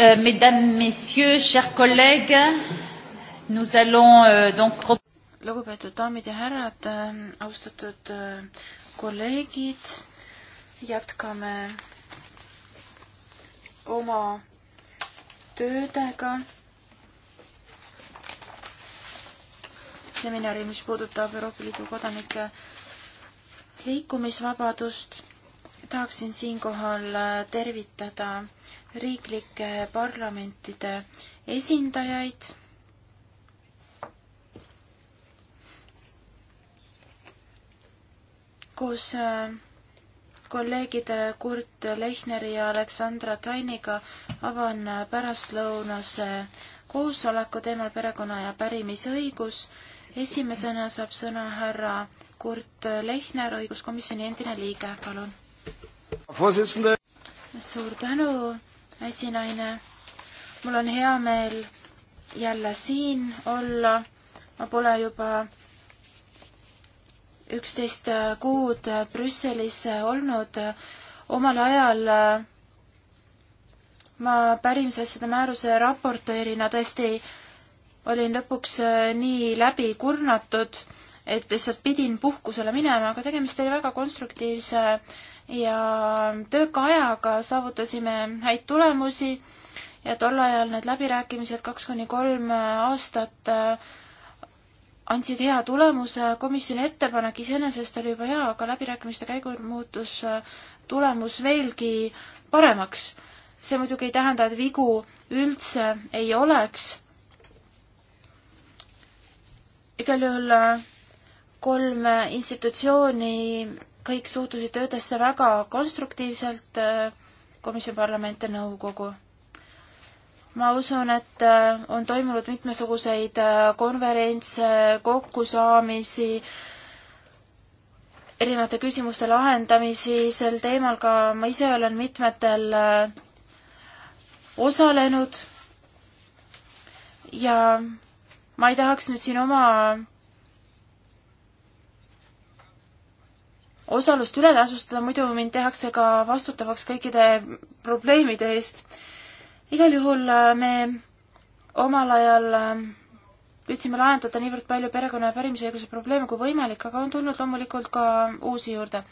Euh, mesdames, messieurs, chers collègues, nous allons euh, donc. lugupeetud daamid ja härrad äh,, austatud äh, kolleegid, jätkame oma töödega. seminari, mis puudutab Euroopa Liidu kodanike liikumisvabadust tahaksin siinkohal äh, tervitada riiklike parlamentide esindajaid. koos äh, kolleegide Kurt Lehneri ja Aleksandra Tainiga avan äh, pärastlõunase koosoleku teemal perekonna ja pärimisõigus. esimesena saab sõna härra Kurt Lehner, õiguskomisjoni endine liige, palun suur tänu, esinaine. mul on hea meel jälle siin olla. ma pole juba üksteist kuud Brüsselis olnud. omal ajal ma pärimisasjade määruse raportöörina tõesti olin lõpuks nii läbi kurnatud, et lihtsalt pidin puhkusele minema, aga tegemist oli väga konstruktiivse ja tööka ajaga saavutasime häid tulemusi ja tol ajal need läbirääkimised kaks kuni kolm aastat äh, andsid hea tulemuse, komisjoni ettepanek iseenesest oli juba hea, aga läbirääkimiste käigul muutus äh, tulemus veelgi paremaks. see muidugi ei tähenda, et vigu üldse ei oleks. igal juhul äh, kolm institutsiooni kõik suhtusid töödesse väga konstruktiivselt, äh, komisjon, parlament ja nõukogu. ma usun, et äh, on toimunud mitmesuguseid äh, konverentse, kokkusaamisi, erinevate küsimuste lahendamisi sel teemal ka ma ise olen mitmetel osalenud ja ma ei tahaks nüüd siin oma osalust üle tasustada, muidu mind tehakse ka vastutavaks kõikide probleemide eest. igal juhul äh, me omal ajal äh, püüdsime lahendada niivõrd palju perekonna ja pärimisõiguse probleeme kui võimalik, aga on tulnud loomulikult ka uusi juurde.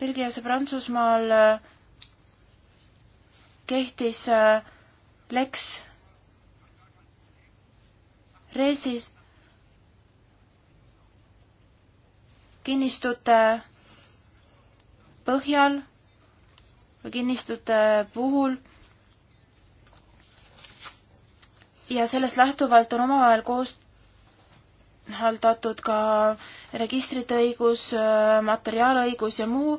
Belgias ja Prantsusmaal äh, kehtis Lex Reesis kinnistute põhjal või kinnistute puhul ja sellest lähtuvalt on omavahel koos haldatud ka registrite õigus, materiaalõigus ja muu.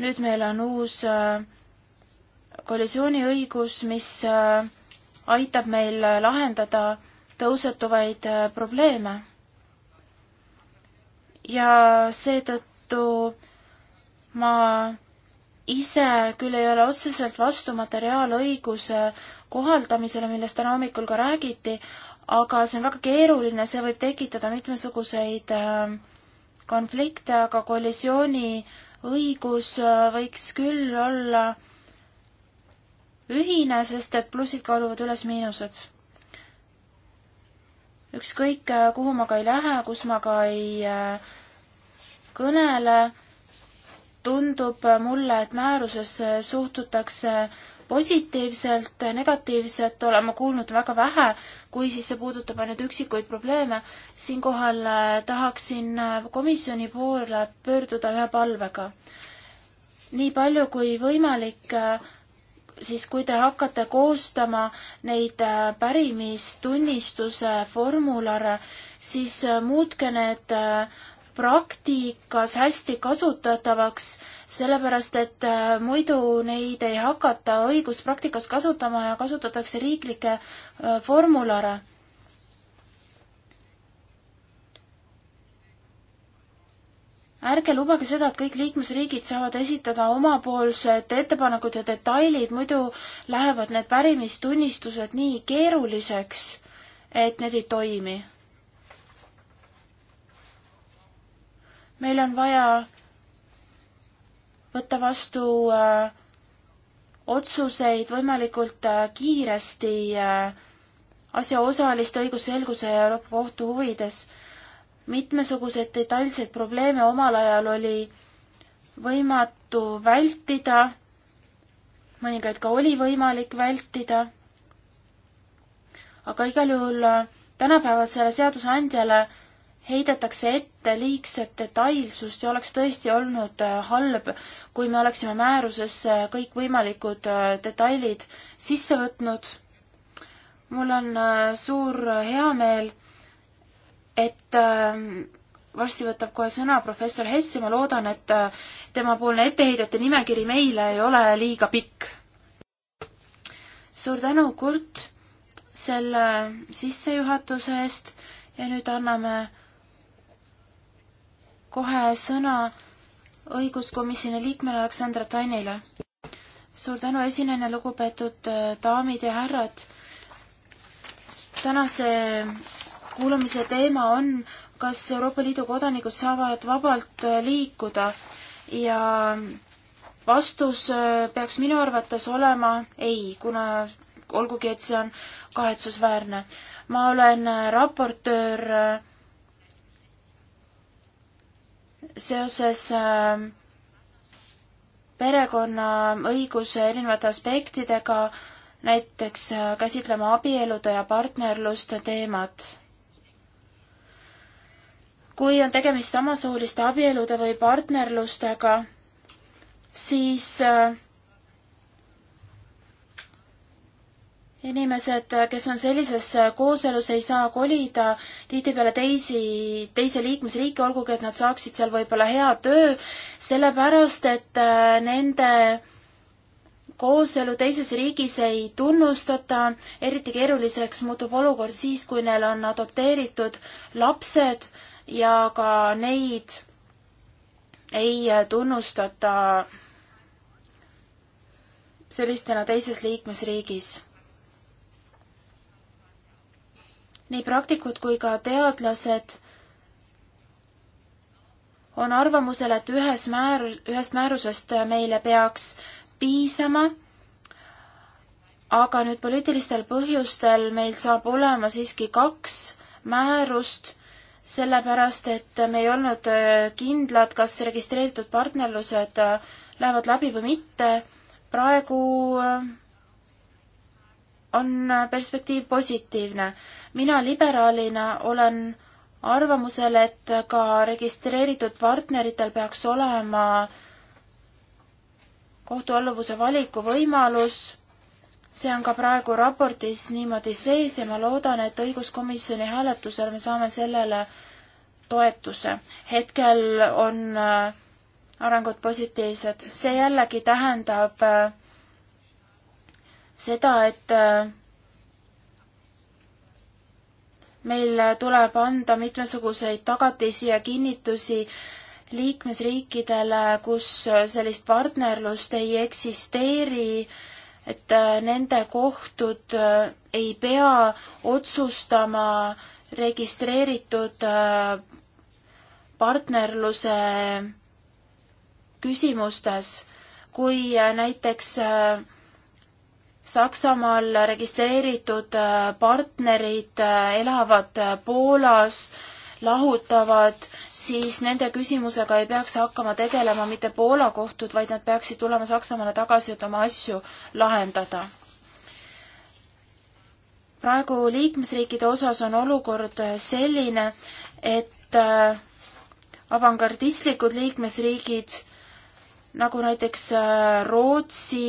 nüüd meil on uus äh, kollisiooniõigus, mis äh, aitab meil lahendada tõusetuvaid äh, probleeme ja seetõttu ma ise küll ei ole otseselt vastu materiaalõiguse kohaldamisele, millest täna hommikul ka räägiti, aga see on väga keeruline, see võib tekitada mitmesuguseid äh, konflikte, aga kollisiooni õigus äh, võiks küll olla ühine, sest et plussid kaaluvad üles miinused ükskõik, äh, kuhu ma ka ei lähe, kus ma ka ei äh, kõnele, tundub mulle, et määruses äh, suhtutakse positiivselt, negatiivset olen ma kuulnud väga vähe, kui siis see puudutab ainult üksikuid probleeme. siinkohal tahaksin komisjoni poole pöörduda ühe palvega. nii palju kui võimalik siis kui te hakkate koostama neid äh, pärimistunnistuse formulare, siis äh, muutke need äh, praktikas hästi kasutatavaks, sellepärast et muidu neid ei hakata õiguspraktikas kasutama ja kasutatakse riiklikke formulare ärge lubage seda, et kõik liikmesriigid saavad esitada omapoolsed ettepanekud ja detailid, muidu lähevad need pärimistunnistused nii keeruliseks, et need ei toimi. meil on vaja võtta vastu äh, otsuseid võimalikult äh, kiiresti äh, asjaosaliste õigusselguse ja Euroopa Kohtu huvides äh, mitmesuguseid detailseid probleeme omal ajal oli võimatu vältida, mõningaid ka oli võimalik vältida, aga igal juhul äh, tänapäevasele seadusandjale heidetakse ette liigset detailsust ja oleks tõesti olnud äh, halb, kui me oleksime määrusesse kõikvõimalikud äh, detailid sisse võtnud. mul on suur heameel et äh, varsti võtab kohe sõna professor Hess ja ma loodan, et äh, temapoolne etteheidete nimekiri meile ei ole liiga pikk. suur tänu, Kurt, selle sissejuhatuse eest ja nüüd anname kohe sõna õiguskomisjoni liikmele Aleksandra Tannile. suur tänu, esineja, lugupeetud äh, daamid ja härrad. tänase kuulamise teema on, kas Euroopa Liidu kodanikud saavad vabalt äh, liikuda ja vastus äh, peaks minu arvates olema ei, kuna olgugi, et see on kahetsusväärne. ma olen äh, raportöör seoses perekonnaõiguse erinevate aspektidega, näiteks käsitlema abielude ja partnerluste teemat kui on tegemist samasooliste abielude või partnerlustega, siis äh, inimesed, kes on sellises äh, kooselus, ei saa kolida tihtipeale teisi, teise liikmesriiki, olgugi et nad saaksid seal võib-olla hea töö, sellepärast et äh, nende kooselu teises riigis ei tunnustata, eriti keeruliseks muutub olukord siis, kui neil on adopteeritud lapsed ja ka neid ei tunnustata sellistena teises liikmesriigis. nii praktikud kui ka teadlased on arvamusel, et ühes määr-, ühest määrusest meile peaks piisama, aga nüüd poliitilistel põhjustel meil saab olema siiski kaks määrust sellepärast et me ei olnud äh, kindlad, kas registreeritud partnerlused äh, lähevad läbi või mitte. praegu äh, on perspektiiv positiivne. mina liberaalina olen arvamusel, et ka registreeritud partneritel peaks olema kohtualluvuse valiku võimalus see on ka praegu raportis niimoodi sees ja ma loodan, et õiguskomisjoni hääletusel me saame sellele toetuse. hetkel on äh, arengud positiivsed. see jällegi tähendab äh, seda, et äh, meil tuleb anda mitmesuguseid tagatisi ja kinnitusi liikmesriikidele, kus sellist partnerlust ei eksisteeri äh, et äh, nende kohtud äh, ei pea otsustama registreeritud äh, partnerluse küsimustes, kui näiteks Saksamaal registreeritud partnerid elavad Poolas, lahutavad siis nende küsimusega ei peaks hakkama tegelema mitte Poola kohtud, vaid nad peaksid tulema Saksamaale tagasi, et oma asju lahendada. praegu liikmesriikide osas on olukord selline, et äh, avangardistlikud liikmesriigid nagu näiteks äh, Rootsi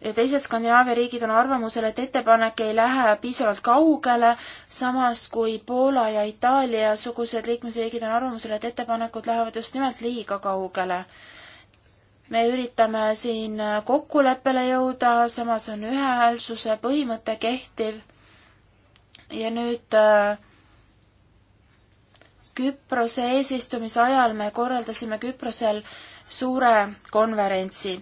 teised Skandinaavia riigid on arvamusel, et ettepanek ei lähe piisavalt kaugele, samas kui Poola ja Itaalia sugused liikmesriigid on arvamusel, et ettepanekud lähevad just nimelt liiga kaugele. me üritame siin kokkuleppele jõuda, samas on ühehäälsuse põhimõte kehtiv. ja nüüd äh, Küprose eesistumise ajal me korraldasime Küprosel suure konverentsi.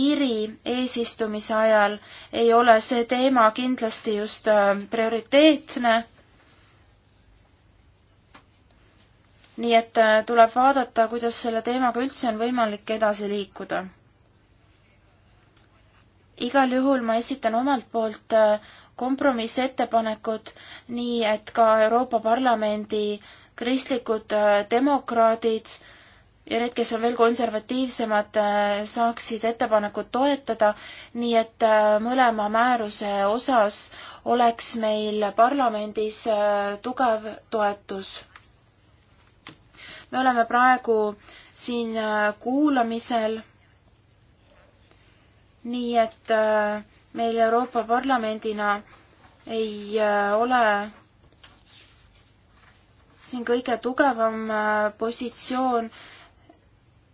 Iiri eesistumise ajal ei ole see teema kindlasti just äh, prioriteetne. nii et äh, tuleb vaadata, kuidas selle teemaga üldse on võimalik edasi liikuda. igal juhul ma esitan omalt poolt äh, kompromissettepanekud, nii et ka Euroopa Parlamendi kristlikud demokraadid äh, ja need, kes on veel konservatiivsemad, äh, saaksid ettepanekut toetada, nii et äh, mõlema määruse osas oleks meil parlamendis äh, tugev toetus. me oleme praegu siin kuulamisel, nii et meil Euroopa Parlamendina ei ole siin kõige tugevam positsioon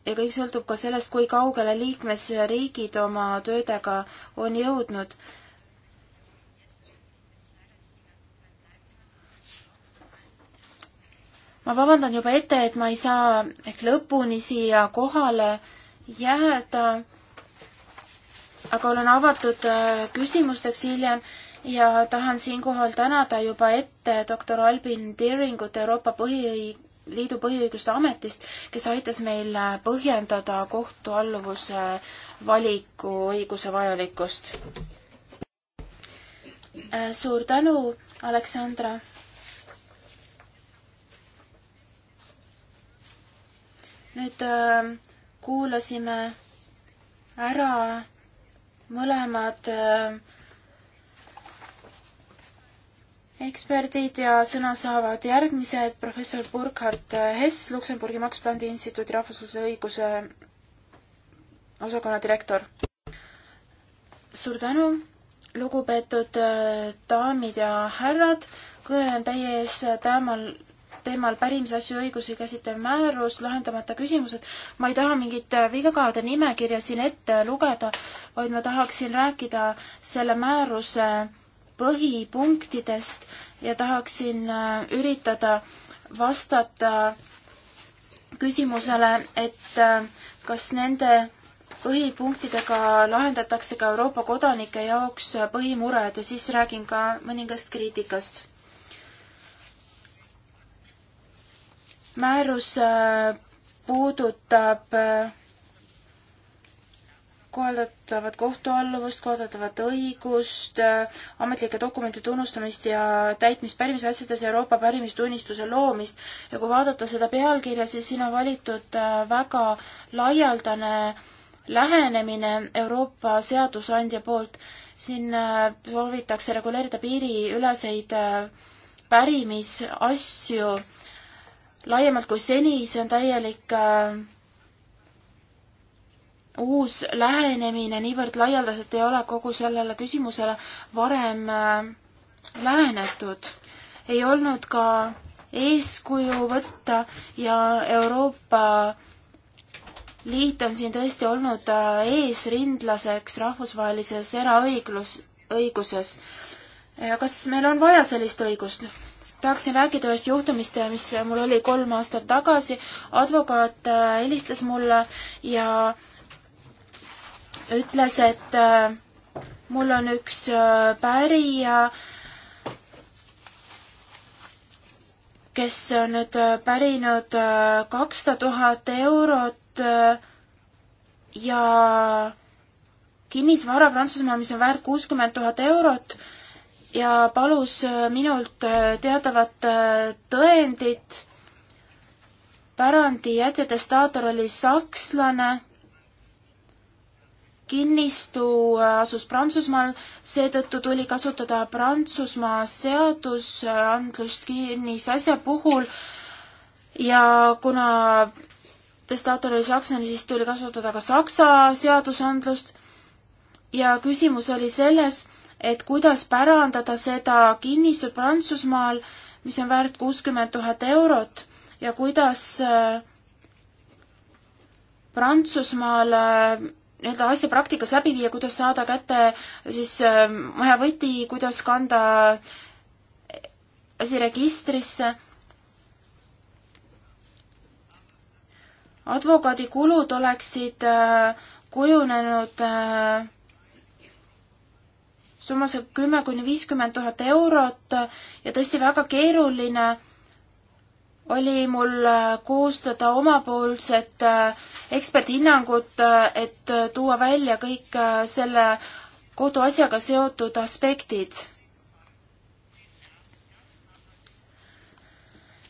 ja kõik sõltub ka sellest, kui kaugele liikmesriigid oma töödega on jõudnud. ma vabandan juba ette, et ma ei saa ehk lõpuni siia kohale jääda, aga olen avatud äh, küsimusteks hiljem ja tahan siinkohal tänada juba ette doktor Albin Tiringut Euroopa põhi Liidu põhiõiguste ametist, kes aitas meil äh, põhjendada kohtualluvuse äh, valiku õiguse vajalikkust. Äh, suur tänu, Aleksandra. nüüd kuulasime ära mõlemad äh, eksperdid ja sõna saavad järgmised professor Burkhard Hess, Luksemburgi Max Plandi instituudi rahvusvahelise õiguse osakonna direktor. suur tänu, lugupeetud äh, daamid ja härrad, kõnelen teie ees teemal, teemal pärimisasju õigusi käsitlev määrus, lahendamata küsimused. ma ei taha mingit äh, vigakaade nimekirja siin ette lugeda, vaid ma tahaksin rääkida selle määruse põhipunktidest ja tahaksin äh, üritada vastata küsimusele, et äh, kas nende põhipunktidega lahendatakse ka Euroopa kodanike jaoks äh, põhimured ja siis räägin ka mõningast kriitikast. määrus puudutab äh, kohaldatavad kohtualluvust, kohaldatavat õigust, ametlike dokumentide tunnustamist ja täitmist pärimisasjades Euroopa pärimistunnistuse loomist. ja kui vaadata seda pealkirja, siis siin on valitud äh, väga laialdane lähenemine Euroopa seadusandja poolt. siin äh, soovitakse reguleerida piiriüleseid äh, pärimisasju laiemalt kui seni, see on täielik äh, uus lähenemine niivõrd laialdaselt ei ole kogu sellele küsimusele varem äh, lähenetud. ei olnud ka eeskuju võtta ja Euroopa Liit on siin tõesti olnud äh, eesrindlaseks rahvusvahelises eraõiglus, õiguses. Äh, kas meil on vaja sellist õigust? tahaksin rääkida ühest juhtumist, mis mul oli kolm aastat tagasi. advokaat helistas mulle ja ütles, et äh, mul on üks äh, pärija, kes on nüüd äh, pärinud kakssada tuhat eurot ja kinnisvara Prantsusmaal, mis on väärt kuuskümmend tuhat eurot ja palus minult teatavat tõendit. pärandi jätjatestaator oli sakslane kinnistu äh, asus Prantsusmaal, seetõttu tuli kasutada Prantsusmaa seadusandlust kinnisasja puhul ja kuna testaator oli sakslane, siis tuli kasutada ka saksa seadusandlust ja küsimus oli selles, et kuidas pärandada seda kinnistut Prantsusmaal, mis on väärt kuuskümmend tuhat eurot ja kuidas äh, Prantsusmaal äh, nii-öelda asja praktikas läbi viia, kuidas saada kätte siis äh, maja võti, kuidas kanda asi registrisse. advokaadikulud oleksid äh, kujunenud äh, summas kümme kuni viiskümmend tuhat eurot ja tõesti väga keeruline oli mul äh, koostada omapoolset äh, eksperthinnangut, äh, et tuua välja kõik selle kohtuasjaga seotud aspektid.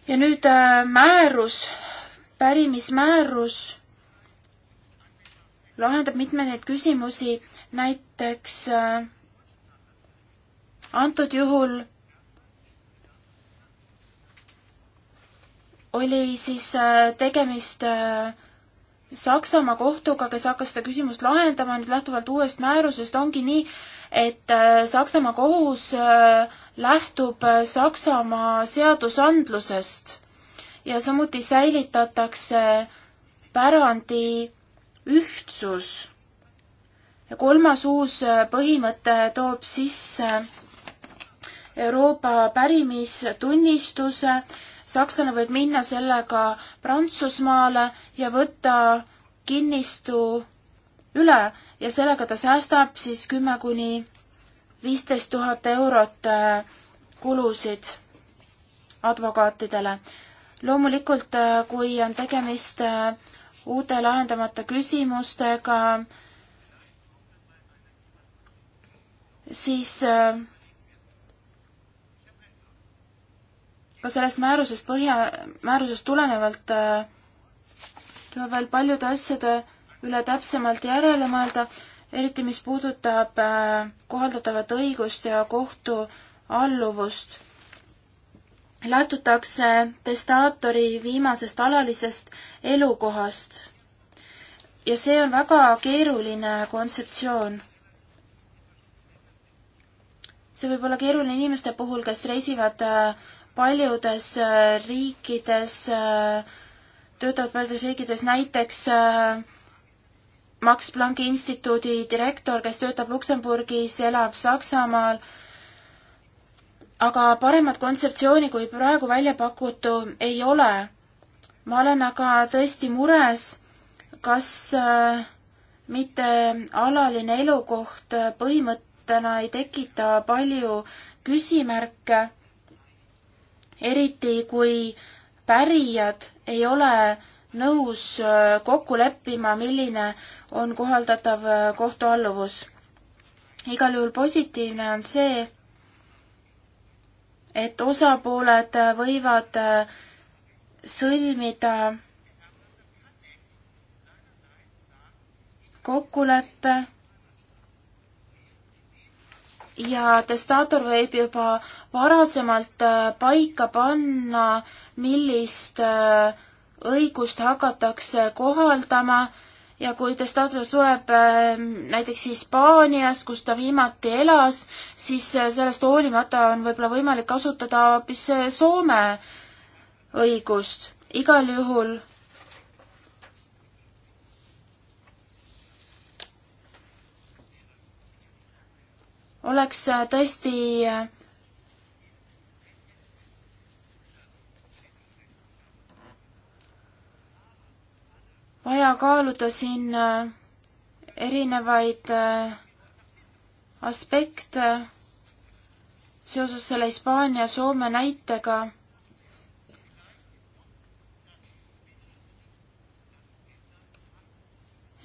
ja nüüd määrus, pärimismäärus lahendab mitmeid neid küsimusi, näiteks antud juhul oli siis äh, tegemist äh, Saksamaa kohtuga, kes hakkas seda küsimust lahendama, nüüd lähtuvalt uuest määrusest ongi nii, et äh, Saksamaa kohus lähtub Saksamaa seadusandlusest ja samuti säilitatakse pärandi ühtsus. ja kolmas uus põhimõte toob sisse Euroopa pärimistunnistuse, sakslane võib minna sellega Prantsusmaale ja võtta kinnistu üle ja sellega ta säästab siis kümme kuni viisteist tuhat eurot äh, kulusid advokaatidele. loomulikult, äh, kui on tegemist äh, uute lahendamata küsimustega, siis äh, ka sellest määrusest põhja, määrusest tulenevalt äh, tuleb veel paljude asjade üle täpsemalt järele mõelda, eriti mis puudutab äh, kohaldatavat õigust ja kohtu alluvust. lähtutakse testaatori viimasest alalisest elukohast ja see on väga keeruline kontseptsioon see võib olla keeruline inimeste puhul, kes reisivad äh, paljudes äh, riikides, äh, töötavad paljudes riikides, näiteks äh, Max Plancki instituudi direktor, kes töötab Luksemburgis, elab Saksamaal, aga paremat kontseptsiooni kui praegu välja pakutu ei ole. ma olen aga tõesti mures, kas mitte alaline elukoht põhimõttena ei tekita palju küsimärke eriti kui pärijad ei ole nõus äh, kokku leppima, milline on kohaldatav äh, kohtualluvus. igal juhul positiivne on see, et osapooled äh, võivad sõlmida kokkuleppe ja testaator võib juba varasemalt äh, paika panna, millist äh, õigust hakatakse kohaldama ja kui testaator sureb äh, näiteks Hispaanias, kus ta viimati elas, siis sellest hoolimata on võib-olla võimalik kasutada hoopis Soome õigust. igal juhul oleks äh, tõesti äh, vaja kaaluda siin äh, erinevaid aspekte seoses selle Hispaania-Soome näitega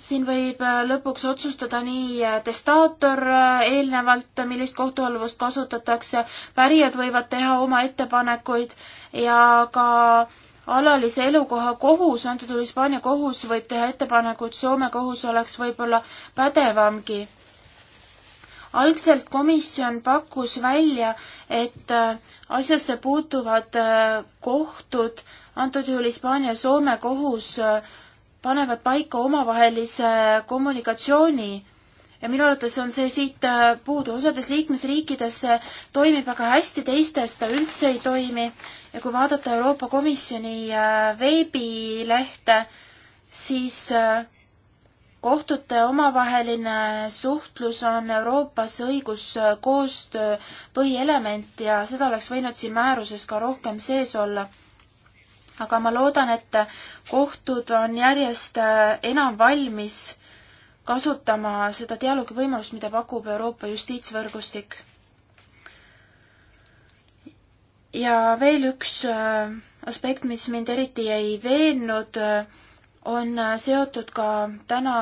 siin võib äh, lõpuks otsustada nii äh, testaator äh, eelnevalt, millist kohtualluvust kasutatakse, pärijad võivad teha oma ettepanekuid ja ka alalise elukoha kohus, antud juhul Hispaania kohus, võib teha ettepanekuid, Soome kohus oleks võib-olla pädevamgi. algselt komisjon pakkus välja, et asjasse puutuvad kohtud, antud juhul Hispaania ja Soome kohus, panevad paika omavahelise kommunikatsiooni ja minu arvates on see siit äh, puudu. osades liikmesriikides see toimib väga hästi, teistes ta üldse ei toimi ja kui vaadata Euroopa Komisjoni äh, veebilehte, siis äh, kohtute omavaheline suhtlus on Euroopas õiguskoostöö põhielement ja seda oleks võinud siin määruses ka rohkem sees olla aga ma loodan, et kohtud on järjest äh, enam valmis kasutama seda dialoogivõimalust, mida pakub Euroopa justiitsvõrgustik. ja veel üks äh, aspekt, mis mind eriti ei veennud, äh, on seotud ka täna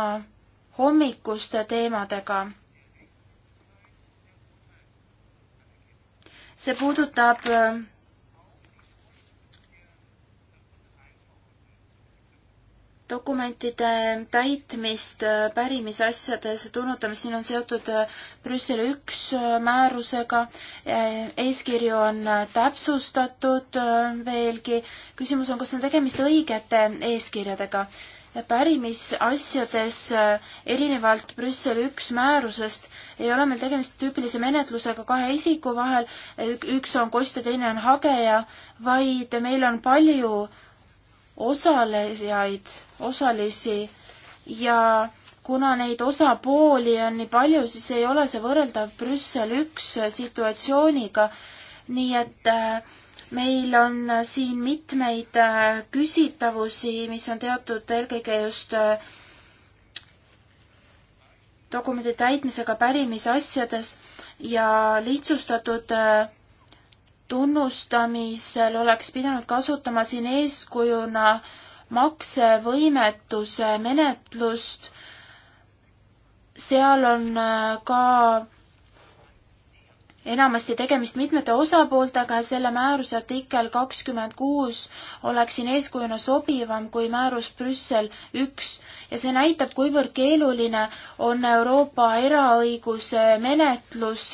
hommikuste teemadega. see puudutab dokumentide täitmist äh, pärimisasjades ja tunnutamist, siin on seotud äh, Brüsseli üks äh, määrusega, eeskirju on täpsustatud veelgi, küsimus on, kas on tegemist õigete eeskirjadega. pärimisasjades erinevalt Brüsseli üks määrusest ei ole meil tegemist tüüpilise menetlusega kahe isiku vahel, üks on kostja, teine on hageja, vaid meil on palju osalejaid, osalisi ja kuna neid osapooli on nii palju, siis ei ole see võrreldav Brüssel üks situatsiooniga, nii et äh, meil on siin mitmeid äh, küsitavusi, mis on teatud eelkõige just äh, dokumendi täitmisega pärimisasjades ja lihtsustatud tunnustamisel oleks pidanud kasutama siin eeskujuna maksevõimetuse menetlust. seal on äh, ka enamasti tegemist mitmete osapooltega ja selle määruse artikkel kakskümmend kuus oleks siin eeskujuna sobivam kui määrus Brüssel üks ja see näitab, kuivõrd keeluline on Euroopa eraõiguse menetlus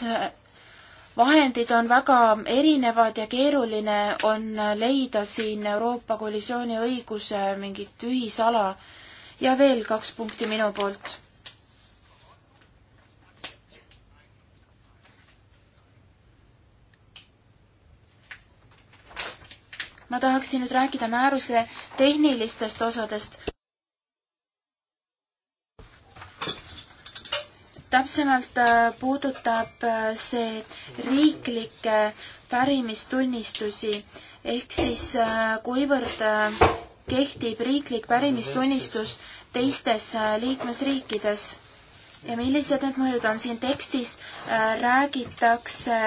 vahendid on väga erinevad ja keeruline on leida siin Euroopa kollisiooni õiguse mingit ühisala. ja veel kaks punkti minu poolt. ma tahaksin nüüd rääkida määruse tehnilistest osadest. täpsemalt äh, puudutab äh, see riiklikke pärimistunnistusi ehk siis äh, kuivõrd kehtib riiklik pärimistunnistus teistes liikmesriikides ja millised need mõjud on. siin tekstis räägitakse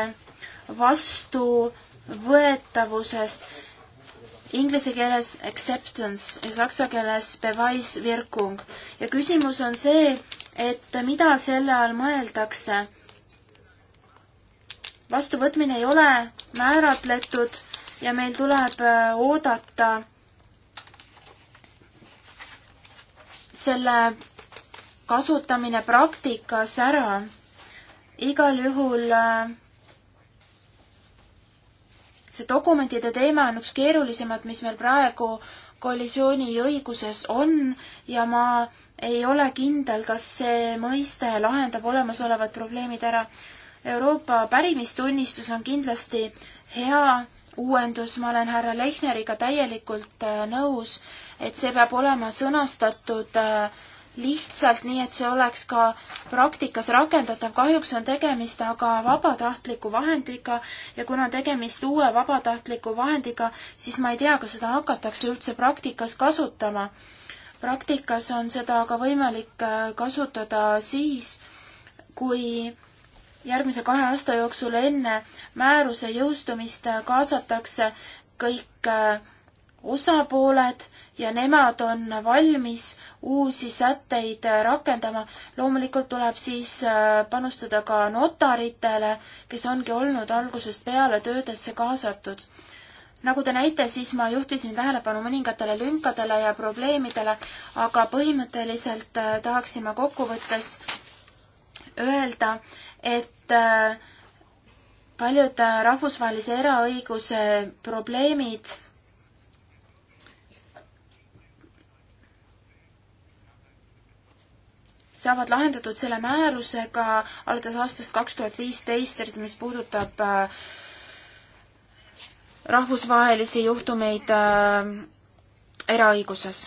vastuvõetavusest inglise keeles acceptance ja saksa keeles beweiswirkung ja küsimus on see, et mida selle all mõeldakse. vastuvõtmine ei ole määratletud ja meil tuleb äh, oodata selle kasutamine praktikas ära. igal juhul äh, see dokumentide teema on üks keerulisemad, mis meil praegu kollisiooni õiguses on ja ma ei ole kindel, kas see mõiste lahendab olemasolevad probleemid ära. Euroopa pärimistunnistus on kindlasti hea uuendus, ma olen härra Lehneriga täielikult äh, nõus, et see peab olema sõnastatud äh, lihtsalt nii, et see oleks ka praktikas rakendatav. kahjuks on tegemist aga vabatahtliku vahendiga ja kuna tegemist uue vabatahtliku vahendiga, siis ma ei tea, kas seda hakatakse üldse praktikas kasutama. praktikas on seda aga võimalik äh, kasutada siis, kui järgmise kahe aasta jooksul enne määruse jõustumist kaasatakse kõik äh, osapooled ja nemad on valmis uusi sätteid äh, rakendama. loomulikult tuleb siis äh, panustada ka notaritele, kes ongi olnud algusest peale töödesse kaasatud. nagu te näite, siis ma juhtisin tähelepanu mõningatele lünkadele ja probleemidele, aga põhimõtteliselt äh, tahaksin ma kokkuvõttes öelda, et paljud rahvusvahelise eraõiguse probleemid saavad lahendatud selle määrusega alates aastast kaks tuhat viisteist, eriti mis puudutab äh, rahvusvahelisi juhtumeid äh, eraõiguses.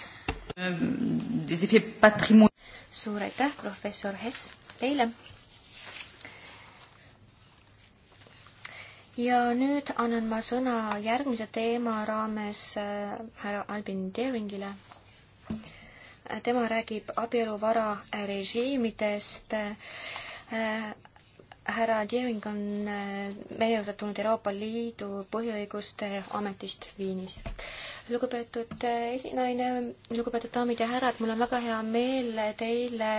suur aitäh, professor Hess, teile! ja nüüd annan ma sõna järgmise teema raames äh, härra Albin Deringile tema räägib abieluvara režiimidest. härra Dieming on eh, meie juurde tulnud Euroopa Liidu põhiõiguste ametist Viinis. lugupeetud eh, esinaine, lugupeetud daamid ja härrad, mul on väga hea meel teile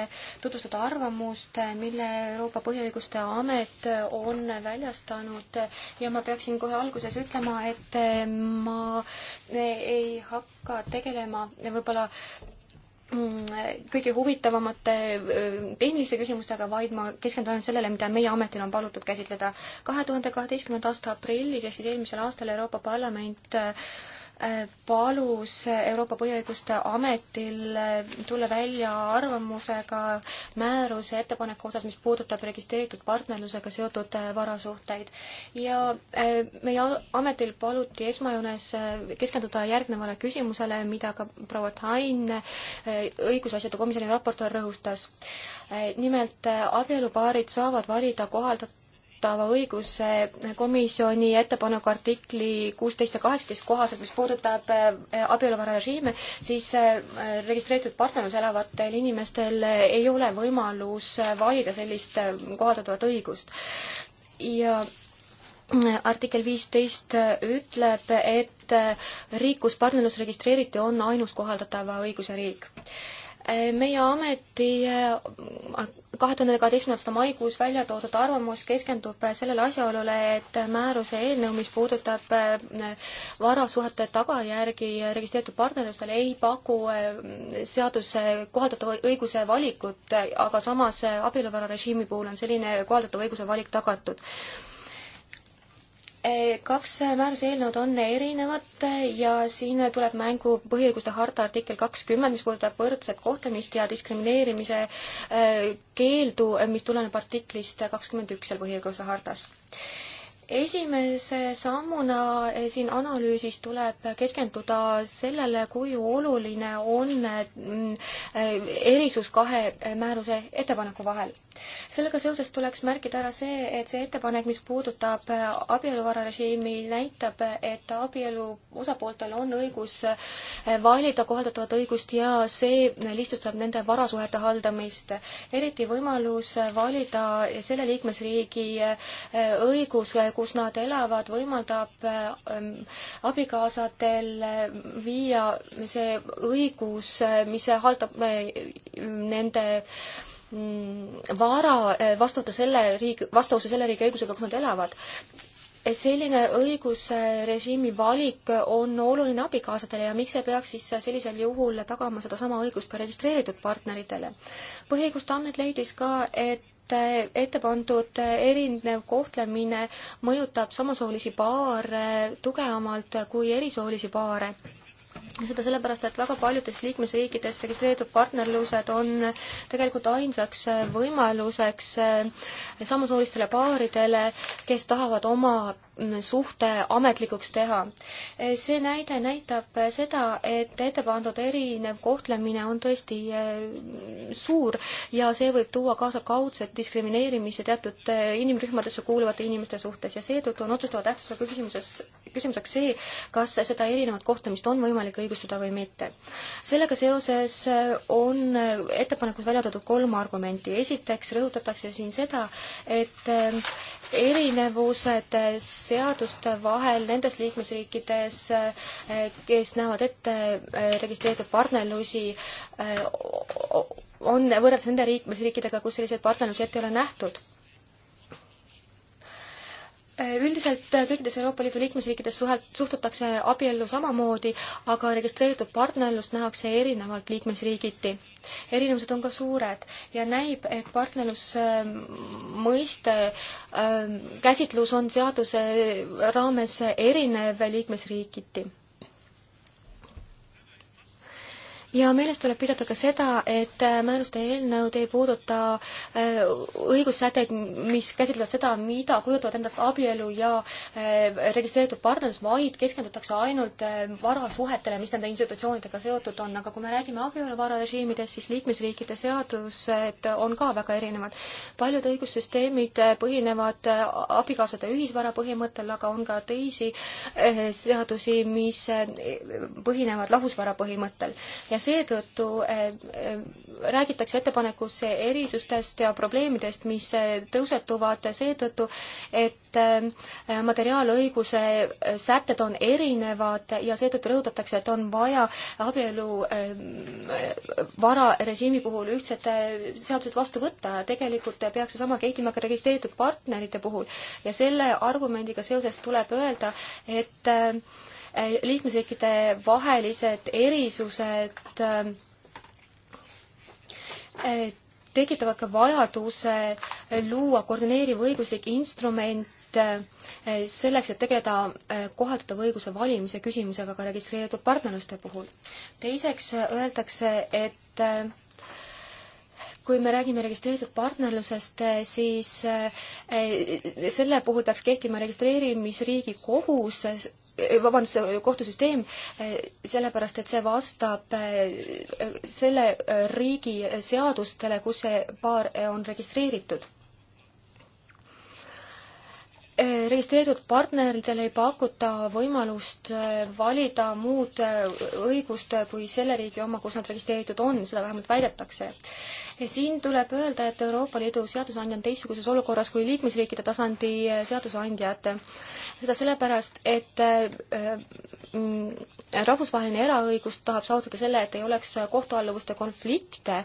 tutvustada arvamust, mille Euroopa Põhiõiguste Amet on väljastanud ja ma peaksin kohe alguses ütlema, et eh, ma ei hakka tegelema võib-olla Mm, kõige huvitavamate tehniliste küsimustega, vaid ma keskendun ainult sellele, mida meie ametil on palutud käsitleda. kahe tuhande kaheteistkümnenda aasta aprillis ehk siis eelmisel aastal Euroopa Parlament äh, palus Euroopa Põhiõiguste Ametil tulla välja arvamusega määruse ettepaneku osas, mis puudutab registreeritud partnerlusega seotud äh, varasuhteid. ja äh, meie ametil paluti esmajoones äh, keskenduda järgnevale küsimusele, mida ka proua Tain, õigusasjade komisjoni raportöör rõhustas. nimelt abielupaarid saavad valida kohaldat-, kasutava õiguse komisjoni ettepaneku artikli kuusteist ja kaheksateist kohaselt, mis puudutab äh, abieluvararežiime, siis äh, registreeritud partnerlus elavatel inimestel ei ole võimalus äh, valida sellist kohaldatavat õigust. ja artikkel viisteist ütleb, et riik, kus partnerlus registreeriti, on ainus kohaldatava õiguse riik meie ameti kahe äh, tuhande kaheteistkümnenda aasta maikuus välja toodud arvamus keskendub sellele asjaolule, et määruse eelnõu, mis puudutab äh, varasuhete tagajärgi registreeritud partnerlustel, ei paku äh, seaduse kohaldatava õiguse valikut, aga samas abieluvõrra režiimi puhul on selline kohaldatava õiguse valik tagatud Eh, kaks määruse eelnõud on erinevad ja siin tuleb mängu põhiõiguste harta artikkel kakskümmend, mis puudutab võrdset kohtlemist ja diskrimineerimise eh, keeldu, mis tuleneb artiklist kakskümmend üks seal põhiõiguste hartas esimese sammuna eh, siin analüüsis tuleb keskenduda sellele, kui oluline on mm, erisus kahe määruse ettepaneku vahel sellega seoses tuleks märkida ära see, et see ettepanek, mis puudutab äh, abieluvararežiimi, näitab, et abielu osapooltel on õigus äh, valida kohaldatavat õigust ja see lihtsustab nende varasuhete haldamist. eriti võimalus äh, valida selle liikmesriigi õigus, kus nad elavad, võimaldab abikaasadel viia see õigus, mis haldab nende Mm, vara eh, vastavalt selle riigi, vastavuse selle riigi õigusega, kus nad elavad. selline õigusrežiimi valik on oluline abikaasadele ja miks ei peaks siis sellisel juhul tagama sedasama õigust ka registreeritud partneritele. põhiõiguste amet leidis ka, et et eh, ette pandud erinev kohtlemine mõjutab samasoolisi paare tugevamalt kui erisoolisi paare seda sellepärast, et väga paljudes liikmesriikides registreeritud partnerlused on tegelikult ainsaks äh, võimaluseks äh, samasoolistele paaridele, kes tahavad oma suhte ametlikuks teha. see näide näitab seda, et ette pandud erinev kohtlemine on tõesti eh, suur ja see võib tuua kaasa kaudset diskrimineerimise teatud eh, inimrühmadesse kuuluvate inimeste suhtes ja seetõttu on otsustava tähtsusega küsimuses, küsimuseks see, kas seda erinevat kohtlemist on võimalik õigustada või mitte. sellega seoses eh, on ettepanekus välja toodud kolm argumenti. esiteks rõhutatakse siin seda, et erinevused seaduste vahel nendes liikmesriikides, kes näevad ette äh, registreeritud partnerlusi, äh, on võrreldes nende liikmesriikidega, kus selliseid partnerlusi ette ei ole nähtud äh, Üldiselt kõikides Euroopa Liidu liikmesriikides suhelt, suhtutakse abiellu samamoodi, aga registreeritud partnerlust nähakse erinevalt liikmesriigiti erinevused on ka suured ja näib, et partnerlusmõiste ähm, ähm, käsitlus on seaduse raames erinev liikmesriigiti ja meeles tuleb pidada ka seda, et äh, määruste eelnõud ei puuduta äh, õigussätteid, mis käsitlevad seda, mida kujutavad endast abielu ja äh, registreeritud partnerlus, vaid keskendutakse ainult varasuhetele, mis nende institutsioonidega seotud on, aga kui me räägime abieluvararežiimidest, siis liikmesriikide seadused on ka väga erinevad. paljud õigussüsteemid põhinevad abikaasade ühisvara põhimõttel, aga on ka teisi seadusi, mis põhinevad lahusvara põhimõttel ja seetõttu eh, räägitakse ettepanekus erisustest ja probleemidest, mis eh, tõusetuvad seetõttu, et eh, materiaalõiguse sätted on erinevad ja seetõttu rõhutatakse, et on vaja abielu vararežiimi puhul ühtsed seadused vastu võtta ja tegelikult peaks seesama kehtima ka registreeritud partnerite puhul. ja selle argumendiga seoses tuleb öelda, et Äh, liikmesriikide vahelised erisused ähm, äh, tekitavad ka vajaduse äh, luua koordineeriv õiguslik instrument selleks, et tegeleda kohaldatava õiguse valimise küsimusega ka registreeritud partnerluste puhul. teiseks öeldakse, et kui me räägime registreeritud partnerlusest, siis selle puhul peaks kehtima registreerimisriigi kohus Eh, vabandust, kohtusüsteem, eh, sellepärast et see vastab eh, selle riigi seadustele, kus see paar on registreeritud. Äh, registreeritud partneridel ei pakuta võimalust äh, valida muud äh, õigust kui selle riigi oma, kus nad registreeritud on, seda vähemalt väidetakse. siin tuleb öelda, et Euroopa Liidu seadusandja on teistsuguses olukorras kui liikmesriikide tasandi seadusandjad. seda sellepärast, et mm, rahvusvaheline eraõigus tahab saavutada selle, et ei oleks kohtualluvuste konflikte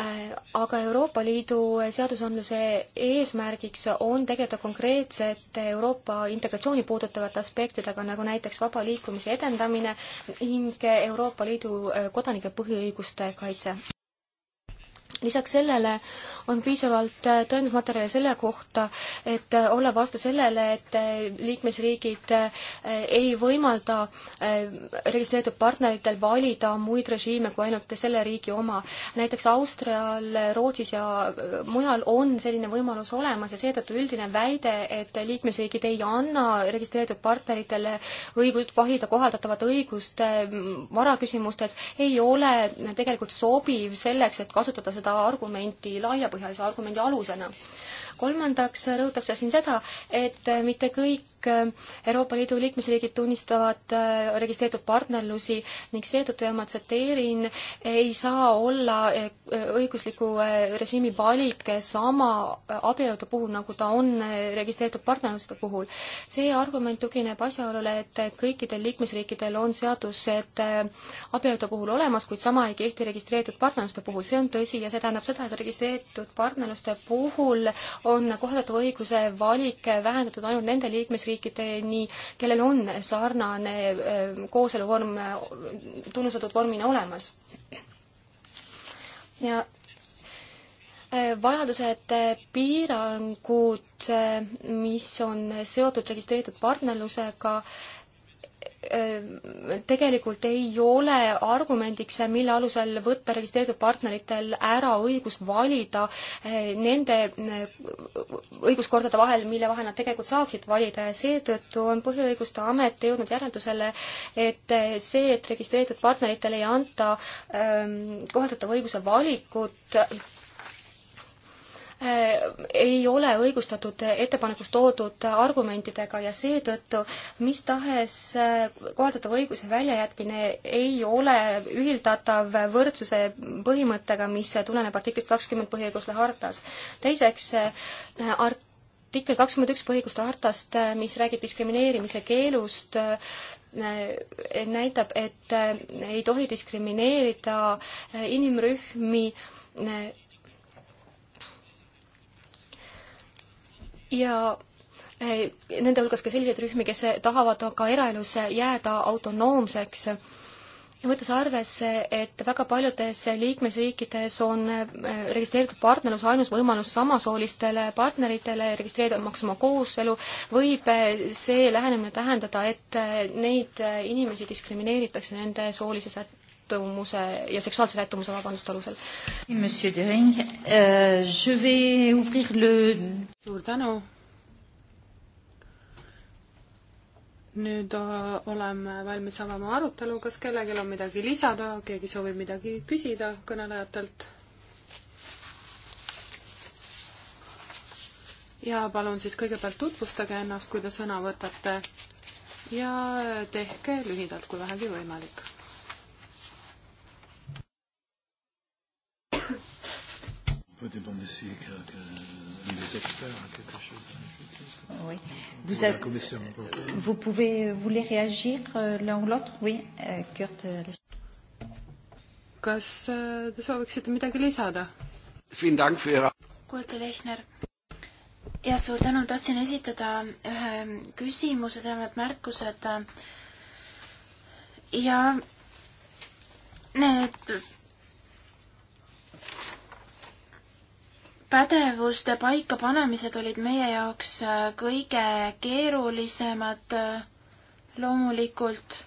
Äh, aga Euroopa Liidu seadusandluse eesmärgiks on tegeleda konkreetsete Euroopa integratsiooni puudutavate aspektidega, nagu näiteks vaba liikumise edendamine ning Euroopa Liidu äh, kodanike põhiõiguste kaitse lisaks sellele on piisavalt äh, tõendusmaterjale selle kohta, et äh, olla vastu sellele, et äh, liikmesriigid ei võimalda registreeritud partneritel valida muid režiime kui ainult selle riigi oma. näiteks Austrial, Rootsis ja mujal on selline võimalus olemas ja seetõttu üldine väide, et liikmesriigid ei anna registreeritud partneritele õigust valida kohaldatavat õigust varaküsimustes, ei ole tegelikult sobiv selleks, et kasutada seda argumendi, laiapõhjalise argumendi alusena. kolmandaks rõhutakse siin seda, et mitte kõik kõik äh, Euroopa Liidu liikmesriigid tunnistavad äh, registreeritud partnerlusi ning seetõttu ma tsiteerin, ei saa olla äh, õigusliku režiimi valik sama abielude puhul, nagu ta on registreeritud partnerluste puhul. see argument tugineb asjaolule, et kõikidel liikmesriikidel on seadused abielude puhul olemas, kuid sama ei kehti registreeritud partnerluste puhul, see on tõsi ja see tähendab seda, et registreeritud partnerluste puhul on kohaldatava õiguse valik vähendatud ainult nende liikmesriikide liikmesriikideni, kellel on sarnane äh, kooseluvorm tunnustatud vormina olemas. ja äh, vajadused, äh, piirangud, mis on seotud registreeritud partnerlusega, tegelikult ei ole argumendiks, mille alusel võtta registreeritud partneritel ära õigus valida eh, nende eh, õiguskordade vahel, mille vahel nad tegelikult saaksid valida ja seetõttu on Põhiõiguste Amet jõudnud järeldusele, et eh, see, et registreeritud partneritele ei anta ehm, kohaldatava õiguse valikut, Äh, ei ole õigustatud ettepanekus toodud argumentidega ja seetõttu mis tahes äh, kohaldatava õiguse väljajätmine ei ole ühildatav võrdsuse põhimõttega, mis tuleneb artiklist kakskümmend põhiõiguste hartas. teiseks, äh, artikkel kakskümmend üks põhiõiguste hartast, mis räägib diskrimineerimise keelust, näitab, et ei tohi diskrimineerida inimrühmi ja eh, nende hulgas ka selliseid rühmi, kes tahavad ka eraelus jääda autonoomseks. võttes arvesse, et väga paljudes liikmesriikides on eh, registreeritud partnerlus ainus võimalus samasoolistele partneritele registreerimaks oma kooselu, võib eh, see lähenemine tähendada, et neid inimesi diskrimineeritakse nende soolise sät-, sättumuse ja seksuaalse sättumuse, vabandust, alusel. Euh, suur tänu. nüüd äh, oleme valmis avama arutelu, kas kellelgi on midagi lisada, keegi soovib midagi küsida kõnelejatelt? ja palun siis kõigepealt tutvustage ennast, kui te sõna võtate ja tehke lühidalt, kui vähegi võimalik Peut-être demander si des experts a quelque chose à ajouter. Oui. Vous, avez, vous pouvez, vous voulez réagir euh, l'un ou l'autre Oui, euh, Kurt. Euh, kas te sooviksite midagi lisada? kuulge, Lehner. jah, suur tänu, tahtsin esitada ühe küsimuse, tähendab märkused. ja need pädevuste paikapanemised olid meie jaoks äh, kõige keerulisemad äh, loomulikult.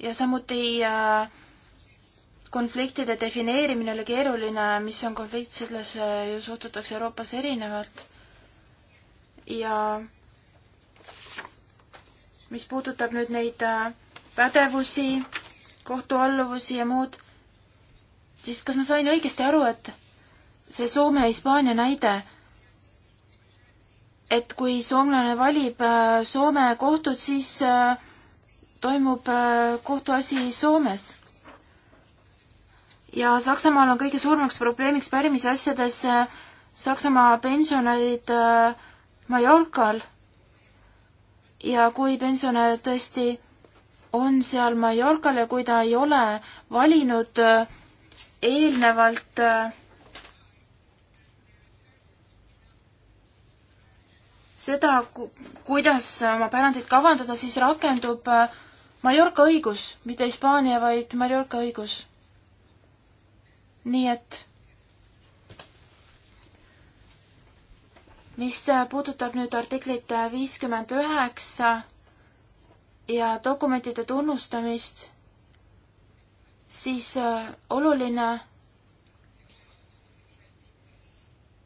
ja samuti äh, konfliktide defineerimine oli keeruline, mis on konflikt, sellesse ju suhtutakse Euroopas erinevalt. ja mis puudutab nüüd neid pädevusi, kohtualluvusi ja muud siis kas ma sain õigesti aru, et see Soome ja Hispaania näide, et kui soomlane valib äh, Soome kohtud, siis äh, toimub äh, kohtuasi Soomes. ja Saksamaal on kõige suuremaks probleemiks pärimisasjades Saksamaa pensionärid Mallorcal ja kui pensionär tõesti on seal Mallorcal ja kui ta ei ole valinud äh, eelnevalt äh, seda, kuidas oma pärandit kavandada, siis rakendub äh, Mallorca õigus, mitte Hispaania, vaid Mallorca õigus. nii et mis äh, puudutab nüüd artiklit viiskümmend üheksa ja dokumentide tunnustamist siis äh, oluline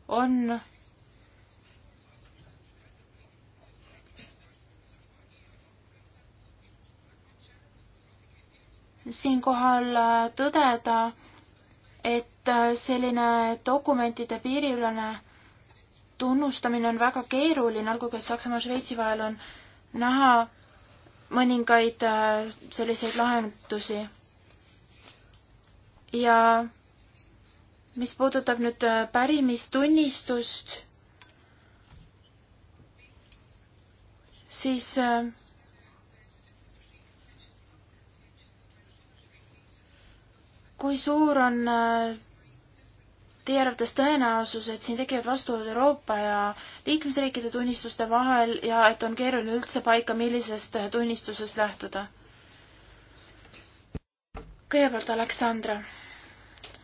on siinkohal äh, tõdeda, et äh, selline dokumentide piiriülene tunnustamine on väga keeruline, olgugi et Saksamaa ja Šveitsi vahel on näha mõningaid selliseid lahendusi ja mis puudutab nüüd äh, pärimistunnistust, siis äh, kui suur on äh, teie arvates tõenäosus, et siin tekivad vastuolud Euroopa ja liikmesriikide tunnistuste vahel ja et on keeruline üldse paika, millisest tunnistusest lähtuda? kõigepealt Aleksandra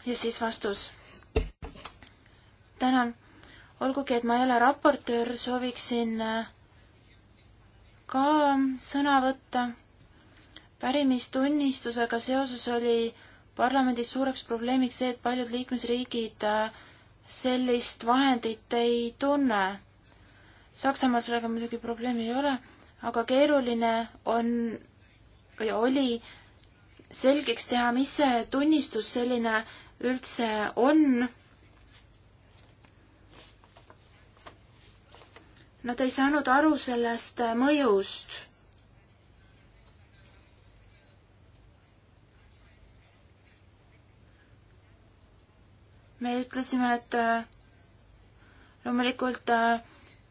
ja siis vastus. tänan. olgugi, et ma ei ole raportöör, sooviksin äh, ka sõna võtta. pärimistunnistusega seoses oli parlamendis suureks probleemiks see, et paljud liikmesriigid äh, sellist vahendit ei tunne. Saksamaal sellega muidugi probleemi ei ole, aga keeruline on või oli selgeks teha, mis see tunnistus selline üldse on. Nad ei saanud aru sellest mõjust. me ütlesime, et äh, loomulikult äh,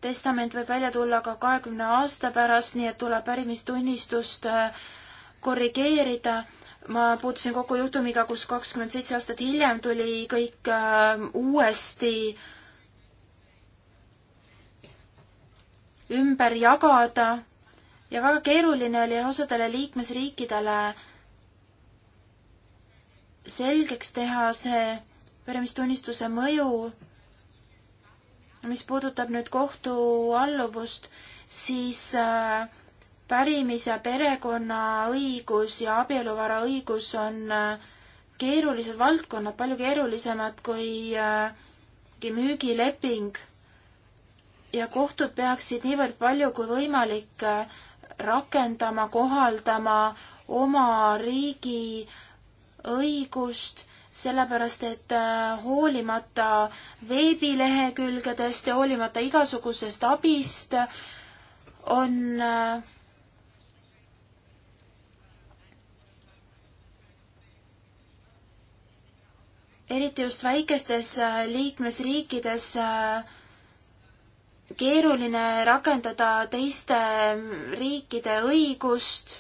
testament võib välja tulla ka kahekümne aasta pärast, nii et tuleb pärimistunnistust äh, korrigeerida ma puutusin kokku juhtumiga, kus kakskümmend seitse aastat hiljem tuli kõik äh, uuesti ümber jagada ja väga keeruline oli osadele liikmesriikidele selgeks teha see peremistunnistuse mõju. mis puudutab nüüd kohtualluvust, siis äh, pärimise perekonnaõigus ja abieluvaraõigus on äh, keerulised valdkonnad, palju keerulisemad äh, kui müügileping. ja kohtud peaksid niivõrd palju kui võimalik äh, rakendama, kohaldama oma riigi õigust, sellepärast et hoolimata veebilehekülgedest ja hoolimata igasugusest abist on äh, eriti just väikestes äh, liikmesriikides äh, keeruline rakendada teiste ähm, riikide õigust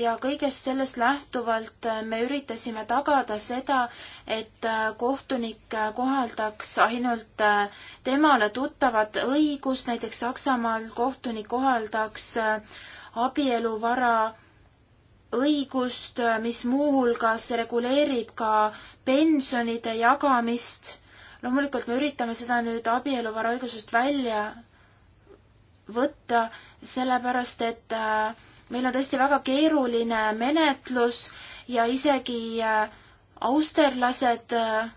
ja kõigest sellest lähtuvalt äh, me üritasime tagada seda, et kohtunik kohaldaks ainult temale tuttavat õigust, näiteks Saksamaal kohtunik kohaldaks abieluvara õigust, mis muuhulgas reguleerib ka pensionide jagamist. loomulikult me üritame seda nüüd abieluvaraõigusest välja võtta, sellepärast et äh, meil on tõesti väga keeruline menetlus ja isegi äh, austerlased äh,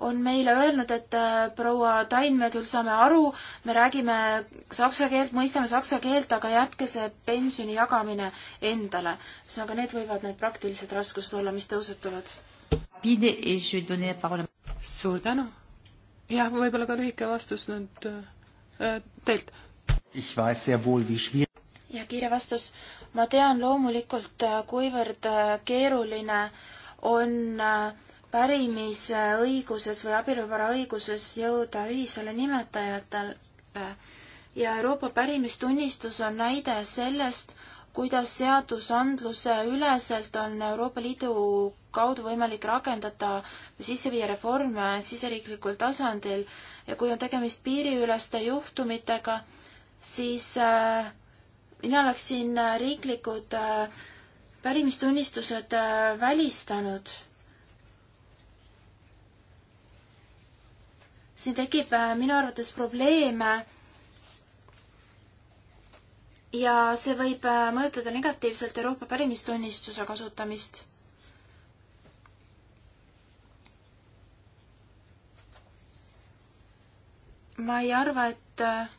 on meile öelnud, et äh, proua Tain, me küll saame aru, me räägime saksa keelt, mõistame saksa keelt, aga jätke see pensioni jagamine endale. ühesõnaga, need võivad need praktilised raskused olla, mis tõusetuvad. suur tänu. jah, võib-olla ka lühike vastus nüüd äh, äh teilt. ja kiire vastus. ma tean loomulikult, äh, kuivõrd keeruline on äh, pärimisõiguses või abielupäraõiguses jõuda ühisele nimetajatele ja Euroopa pärimistunnistus on näide sellest, kuidas seadusandluse üleselt on Euroopa Liidu kaudu võimalik rakendada või sisse viia reforme siseriiklikul tasandil ja kui on tegemist piiriüleste juhtumitega, siis äh, mina oleksin äh, riiklikud äh, pärimistunnistused äh, välistanud siin tekib äh, minu arvates probleeme ja see võib äh, mõjutada negatiivselt Euroopa pärimistunnistuse kasutamist. ma ei arva, et äh,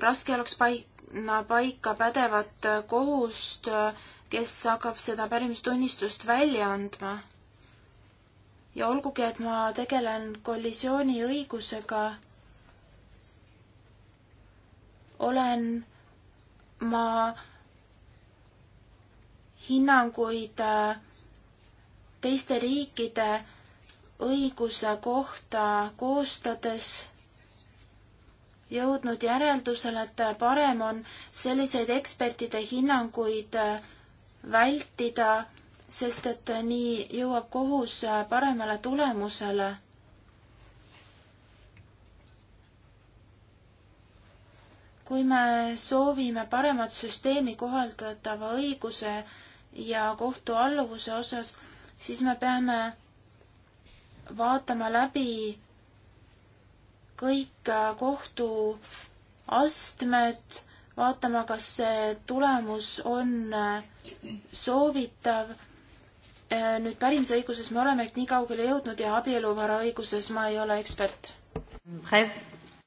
raske oleks paikna paika pädevat kohust, kes hakkab seda pärimistunnistust välja andma ja olgugi, et ma tegelen kollisiooniõigusega, olen ma hinnanguid äh, teiste riikide õiguse kohta koostades jõudnud järeldusele, et parem on selliseid ekspertide hinnanguid äh, vältida sest et nii jõuab kohus paremale tulemusele. kui me soovime paremat süsteemi kohaldatava õiguse ja kohtualluvuse osas, siis me peame vaatama läbi kõik kohtuastmed, vaatama, kas see tulemus on soovitav Äh, nüüd pärimisõiguses me oleme nii kaugele jõudnud ja abieluvaraõiguses ma ei ole ekspert.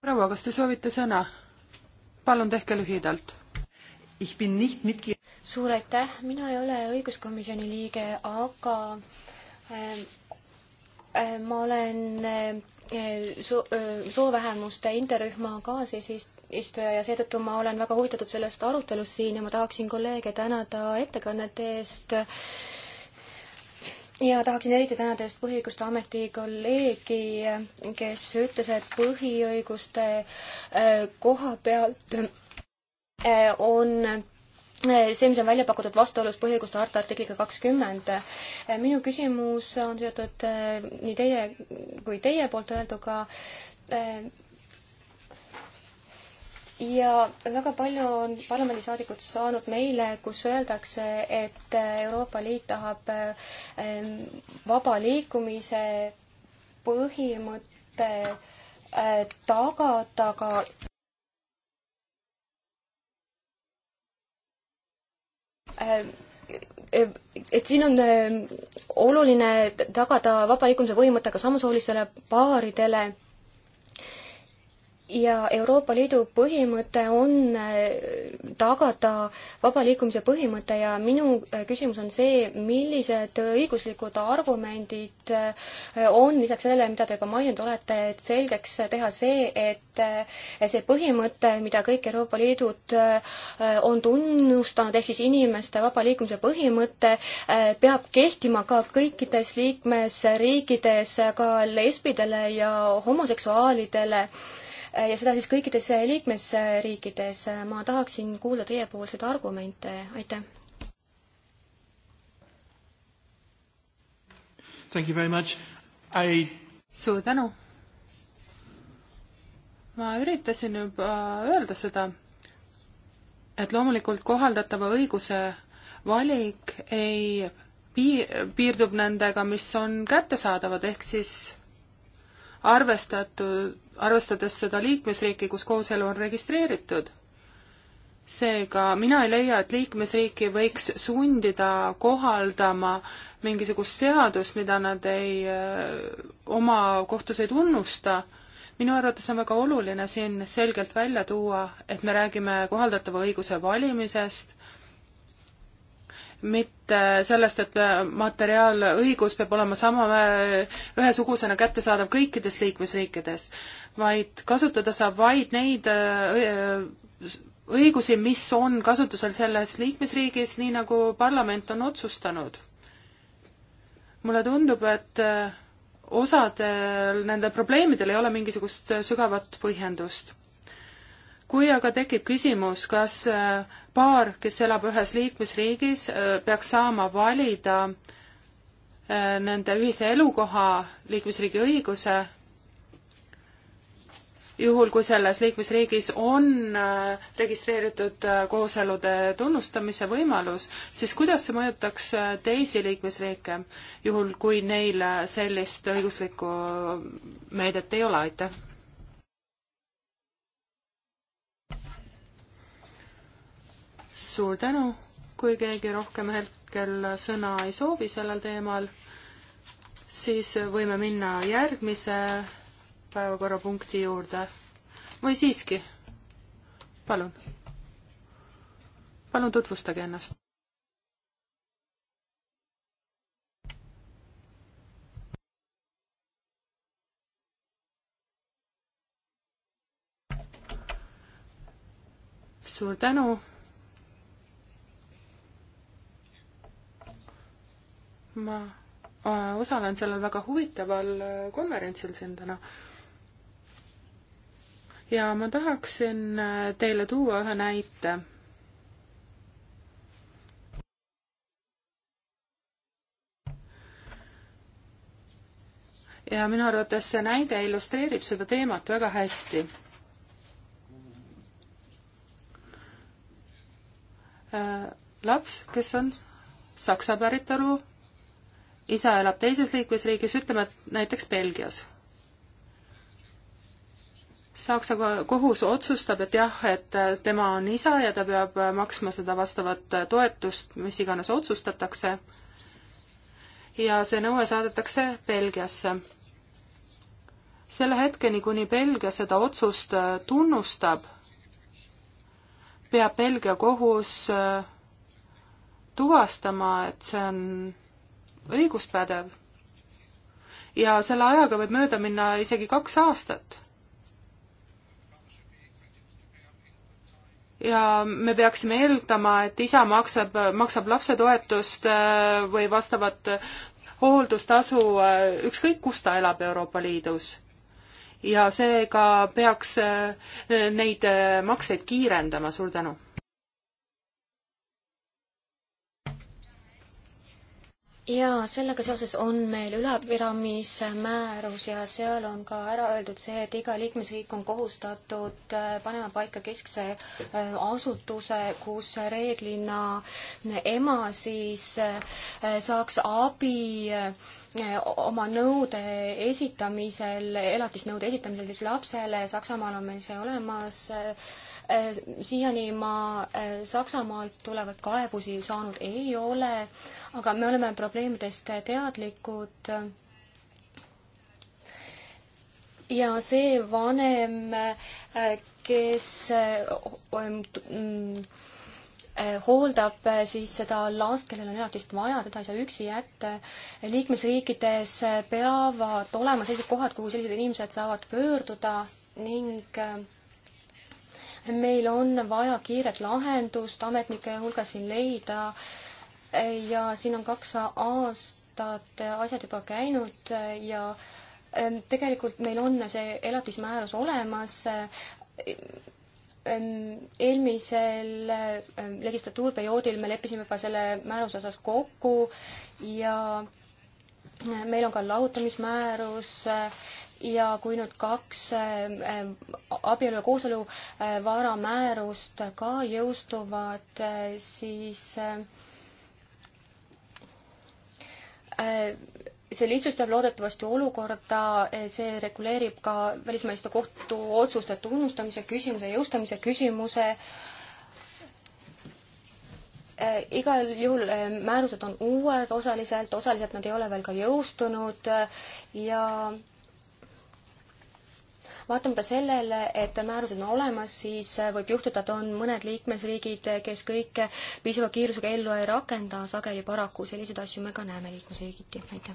proua, kas te soovite sõna? palun tehke lühidalt. suur aitäh, mina ei ole õiguskomisjoni liige, aga äh, äh, ma olen äh, soo-, äh, soovähemuste interrühma kaasesistuja ja seetõttu ma olen väga huvitatud sellest arutelust siin ja ma tahaksin kolleege tänada ettekannete eest äh, ja tahaksin eriti tänada just Põhiõiguste Ameti kolleegi, kes ütles, et põhiõiguste äh, koha pealt äh, on äh, see, mis on välja pakutud vastuolus põhiõiguste harta artikliga kakskümmend. minu küsimus on seotud nii teie kui teie poolt öelduga ja väga palju on parlamendisaadikud saanud meile, kus öeldakse, et Euroopa Liit tahab ähm, vaba liikumise põhimõtte äh, tagada ka ähm, äh, et siin on ähm, oluline tagada vaba liikumise põhimõte ka samasoolistele paaridele ja Euroopa Liidu põhimõte on äh, tagada vaba liikumise põhimõte ja minu äh, küsimus on see, millised õiguslikud argumendid äh, on lisaks sellele, mida te juba maininud olete, et selgeks teha see, et see põhimõte, mida kõik Euroopa Liidud on tunnustanud, ehk siis inimeste vaba liikumise põhimõte, peab kehtima ka kõikides liikmesriikides, ka lesbidele ja homoseksuaalidele Äh, ja seda siis kõikides äh, liikmesriikides. Äh, ma tahaksin kuulda teiepoolseid argumente, aitäh. Thank you very much. I... suur tänu. ma üritasin juba öelda seda, et loomulikult kohaldatava õiguse valik ei pii-, piirdub nendega, mis on kättesaadavad, ehk siis arvestatud arvestades seda liikmesriiki, kus kooselu on registreeritud. seega mina ei leia, et liikmesriiki võiks sundida kohaldama mingisugust seadust, mida nad ei, äh, oma kohtus ei tunnusta, minu arvates on väga oluline siin selgelt välja tuua, et me räägime kohaldatava õiguse valimisest mitte sellest, et materiaalõigus peab olema sama, ühesugusena kättesaadav kõikides liikmesriikides, vaid kasutada saab vaid neid äh, äh, õigusi, mis on kasutusel selles liikmesriigis, nii nagu parlament on otsustanud. mulle tundub, et äh, osadel nendel probleemidel ei ole mingisugust sügavat põhjendust kui aga tekib küsimus, kas äh, paar, kes elab ühes liikmesriigis, äh, peaks saama valida äh, nende ühise elukoha liikmesriigi õiguse, juhul kui selles liikmesriigis on registreeritud kooselude tunnustamise võimalus, siis kuidas see mõjutaks teisi liikmesriike, juhul kui neil sellist õiguslikku meedet ei ole, aitäh? suur tänu, kui keegi rohkem hetkel sõna ei soovi sellel teemal, siis võime minna järgmise päevakorrapunkti juurde. või siiski, palun, palun tutvustage ennast. suur tänu ma äh, osalen sellel väga huvitaval äh, konverentsil siin täna. ja ma tahaksin äh, teile tuua ühe näite. ja minu arvates see näide illustreerib seda teemat väga hästi. laps, kes on saksa päritolu isa elab teises liikmesriigis, ütleme, et näiteks Belgias. Saksa kohus otsustab, et jah, et äh, tema on isa ja ta peab äh, maksma seda vastavat äh, toetust, mis iganes otsustatakse, ja see nõue saadetakse Belgiasse. selle hetkeni, kuni Belgia seda otsust tunnustab, peab Belgia kohus tuvastama, et see on õiguspädev. ja selle ajaga võib mööda minna isegi kaks aastat. ja me peaksime eeldama, et isa maksab, maksab lapsetoetust äh, või vastavat äh, hooldustasu äh, ükskõik, kus ta elab Euroopa Liidus. ja seega peaks neid makseid kiirendama, suur tänu jaa, sellega seoses on meil ülalpidamismäärus ja seal on ka ära öeldud see, et iga liikmesriik on kohustatud äh, panema paika keskse äh, asutuse, kus reeglina ema siis äh, saaks abi oma nõude esitamisel, elatisnõude esitamisel siis lapsele, Saksamaal on meil see olemas Äh, siiani ma äh, Saksamaalt tulevat kaebusi saanud ei ole, aga me oleme probleemidest teadlikud. ja see vanem, äh, kes hooldab siis seda last, kellel on elatist vaja, teda ei saa üksi jätta. liikmesriikides peavad olema sellised kohad, kuhu sellised inimesed saavad pöörduda ning äh, meil on vaja kiiret lahendust ametnike hulgas siin leida ja siin on kaks aastat asjad juba käinud ja ähm, tegelikult meil on see elatismäärus olemas. Ähm, eelmisel ähm, legislatuurperioodil me leppisime juba selle määruse osas kokku ja äh, meil on ka lahutamismäärus äh, ja kui nüüd kaks äh, abielu ja kooselu äh, vara määrust ka jõustuvad, äh, siis see lihtsustab loodetavasti olukorda, see reguleerib ka välismaiste kohtuotsuste tunnustamise küsimuse, jõustamise küsimuse. igal juhul määrused on uued osaliselt, osaliselt nad ei ole veel ka jõustunud ja vaatamata sellele, et määrused on olemas, siis äh, võib juhtuda, et on mõned liikmesriigid, äh, kes kõike äh, piisava kiirusega ellu ei rakenda, sageli paraku selliseid asju me ka näeme liikmesriigiti, aitäh.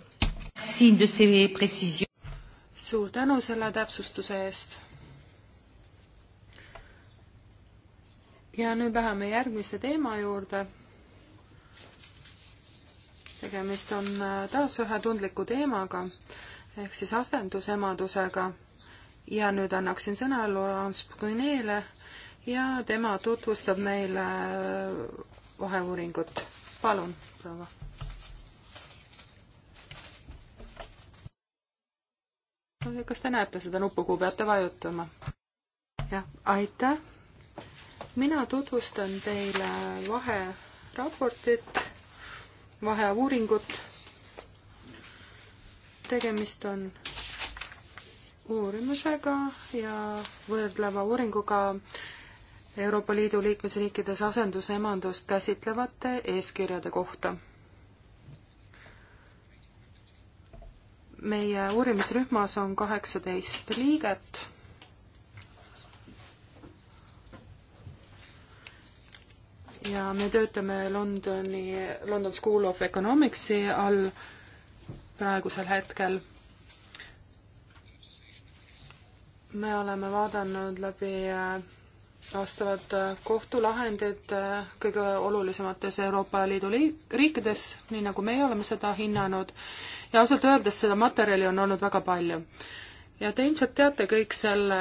suur tänu selle täpsustuse eest. ja nüüd läheme järgmise teema juurde tegemist on taas ühe tundliku teemaga ehk siis asendusemadusega ja nüüd annaksin sõna Laurence Bruneele ja tema tutvustab meile äh, vaheuuringut. palun, proua. kas te näete seda nuppu, kuhu peate vajutama? jah, aitäh. mina tutvustan teile vaheraportit, vaheuuringut. tegemist on uurimusega ja võrdleva uuringuga Euroopa Liidu liikmesriikides asendusemandust käsitlevate eeskirjade kohta. meie uurimisrühmas on kaheksateist liiget ja me töötame Londoni, London School of Economicsi all praegusel hetkel me oleme vaadanud läbi äh, vastavad äh, kohtulahendid äh, kõige olulisemates Euroopa Liidu liik-, riikides, nii nagu meie oleme seda hinnanud, ja ausalt öeldes seda materjali on olnud väga palju. ja te ilmselt teate kõik selle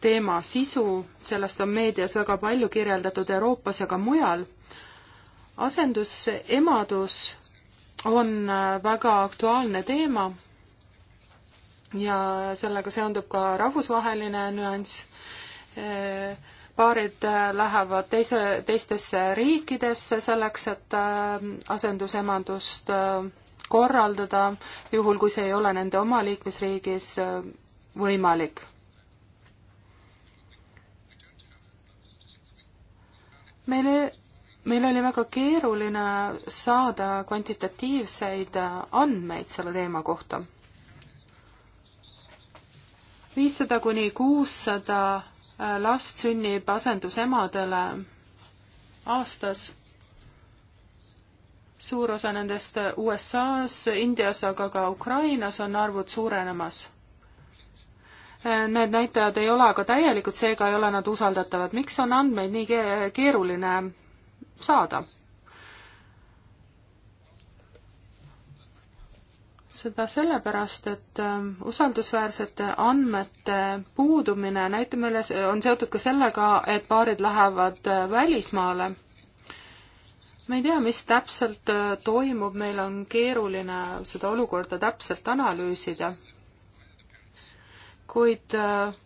teema sisu, sellest on meedias väga palju kirjeldatud Euroopas ja ka mujal, asendusemadus on väga aktuaalne teema ja sellega seondub ka rahvusvaheline nüanss, paarid äh, lähevad teise, teistesse riikidesse selleks, et äh, asendusemandust äh, korraldada, juhul kui see ei ole nende oma liikmesriigis võimalik meile, meil oli väga keeruline saada kvantitatiivseid andmeid selle teema kohta viissada kuni kuussada äh, last sünnib asendusemadele aastas. suur osa nendest äh, USA-s, Indias, aga ka Ukrainas on arvud suurenemas. Äh, need näitajad ei ole aga täielikud, seega ei ole nad usaldatavad. miks on andmeid nii keeruline saada? seda sellepärast, et ähm, usaldusväärsete andmete puudumine näitab meile, äh, on seotud ka sellega, et paarid lähevad äh, välismaale. me ei tea, mis täpselt äh, toimub, meil on keeruline seda olukorda täpselt analüüsida. kuid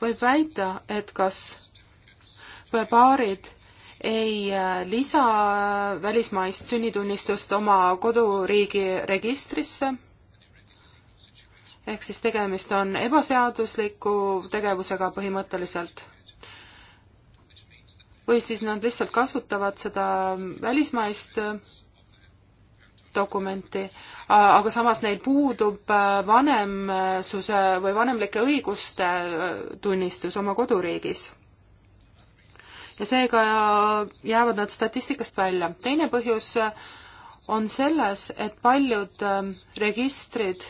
võib väita, et kas paarid ei lisa välismaist sünnitunnistust oma koduriigi registrisse ehk siis tegemist on ebaseadusliku tegevusega põhimõtteliselt. või siis nad lihtsalt kasutavad seda välismaist äh, dokumenti, aga samas neil puudub äh, vanemsuse või vanemlike õiguste äh, tunnistus oma koduriigis. ja seega jäävad nad statistikast välja. teine põhjus on selles, et paljud registrid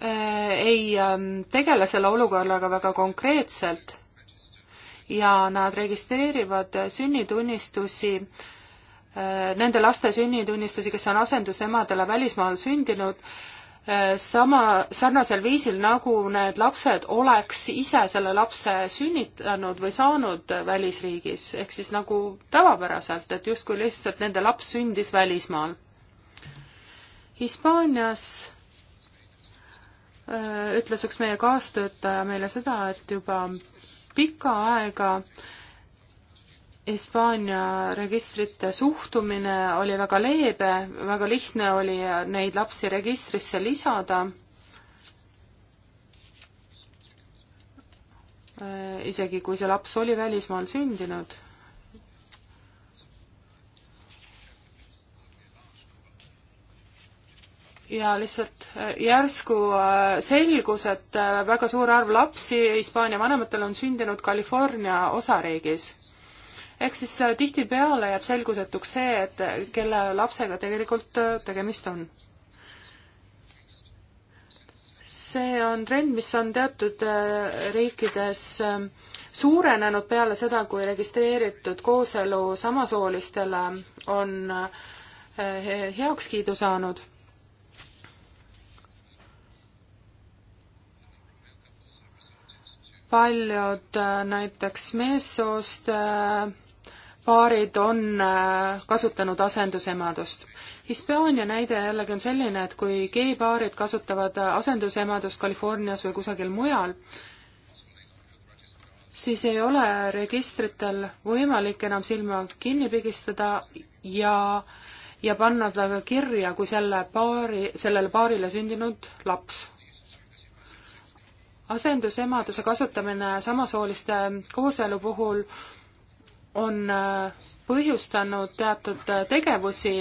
Äh, ei ähm, tegele selle olukorraga väga konkreetselt ja nad registreerivad sünnitunnistusi, äh, nende laste sünnitunnistusi, kes on asendusemadele välismaal sündinud, äh, sama, sarnasel viisil, nagu need lapsed oleks ise selle lapse sünnitanud või saanud välisriigis, ehk siis nagu tavapäraselt, et justkui lihtsalt nende laps sündis välismaal. Hispaanias Äh, ütles üks meie kaastöötaja meile seda, et juba pikka aega Hispaania registrite suhtumine oli väga leebe, väga lihtne oli neid lapsi registrisse lisada. Äh, isegi kui see laps oli välismaal sündinud ja lihtsalt äh, järsku äh, selgus, et äh, väga suur arv lapsi Hispaania vanematel on sündinud California osariigis. ehk siis tihtipeale jääb selgusetuks see, et kelle lapsega tegelikult tegemist on. see on trend, mis on teatud riikides ähm, suurenenud peale seda, kui registreeritud kooselu samasoolistele on heakskiidu saanud paljud äh, näiteks meessoost äh, paarid on äh, kasutanud asendusemadust. Hispaania näide jällegi on selline, et kui geipaarid kasutavad asendusemadust Californias või kusagil mujal, siis ei ole registritel võimalik enam silma kinni pigistada ja, ja panna ta ka kirja kui selle paari, sellele paarile sündinud laps asendusemaduse kasutamine samasooliste kooselu puhul on äh, põhjustanud teatud äh, tegevusi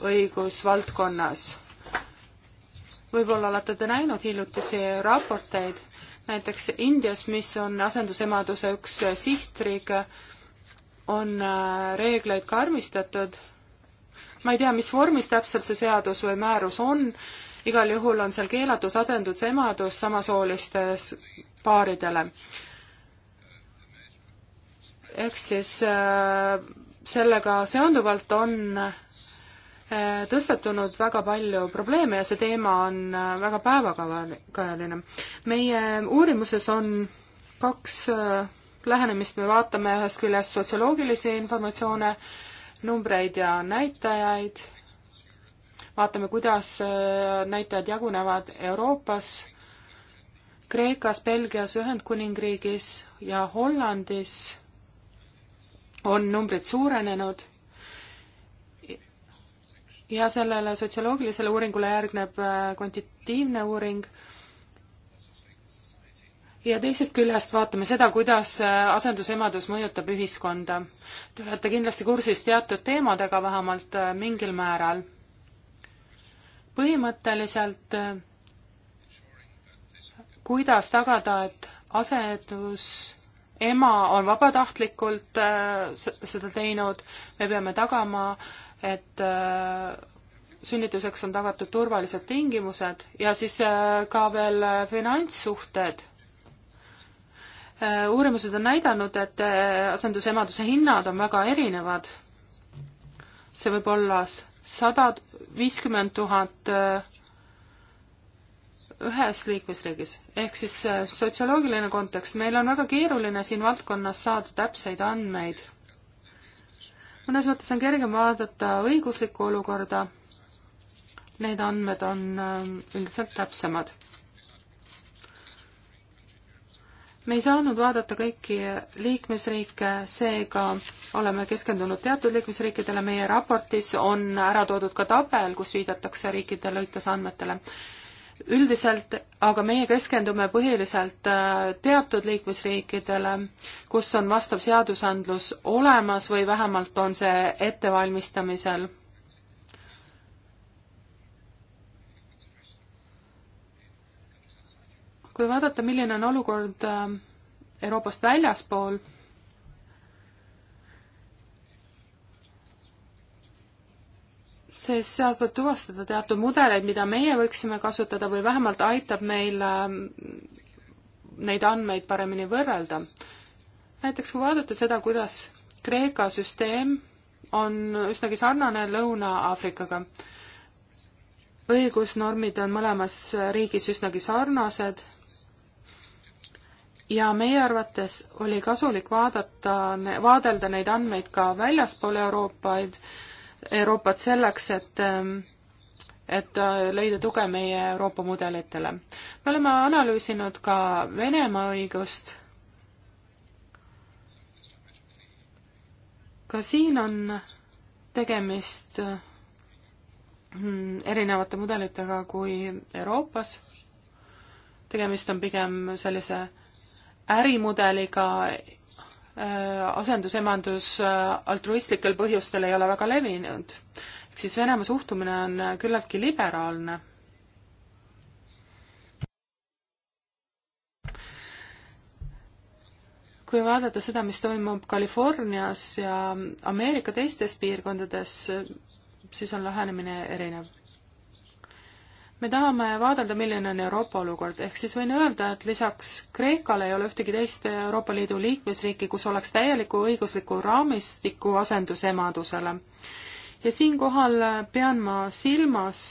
õigusvaldkonnas. võib-olla olete te näinud hiljutisi raporteid, näiteks Indias, mis on asendusemaduse üks äh, sihtriik, on reegleid karmistatud ka ma ei tea, mis vormis täpselt see seadus või määrus on, igal juhul on seal keelatud asendus emadus samasoolistes paaridele. ehk siis äh, sellega seonduvalt on äh, tõstatunud väga palju probleeme ja see teema on äh, väga päevakajaline. meie uurimuses on kaks lähenemist, me vaatame ühest küljest sotsioloogilisi informatsioone, numbreid ja näitajaid vaatame, kuidas äh, näitajad jagunevad Euroopas, Kreekas, Belgias, Ühendkuningriigis ja Hollandis on numbrid suurenenud ja sellele sotsioloogilisele uuringule järgneb äh, kvantitiivne uuring ja teisest küljest vaatame seda, kuidas äh, asendusemadus mõjutab ühiskonda. Te olete kindlasti kursis teatud teemadega vähemalt mingil määral põhimõtteliselt kuidas tagada, et asendus ema on vabatahtlikult äh, seda teinud, me peame tagama, et äh, sünnituseks on tagatud turvalised tingimused ja siis äh, ka veel äh, finantssuhted. Äh, uurimused on näidanud, et äh, asendusemaduse hinnad on väga erinevad. see võib olla sada viiskümmend tuhat äh, ühes liikmesriigis. ehk siis äh, sotsioloogiline kontekst, meil on väga keeruline siin valdkonnas saada täpseid andmeid. mõnes mõttes on kergem vaadata õiguslikku olukorda, need andmed on äh, üldiselt täpsemad me ei saanud vaadata kõiki liikmesriike, seega oleme keskendunud teatud liikmesriikidele, meie raportis on ära toodud ka tabel, kus viidatakse riikide lõikes andmetele. üldiselt aga meie keskendume põhiliselt äh, teatud liikmesriikidele, kus on vastav seadusandlus olemas või vähemalt on see ettevalmistamisel kui vaadata, milline on olukord äh, Euroopast väljaspool, siis sealt võib tuvastada teatud mudeleid, mida meie võiksime kasutada või vähemalt aitab meil äh, neid andmeid paremini võrrelda. näiteks kui vaadata seda, kuidas Kreeka süsteem on üsnagi sarnane Lõuna-Aafrikaga. õigusnormid on mõlemas riigis üsnagi sarnased ja meie arvates oli kasulik vaadata, vaadelda neid andmeid ka väljaspool Euroopaid, Euroopat selleks, et et äh, leida tuge meie Euroopa mudelitele. me oleme analüüsinud ka Venemaa õigust, ka siin on tegemist mm, erinevate mudelitega kui Euroopas, tegemist on pigem sellise ärimudeliga äh, asendusemandus äh, altruistlikel põhjustel ei ole väga levinud. ehk siis Venemaa suhtumine on äh, küllaltki liberaalne. kui vaadata seda, mis toimub Californias ja Ameerika teistes piirkondades, siis on lähenemine erinev me tahame vaadelda, milline on Euroopa olukord, ehk siis võin öelda, et lisaks Kreekale ei ole ühtegi teist Euroopa Liidu liikmesriiki, kus oleks täieliku õigusliku raamistiku asendus emadusele. ja siinkohal pean ma silmas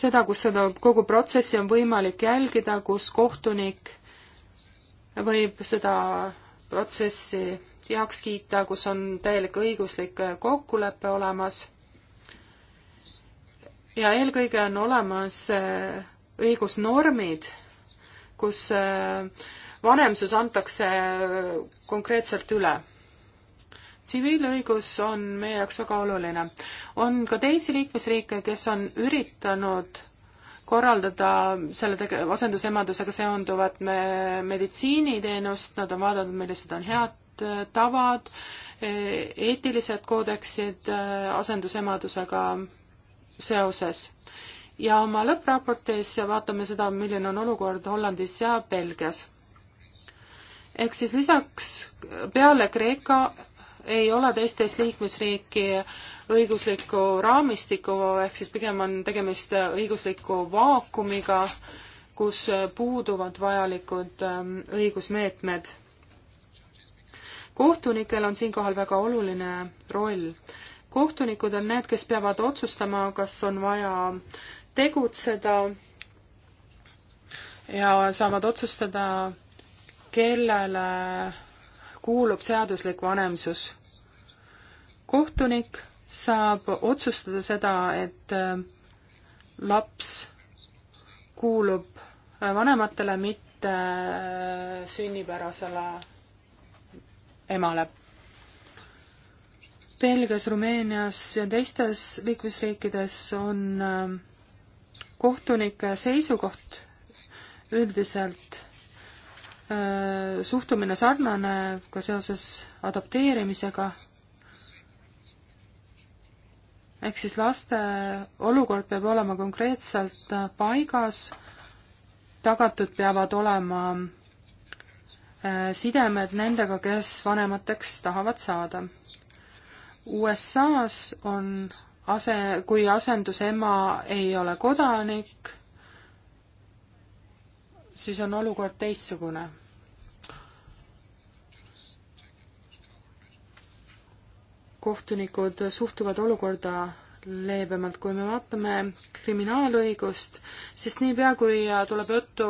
seda, kus seda kogu protsessi on võimalik jälgida, kus kohtunik võib seda protsessi heaks kiita, kus on täielik õiguslik kokkulepe olemas ja eelkõige on olemas äh, õigusnormid, kus äh, vanemsus antakse äh, konkreetselt üle. tsiviilõigus on meie jaoks väga oluline. on ka teisi liikmesriike, kes on üritanud korraldada selle tege-, asendusemadusega seonduvat me-, meditsiiniteenust, nad on vaadanud, millised on head tavad, e-, eetilised koodeksid asendusemadusega seoses. ja oma lõppraportis vaatame seda, milline on olukord Hollandis ja Belgias. ehk siis lisaks peale Kreeka ei ole teistes liikmesriiki õiguslikku raamistikku, ehk siis pigem on tegemist õigusliku vaakumiga, kus puuduvad vajalikud ähm, õigusmeetmed. kohtunikel on siinkohal väga oluline roll kohtunikud on need, kes peavad otsustama, kas on vaja tegutseda ja saavad otsustada, kellele kuulub seaduslik vanemsus. kohtunik saab otsustada seda, et äh, laps kuulub äh, vanematele, mitte äh, sünnipärasele emale Belgias, Rumeenias ja teistes liikmesriikides on ähm, kohtunike seisukoht üldiselt äh, suhtumine sarnane ka seoses adopteerimisega, ehk siis laste olukord peab olema konkreetselt äh, paigas, tagatud peavad olema äh, sidemed nendega, kes vanemateks tahavad saada. USA-s on ase, kui asendusema ei ole kodanik, siis on olukord teistsugune. kohtunikud suhtuvad olukorda leebemalt, kui me vaatame kriminaalõigust, sest niipea, kui tuleb juttu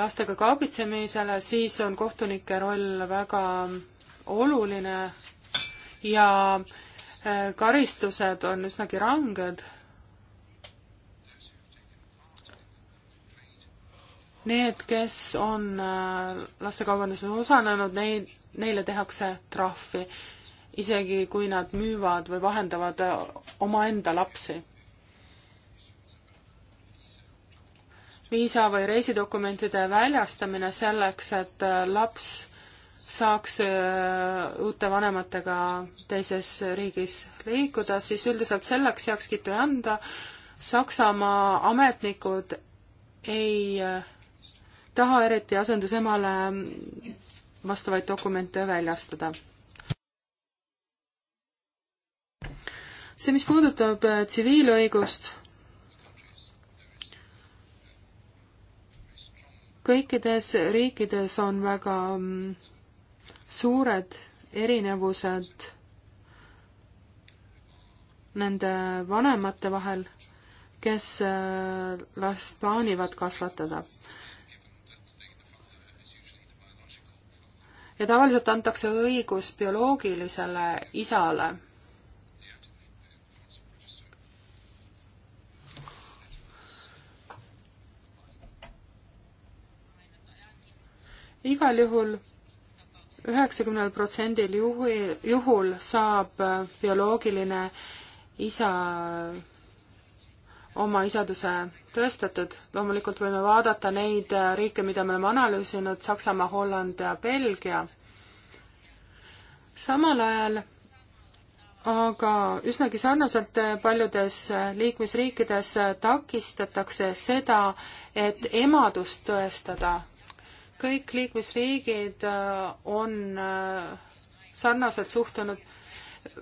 lastega kaubitsemisele, siis on kohtunike roll väga oluline ja äh, karistused on üsnagi ranged. Need, kes on äh, lastekaubanduses osalenud, neid, neile tehakse trahvi, isegi kui nad müüvad või vahendavad äh, omaenda lapsi. viisa või reisidokumentide väljastamine selleks, et laps saaks äh, uute vanematega teises riigis liikuda, siis üldiselt selleks heakskiitu ei anda. Saksamaa ametnikud ei äh, taha eriti asendusemale vastavaid dokumente väljastada. see, mis puudutab äh, tsiviilõigust, kõikides riikides on väga mm, suured erinevused nende vanemate vahel, kes äh, last plaanivad kasvatada. ja tavaliselt antakse õigus bioloogilisele isale igal juhul üheksakümnel protsendil juhul, juhul saab äh, bioloogiline isa oma isaduse tõestatud. loomulikult võime vaadata neid äh, riike, mida me oleme analüüsinud, Saksamaa, Holland ja Belgia. samal ajal aga üsnagi sarnaselt äh, paljudes liikmesriikides takistatakse seda, et emadust tõestada kõik liikmesriigid äh, on äh, sarnaselt suhtunud,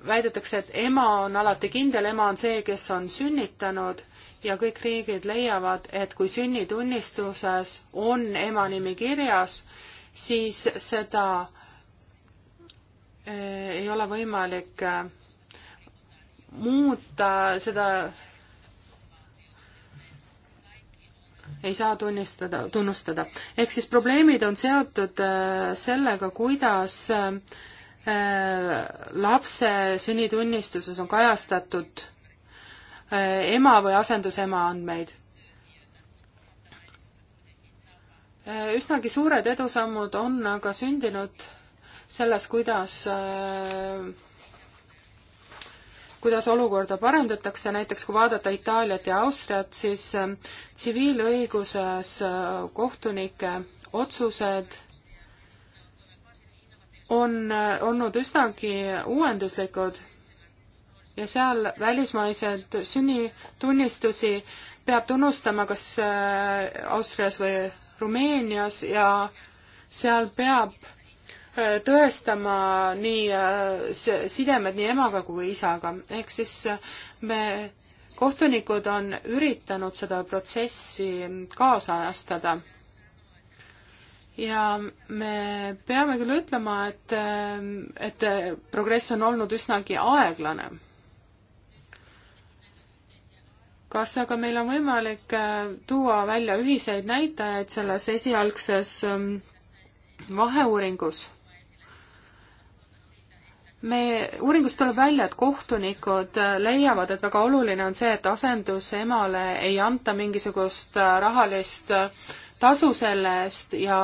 väidetakse, et ema on alati kindel, ema on see, kes on sünnitanud ja kõik riigid leiavad, et kui sünnitunnistuses on ema nimi kirjas, siis seda äh, ei ole võimalik muuta, seda ei saa tunnistada, tunnustada. ehk siis probleemid on seotud äh, sellega, kuidas äh, äh, lapse sünnitunnistuses on kajastatud ema või asendusema andmeid. üsnagi suured edusammud on aga sündinud selles, kuidas kuidas olukorda parandatakse, näiteks kui vaadata Itaaliat ja Austriat, siis ähm, tsiviilõiguses äh, kohtunike otsused on äh, olnud üsnagi uuenduslikud ja seal välismaised sünnitunnistusi peab tunnustama kas äh, Austrias või Rumeenias ja seal peab tõestama nii äh, sidemed nii emaga kui isaga, ehk siis äh, me, kohtunikud on üritanud seda protsessi kaasajastada. ja me peame küll ütlema, et, äh, et progress on olnud üsnagi aeglane. kas aga meil on võimalik tuua välja ühiseid näitajaid selles esialgses ähm, vaheuuringus? me, uuringust tuleb välja, et kohtunikud äh, leiavad, et väga oluline on see, et asendusemale ei anta mingisugust äh, rahalist äh, tasu selle eest ja,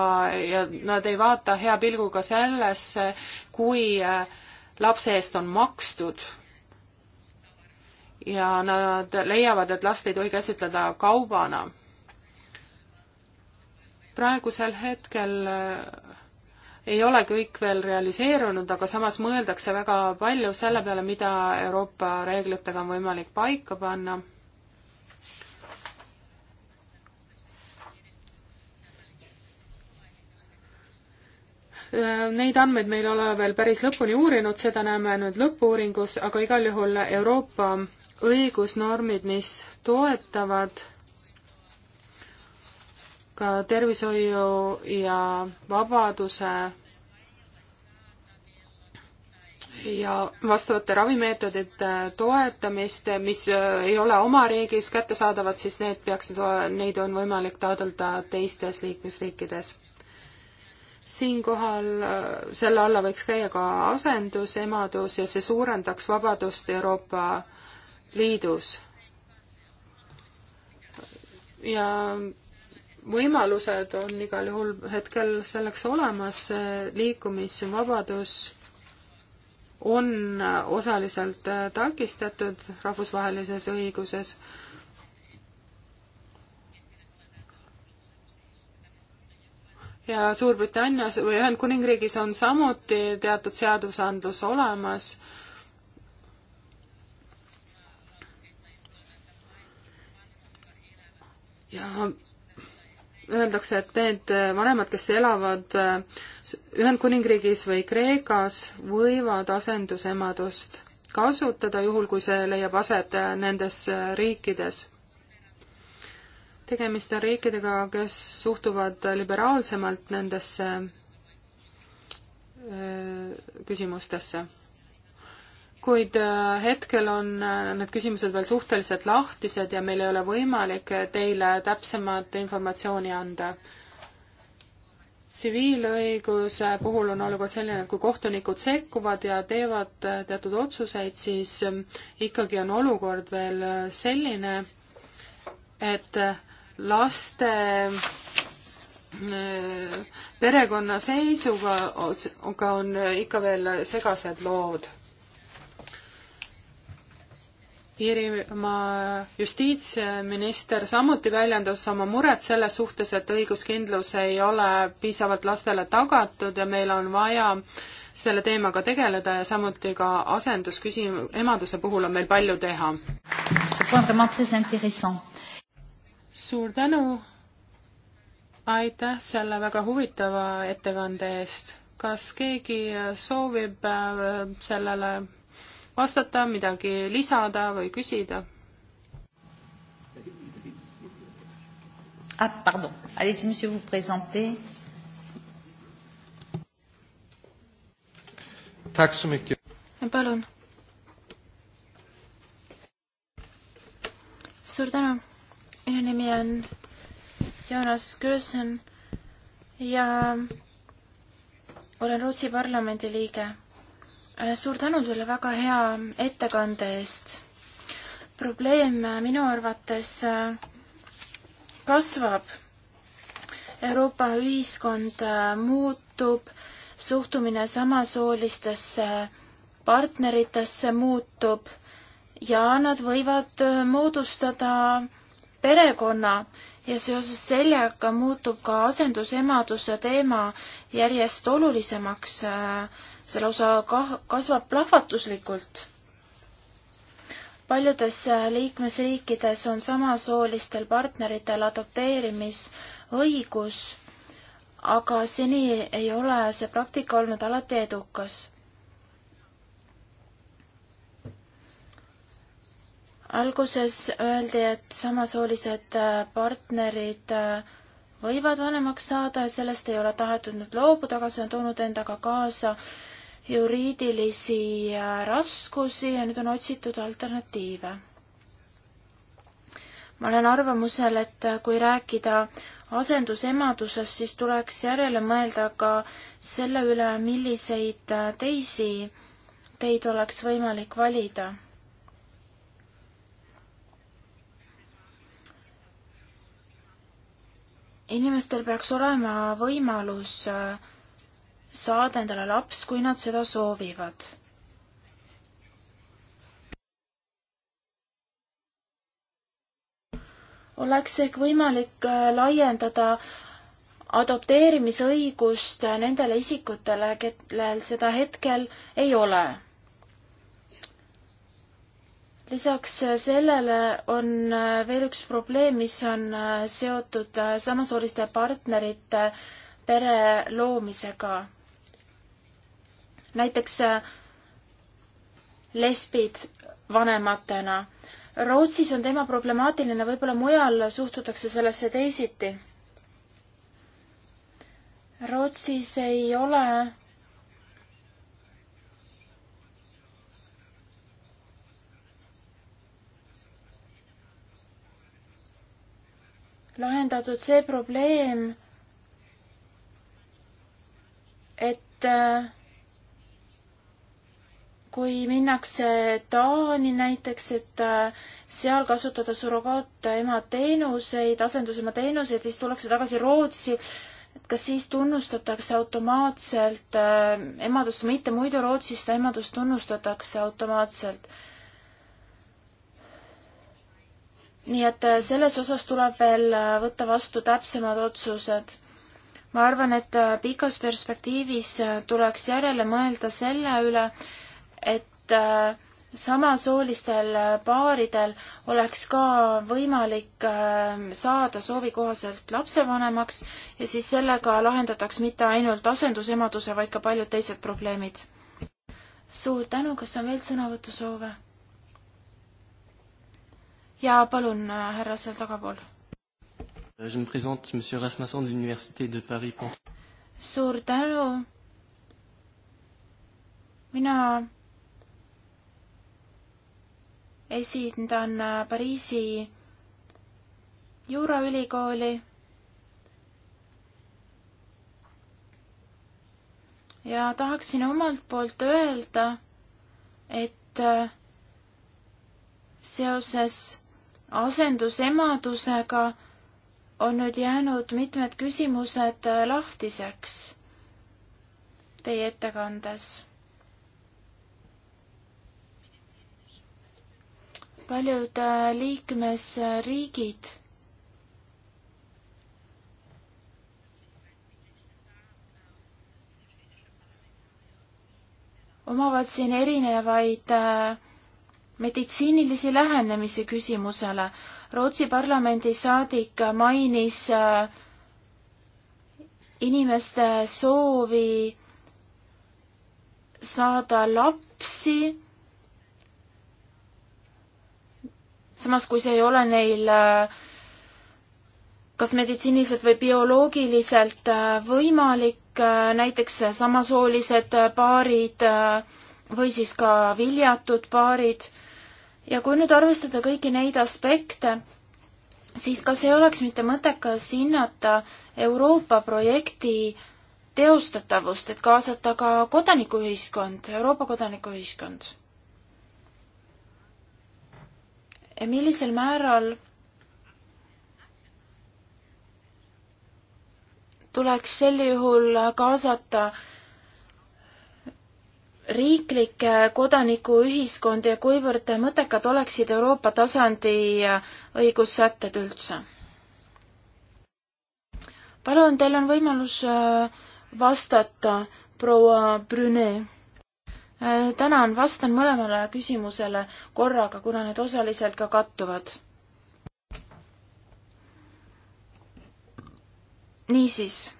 ja nad ei vaata hea pilguga sellesse, kui lapse eest on makstud. ja nad leiavad, et last ei tohi käsitleda kaubana praegusel hetkel ei ole kõik veel realiseerunud, aga samas mõeldakse väga palju selle peale, mida Euroopa reeglitega on võimalik paika panna. Neid andmeid me ei ole veel päris lõpuni uurinud, seda näeme nüüd lõpu-uuringus, aga igal juhul Euroopa õigusnormid, mis toetavad ka tervishoiu ja vabaduse ja vastavate ravimeetodite toetamist, mis äh, ei ole oma riigis kättesaadavad, siis need peaksid, neid on võimalik taotleda teistes liikmesriikides. siinkohal äh, selle alla võiks käia ka asendus, emadus ja see suurendaks vabadust Euroopa Liidus. ja võimalused on igal juhul hetkel selleks olemas, liikumisvabadus on osaliselt äh, takistatud rahvusvahelises õiguses. ja Suurbritannias või Ühendkuningriigis on samuti teatud seadusandlus olemas. ja öeldakse, et need vanemad, kes elavad äh, Ühendkuningriigis või Kreekas, võivad asendusemadust kasutada, juhul kui see leiab aset äh, nendes äh, riikides. tegemist on riikidega, kes suhtuvad liberaalsemalt nendesse küsimustesse kuid äh, hetkel on äh, need küsimused veel suhteliselt lahtised ja meil ei ole võimalik äh, teile täpsemat informatsiooni anda. tsiviilõiguse puhul on olukord selline, et kui kohtunikud sekkuvad ja teevad teatud otsuseid, siis ähm, ikkagi on olukord veel selline, et laste perekonna seisuga on ikka veel segased lood Iirimaa justiitsminister samuti väljendas oma muret selle suhtes, et õiguskindlus ei ole piisavalt lastele tagatud ja meil on vaja selle teemaga tegeleda ja samuti ka asendusküsim-, emaduse puhul on meil palju teha. suur tänu, aitäh selle väga huvitava ettekande eest. kas keegi soovib äh, sellele vastata, midagi lisada või küsida? Ah, pardon. Allez-y, monsieur, vous présentez. Tack så mycket. Palun. Suur tänu. Minu nimi on Jonas Kösen ja olen Rootsi parlamendi liige Äh, suur tänu teile väga hea ettekande eest. probleem äh, minu arvates äh, kasvab. Euroopa ühiskond muutub, suhtumine samasoolistesse partneritesse muutub ja nad võivad moodustada perekonna ja seoses sellega muutub ka asendusemaduse teema järjest olulisemaks äh, see lausa kah-, kasvab plahvatuslikult. paljudes äh, liikmesriikides on samasoolistel partneritel adopteerimisõigus, aga seni ei ole see praktika olnud alati edukas. alguses öeldi, et samasoolised äh, partnerid äh, võivad vanemaks saada ja sellest ei ole tahetud nüüd loobuda, aga see on toonud endaga kaasa äh, juriidilisi äh, raskusi ja nüüd on otsitud alternatiive. ma olen arvamusel, et äh, kui rääkida asendusemadusest, siis tuleks järele mõelda ka selle üle, milliseid äh, teisi teid oleks võimalik valida. inimestel peaks olema võimalus äh, saada endale laps, kui nad seda soovivad. oleks ehk võimalik äh, laiendada adopteerimisõigust nendele isikutele, kellel seda hetkel ei ole. lisaks äh, sellele on äh, veel üks probleem, mis on seotud samasooliste partnerite pere loomisega näiteks äh, lesbid vanematena. Rootsis on teema problemaatiline, võib-olla mujal suhtutakse sellesse teisiti. Rootsis ei ole lahendatud see probleem, et äh, kui minnakse Taani näiteks, et äh, seal kasutada surrogaatema teenuseid, asendusema teenuseid, siis tullakse tagasi Rootsi, et kas siis tunnustatakse automaatselt äh, emadust, mitte muidu Rootsis seda emadust tunnustatakse automaatselt. nii et äh, selles osas tuleb veel äh, võtta vastu täpsemad otsused ma arvan, et pikas perspektiivis tuleks järele mõelda selle üle, et äh, samasoolistel äh, paaridel oleks ka võimalik äh, saada soovi kohaselt lapsevanemaks ja siis sellega lahendataks mitte ainult asendusemaduse, vaid ka paljud teised probleemid. suur tänu, kas on veel sõnavõtusoove? ja palun, härra seal tagapool. Euh, suur tänu. mina esindan äh, Pariisi juuraülikooli ja tahaksin omalt poolt öelda, et äh, seoses asendusemadusega on nüüd jäänud mitmed küsimused äh, lahtiseks teie ettekandes paljud äh, liikmesriigid omavad siin erinevaid äh, meditsiinilisi lähenemisi küsimusele. Rootsi parlamendi saadik mainis äh, inimeste soovi saada lapsi samas kui see ei ole neil äh, kas meditsiiniliselt või bioloogiliselt äh, võimalik, äh, näiteks samasoolised paarid või siis ka viljatud paarid. ja kui nüüd arvestada kõiki neid aspekte, siis kas ei oleks mitte mõttekas hinnata Euroopa projekti teostatavust, et kaasata ka kodanikuühiskond, Euroopa kodanikuühiskond? millisel määral tuleks sel juhul kaasata riiklikke kodanikuühiskondi ja kuivõrd mõttekad oleksid Euroopa tasandi õigussätted üldse? palun, teil on võimalus äh, vastata, proua Brüne Äh, tänan, vastan mõlemale küsimusele korraga, kuna need osaliselt ka kattuvad. niisiis.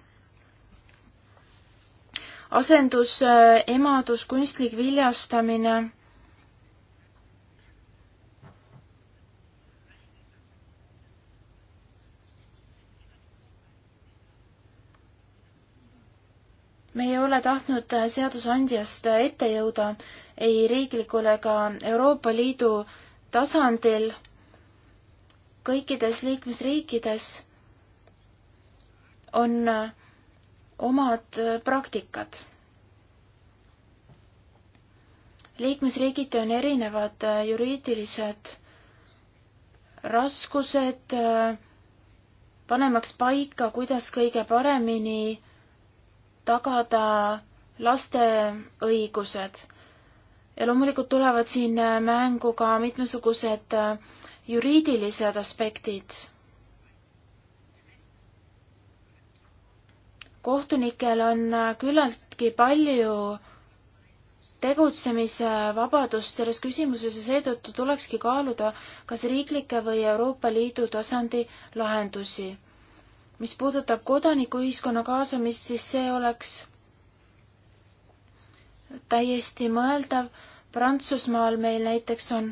asendus, äh, emadus, kunstlik viljastamine me ei ole tahtnud äh, seadusandjast äh, ette jõuda ei riiklikul ega Euroopa Liidu tasandil kõikides liikmesriikides on äh, omad praktikad. liikmesriigiti on erinevad juriidilised raskused, panemaks paika, kuidas kõige paremini tagada laste õigused. ja loomulikult tulevad siin mängu ka mitmesugused äh, juriidilised aspektid. kohtunikel on äh, küllaltki palju tegutsemise vabadust selles küsimuses ja seetõttu tulekski kaaluda kas riiklikke või Euroopa Liidu tasandi lahendusi mis puudutab kodanikuühiskonna kaasamist, siis see oleks täiesti mõeldav. Prantsusmaal meil näiteks on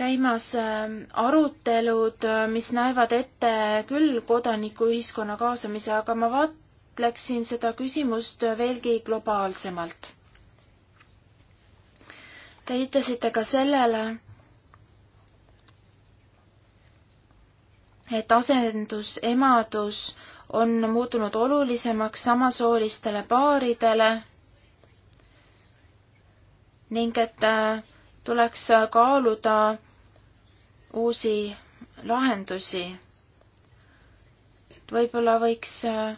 käimas ähm, arutelud, äh, mis näevad ette küll kodanikuühiskonna kaasamise, aga ma vaatleksin seda küsimust veelgi globaalsemalt. Te viitasite ka sellele, et asendusemadus on muutunud olulisemaks samasoolistele paaridele ning et äh, tuleks äh, kaaluda uusi lahendusi. et võib-olla võiks äh,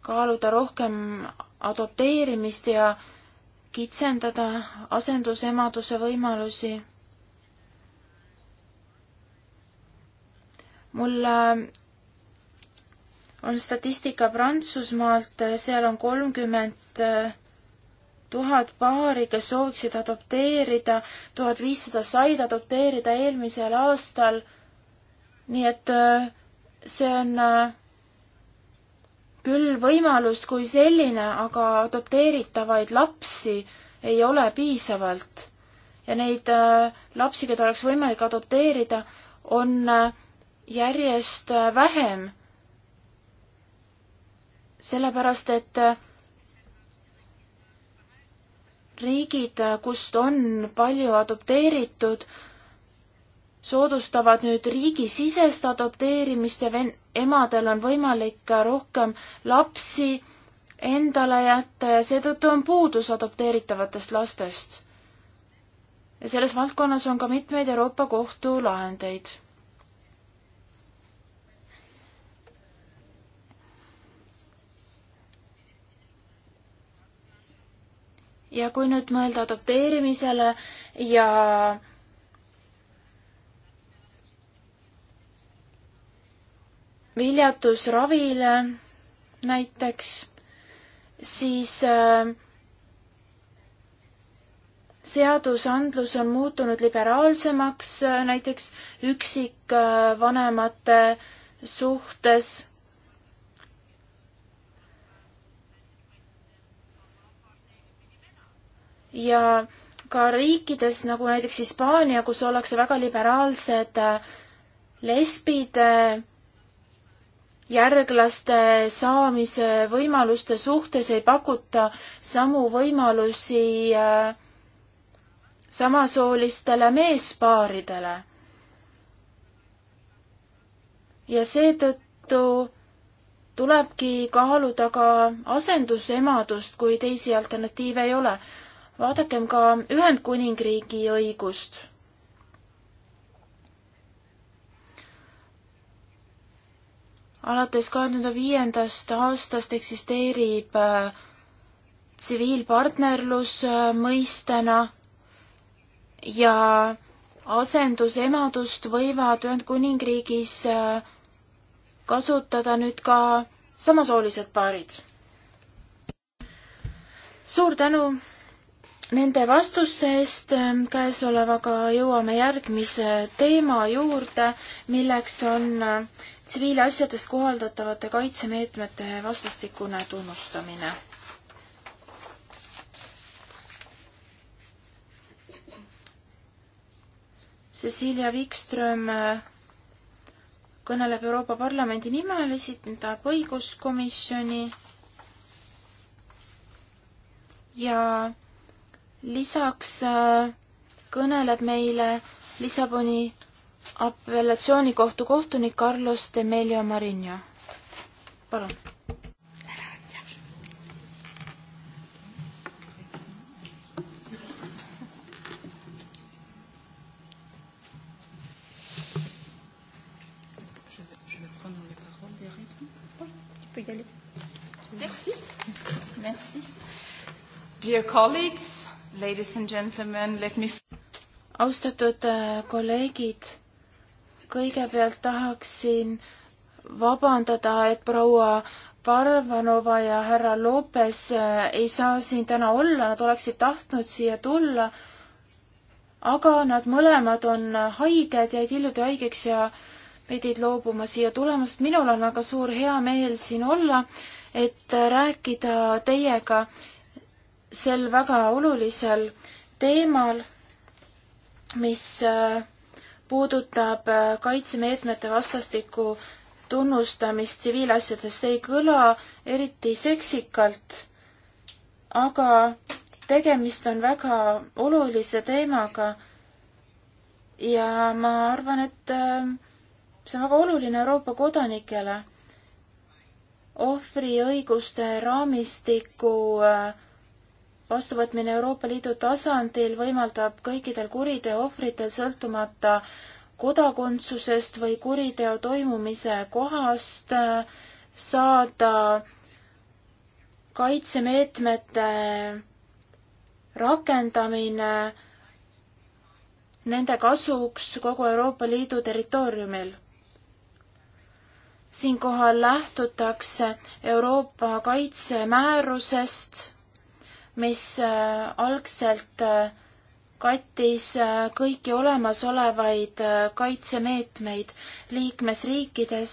kaaluda rohkem adopteerimist ja kitsendada asendusemaduse võimalusi mul äh, on statistika Prantsusmaalt, äh, seal on kolmkümmend äh, tuhat paari, kes sooviksid adopteerida, tuhat viissada said adopteerida eelmisel aastal. nii et see on küll võimalus kui selline, aga adopteeritavaid lapsi ei ole piisavalt. ja neid lapsi, keda oleks võimalik adopteerida, on äh, järjest äh, vähem. sellepärast, et äh, riigid, äh, kust on palju adopteeritud, soodustavad nüüd riigisisest adopteerimist ja ven-, emadel on võimalik rohkem lapsi endale jätta ja seetõttu on puudus adopteeritavatest lastest. ja selles valdkonnas on ka mitmeid Euroopa Kohtu lahendeid ja kui nüüd mõelda adopteerimisele ja viljatusravile näiteks, siis äh, seadusandlus on muutunud liberaalsemaks, äh, näiteks üksikvanemate äh, suhtes ja ka riikides nagu näiteks Hispaania, kus ollakse väga liberaalsed äh, lesbide äh, järglaste saamise võimaluste suhtes ei pakuta samu võimalusi äh, samasoolistele meespaaridele. ja seetõttu tulebki kaaluda ka asendusemadust, kui teisi alternatiive ei ole vaadakem ka Ühendkuningriigi õigust. alates kahe tuhande viiendast aastast eksisteerib äh, tsiviilpartnerlus äh, mõistena ja asendusemadust võivad Ühendkuningriigis äh, kasutada nüüd ka samasoolised paarid. suur tänu nende vastuste eest. käesolevaga jõuame järgmise teema juurde, milleks on tsiviilasjades kohaldatavate kaitsemeetmete vastastikune tunnustamine. Cecilia Wikström äh, kõneleb Euroopa Parlamendi nimel, esindab õiguskomisjoni ja lisaks äh, kõneleb meile Lissaboni apellatsioonikohtu kohtunik Carlos Demelio Marinho. palun. Merci. Merci. Dear colleagues, Ladies and gentlemen, let me... austatud äh, kolleegid, kõigepealt tahaksin vabandada, et proua Parvanova ja härra Lopes äh, ei saa siin täna olla, nad oleksid tahtnud siia tulla, aga nad mõlemad on äh, haiged, jäid hiljuti haigeks ja pidid loobuma siia tulemast. minul on aga suur heameel siin olla, et rääkida teiega sel väga olulisel teemal, mis äh, puudutab äh, kaitsemeetmete vastastikku tunnustamist tsiviilasjades, see ei kõla eriti seksikalt, aga tegemist on väga olulise teemaga ja ma arvan, et äh, see on väga oluline Euroopa kodanikele. ohvriõiguste raamistiku äh, vastuvõtmine Euroopa Liidu tasandil võimaldab kõikidel kuriteo ohvritel sõltumata kodakondsusest või kuriteo toimumise kohast saada kaitsemeetmete rakendamine nende kasuks kogu Euroopa Liidu territooriumil. siinkohal lähtutakse Euroopa kaitsemäärusest mis äh, algselt äh, kattis äh, kõiki olemasolevaid kaitsemeetmeid liikmesriikides,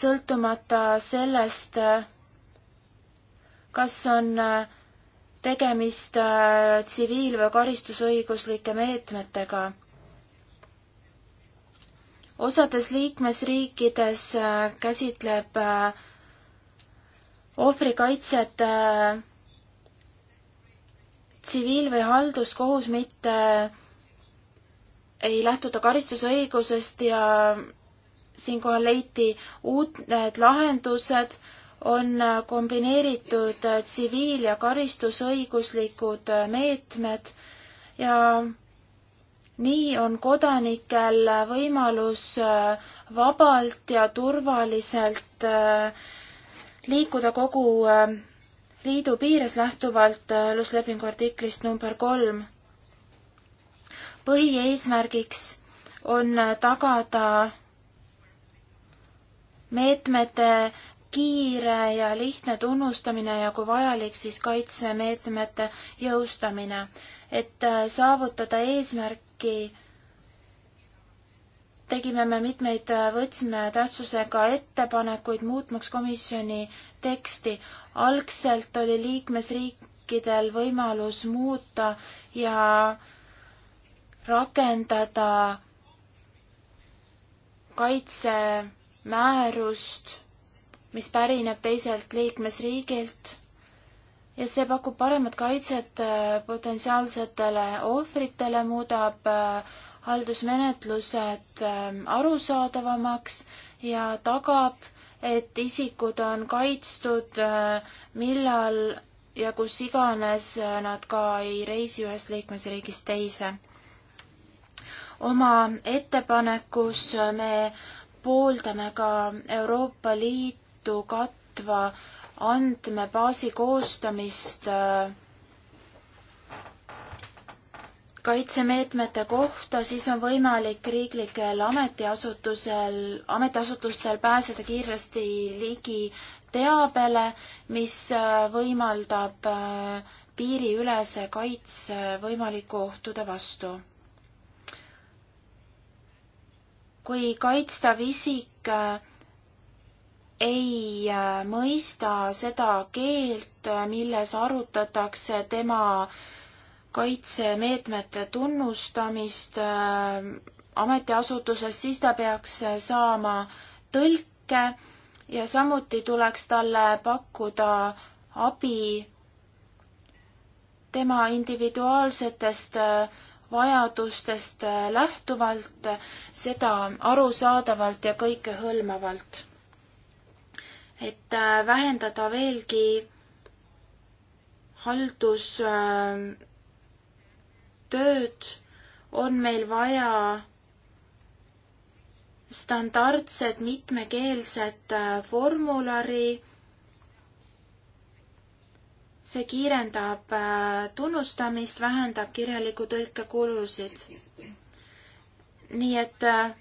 sõltumata sellest, kas on tegemist tsiviil- või karistusõiguslike meetmetega. osades liikmesriikides käsitleb ohvrikaitset tsiviil- või halduskohus mitte ei lähtuta karistusõigusest ja siinkohal leiti uut, need lahendused on kombineeritud tsiviil- ja karistusõiguslikud meetmed ja nii on kodanikel võimalus vabalt ja turvaliselt äh, liikuda kogu äh, Liidu piires lähtuvalt äh, aluslepingu artiklist number kolm. põhieesmärgiks on äh, tagada meetmete kiire ja lihtne tunnustamine ja kui vajalik, siis kaitsemeetmete jõustamine, et äh, saavutada eesmärki tegime me mitmeid võtmetähtsusega ettepanekuid muutmaks komisjoni teksti, algselt oli liikmesriikidel võimalus muuta ja rakendada kaitsemäärust, mis pärineb teiselt liikmesriigilt ja see pakub paremat kaitset äh, potentsiaalsetele ohvritele, muudab äh, haldusmenetlused äh, arusaadavamaks ja tagab, et isikud on kaitstud, äh, millal ja kus iganes äh, nad ka ei reisi ühest liikmesriigist teise. oma ettepanekus äh, me pooldame ka Euroopa Liitu katva andmebaasi koostamist äh, kaitsemeetmete kohta, siis on võimalik riiklikel ametiasutusel, ametiasutustel pääseda kiiresti ligi teabele, mis äh, võimaldab äh, piiriülese kaitse võimaliku ohtude vastu. kui kaitstav isik äh, ei mõista seda keelt, milles arutatakse tema äh, kaitsemeetmete tunnustamist äh, ametiasutuses, siis ta peaks äh, saama tõlke ja samuti tuleks talle pakkuda abi tema individuaalsetest äh, vajadustest lähtuvalt, seda arusaadavalt ja kõikehõlmavalt. et vähendada veelgi haldus äh, tööd, on meil vaja standardset mitmekeelset äh, formulari. see kiirendab äh, tunnustamist, vähendab kirjaliku tõlke kulusid. nii et äh,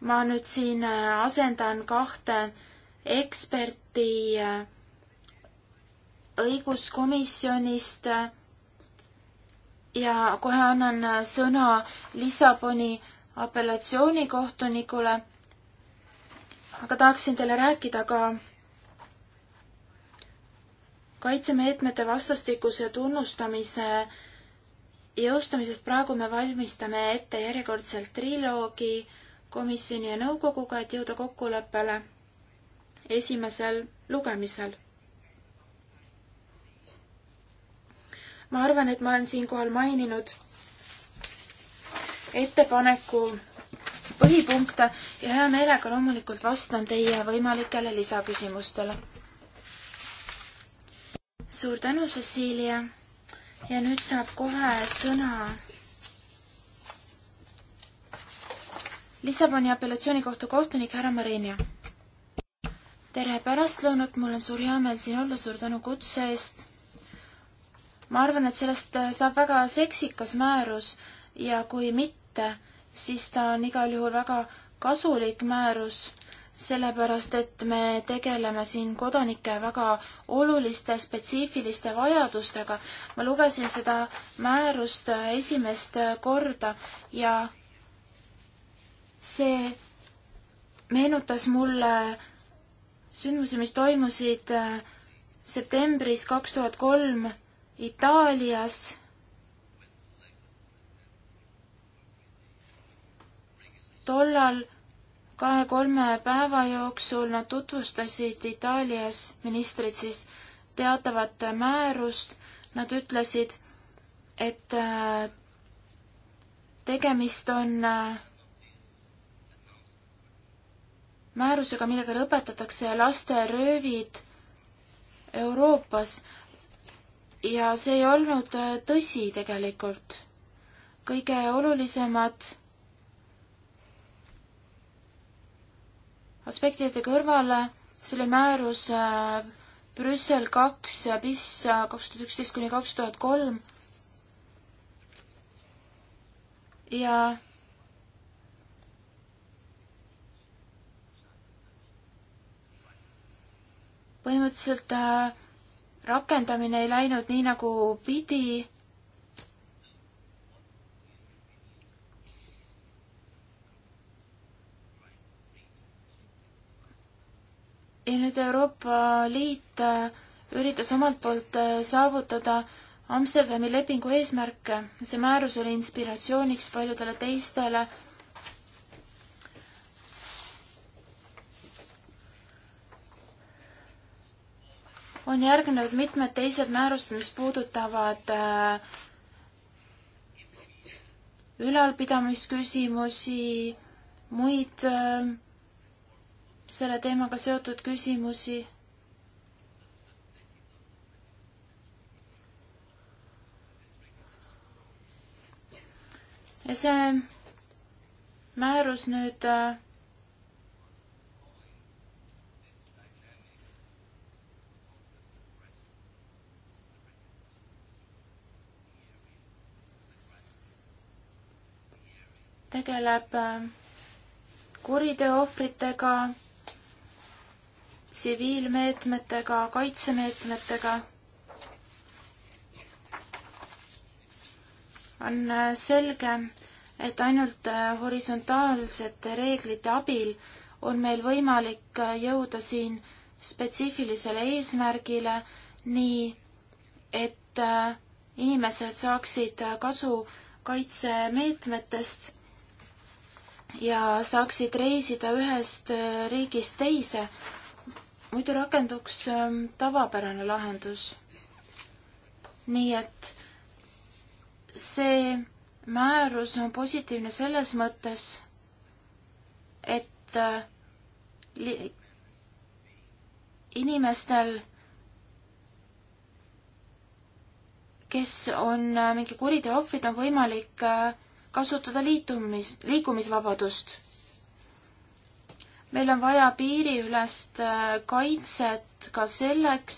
ma nüüd siin asendan kahte eksperti õiguskomisjonist ja kohe annan sõna Lissaboni apellatsioonikohtunikule. aga tahaksin teile rääkida ka kaitsemeetmete vastastikuse tunnustamise jõustamisest. praegu me valmistame ette järjekordselt triloogi komisjoni ja nõukoguga, et jõuda kokkuleppele esimesel lugemisel ma arvan, et ma olen siinkohal maininud ettepaneku põhipunkte ja hea meelega loomulikult vastan teie võimalikele lisaküsimustele. suur tänu, Cecilia. ja nüüd saab kohe sõna Lissaboni apellatsioonikohtu kohtunik härra Marinja. tere pärastlõunat, mul on suur hea meel siin olla, suur tänu kutse eest ma arvan, et sellest äh, saab väga seksikas määrus ja kui mitte, siis ta on igal juhul väga kasulik määrus, sellepärast et me tegeleme siin kodanike väga oluliste spetsiifiliste vajadustega. ma lugesin seda määrust äh, esimest äh, korda ja see meenutas mulle sündmusi, mis toimusid septembris kaks tuhat kolm Itaalias tollal kahe-kolme päeva jooksul nad tutvustasid Itaalias, ministrid siis, teatavat määrust, nad ütlesid, et äh, tegemist on äh, määrusega, millega lõpetatakse lasteröövid Euroopas ja see ei olnud äh, tõsi tegelikult. kõige olulisemad aspektide kõrvale, see oli määrus äh, Brüssel kaks, PIS äh, kaks tuhat üksteist kuni kaks tuhat kolm. ja põhimõtteliselt rakendamine ei läinud nii, nagu pidi. ja nüüd Euroopa Liit äh, üritas omalt poolt äh, saavutada Amsterdami lepingu eesmärke. see määrus oli inspiratsiooniks paljudele teistele on järgnenud mitmed teised määrused, mis puudutavad äh, ülalpidamisküsimusi, muid äh, selle teemaga seotud küsimusi. ja see määrus nüüd äh, tegeleb äh, kuriteo ohvritega, tsiviilmeetmetega, kaitsemeetmetega. on äh, selge, et ainult äh, horisontaalsete reeglite abil on meil võimalik jõuda siin spetsiifilisele eesmärgile, nii et inimesed saaksid kasu kaitsemeetmetest ja saaksid reisida ühest äh, riigist teise. muidu rakenduks ähm, tavapärane lahendus. nii et see määrus on positiivne selles mõttes, et äh, inimestel, kes on äh, mingi kuriteo ohvrid, on võimalik äh, kasutada liitumis, liikumisvabadust. meil on vaja piiriülest äh, kaitset ka selleks,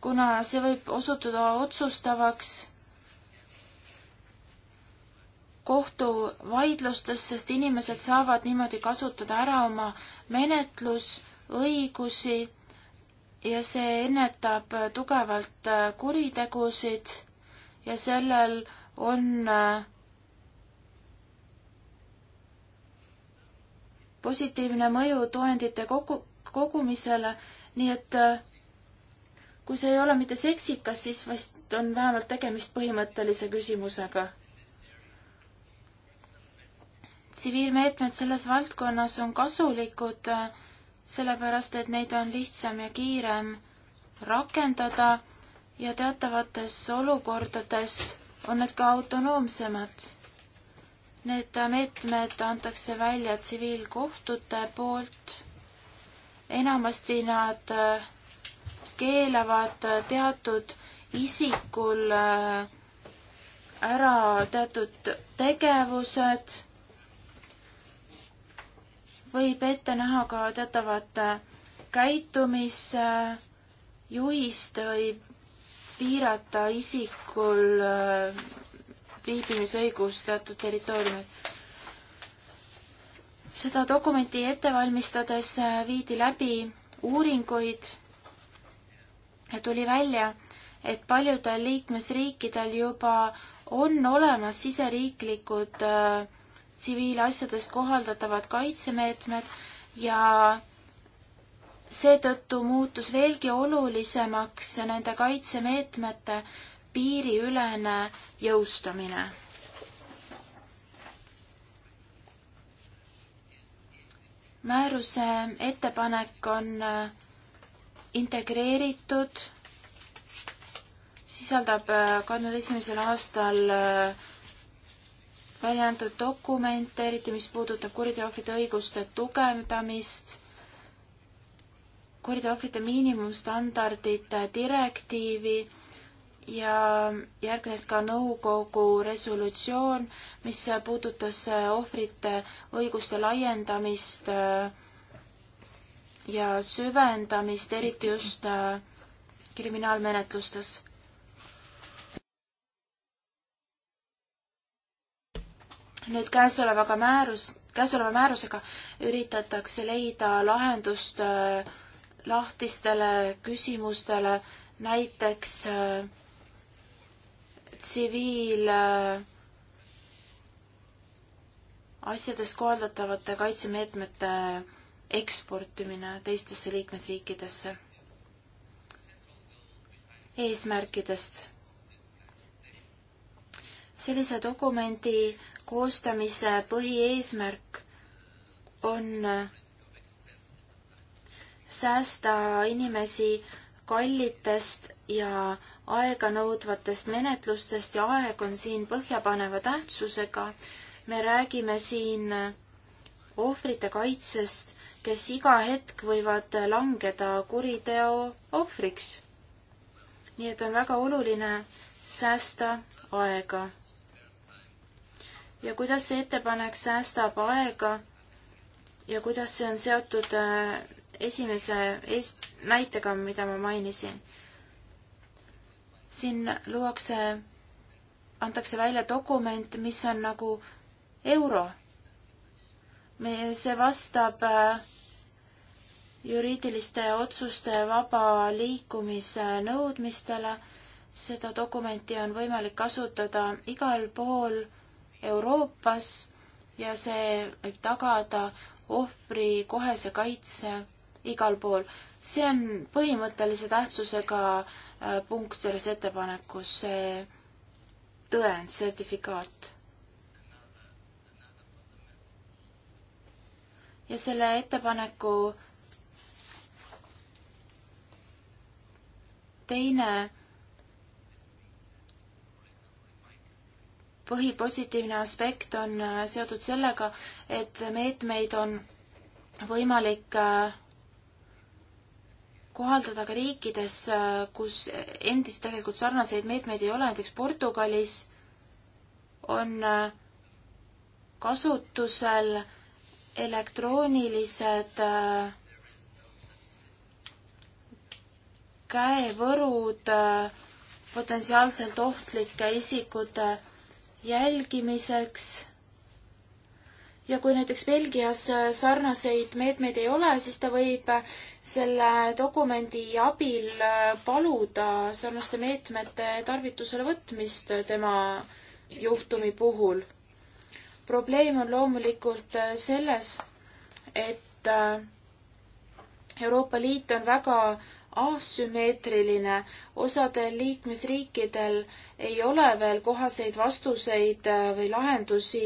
kuna see võib osutuda otsustavaks kohtuvaidlustes, sest inimesed saavad niimoodi kasutada ära oma menetlusõigusi ja see ennetab äh, tugevalt äh, kuritegusid ja sellel on äh, positiivne mõju toendite kogu, kogumisele, nii et äh, kui see ei ole mitte seksikas, siis vast on vähemalt tegemist põhimõttelise küsimusega. tsiviilmeetmed selles valdkonnas on kasulikud, äh, sellepärast et neid on lihtsam ja kiirem rakendada ja teatavates olukordades on need ka autonoomsemad Need meetmed antakse välja tsiviilkohtute poolt. enamasti nad äh, keelavad äh, teatud isikul äh, ära teatud tegevused. võib ette näha ka teatavat käitumisjuhist või piirata isikul viibimisõigus teatud territooriumil. seda dokumenti ette valmistades äh, viidi läbi uuringuid ja tuli välja, et paljudel liikmesriikidel juba on olemas siseriiklikud äh, tsiviilasjades äh, kohaldatavad kaitsemeetmed ja seetõttu muutus veelgi olulisemaks nende kaitsemeetmete piiriülene jõustamine. määruse ettepanek on äh, integreeritud, sisaldab äh, kahe tuhande esimesel aastal äh, välja antud dokumente, eriti mis puudutab kuriteoohvrite õiguste tugevdamist, kuriteoohvrite miinimumstandardite direktiivi ja järgnes ka nõukogu resolutsioon, mis puudutas äh, ohvrite õiguste laiendamist äh, ja süvendamist, eriti just äh, kriminaalmenetlustes. nüüd käesolevaga määrus, käesoleva määrusega üritatakse leida lahendust lahtistele küsimustele, näiteks äh, tsiviilasjades äh, kohaldatavate kaitsemeetmete eksportimine teistesse liikmesriikidesse. eesmärkidest. sellise dokumendi koostamise põhieesmärk on äh, säästa inimesi kallitest ja aeganõudvatest menetlustest ja aeg on siin põhjapaneva tähtsusega. me räägime siin ohvrite kaitsest, kes iga hetk võivad langeda kuriteo ohvriks. nii et on väga oluline säästa aega. ja kuidas see ettepanek säästab aega ja kuidas see on seotud äh, esimese eest-, näitega, mida ma mainisin siin luuakse, antakse välja dokument, mis on nagu euro. see vastab äh, juriidiliste otsuste vaba liikumise nõudmistele. seda dokumenti on võimalik kasutada igal pool Euroopas ja see võib tagada ohvri kohese kaitse igal pool. see on põhimõttelise tähtsusega äh, punkt selles ettepanekus, see tõend, sertifikaat. ja selle ettepaneku teine põhipositiivne aspekt on äh, seotud sellega, et meetmeid on võimalik äh, kohaldada ka riikides, äh, kus endist tegelikult sarnaseid meetmeid ei ole, näiteks Portugalis on äh, kasutusel elektroonilised äh, käevõrud potentsiaalselt ohtlike isikute jälgimiseks ja kui näiteks Belgias äh, sarnaseid meetmeid ei ole, siis ta võib äh, selle dokumendi abil äh, paluda sarnaste meetmete tarvitusele võtmist tema juhtumi puhul. probleem on loomulikult selles, et Euroopa Liit on väga asümmeetriline, osadel liikmesriikidel ei ole veel kohaseid vastuseid äh, või lahendusi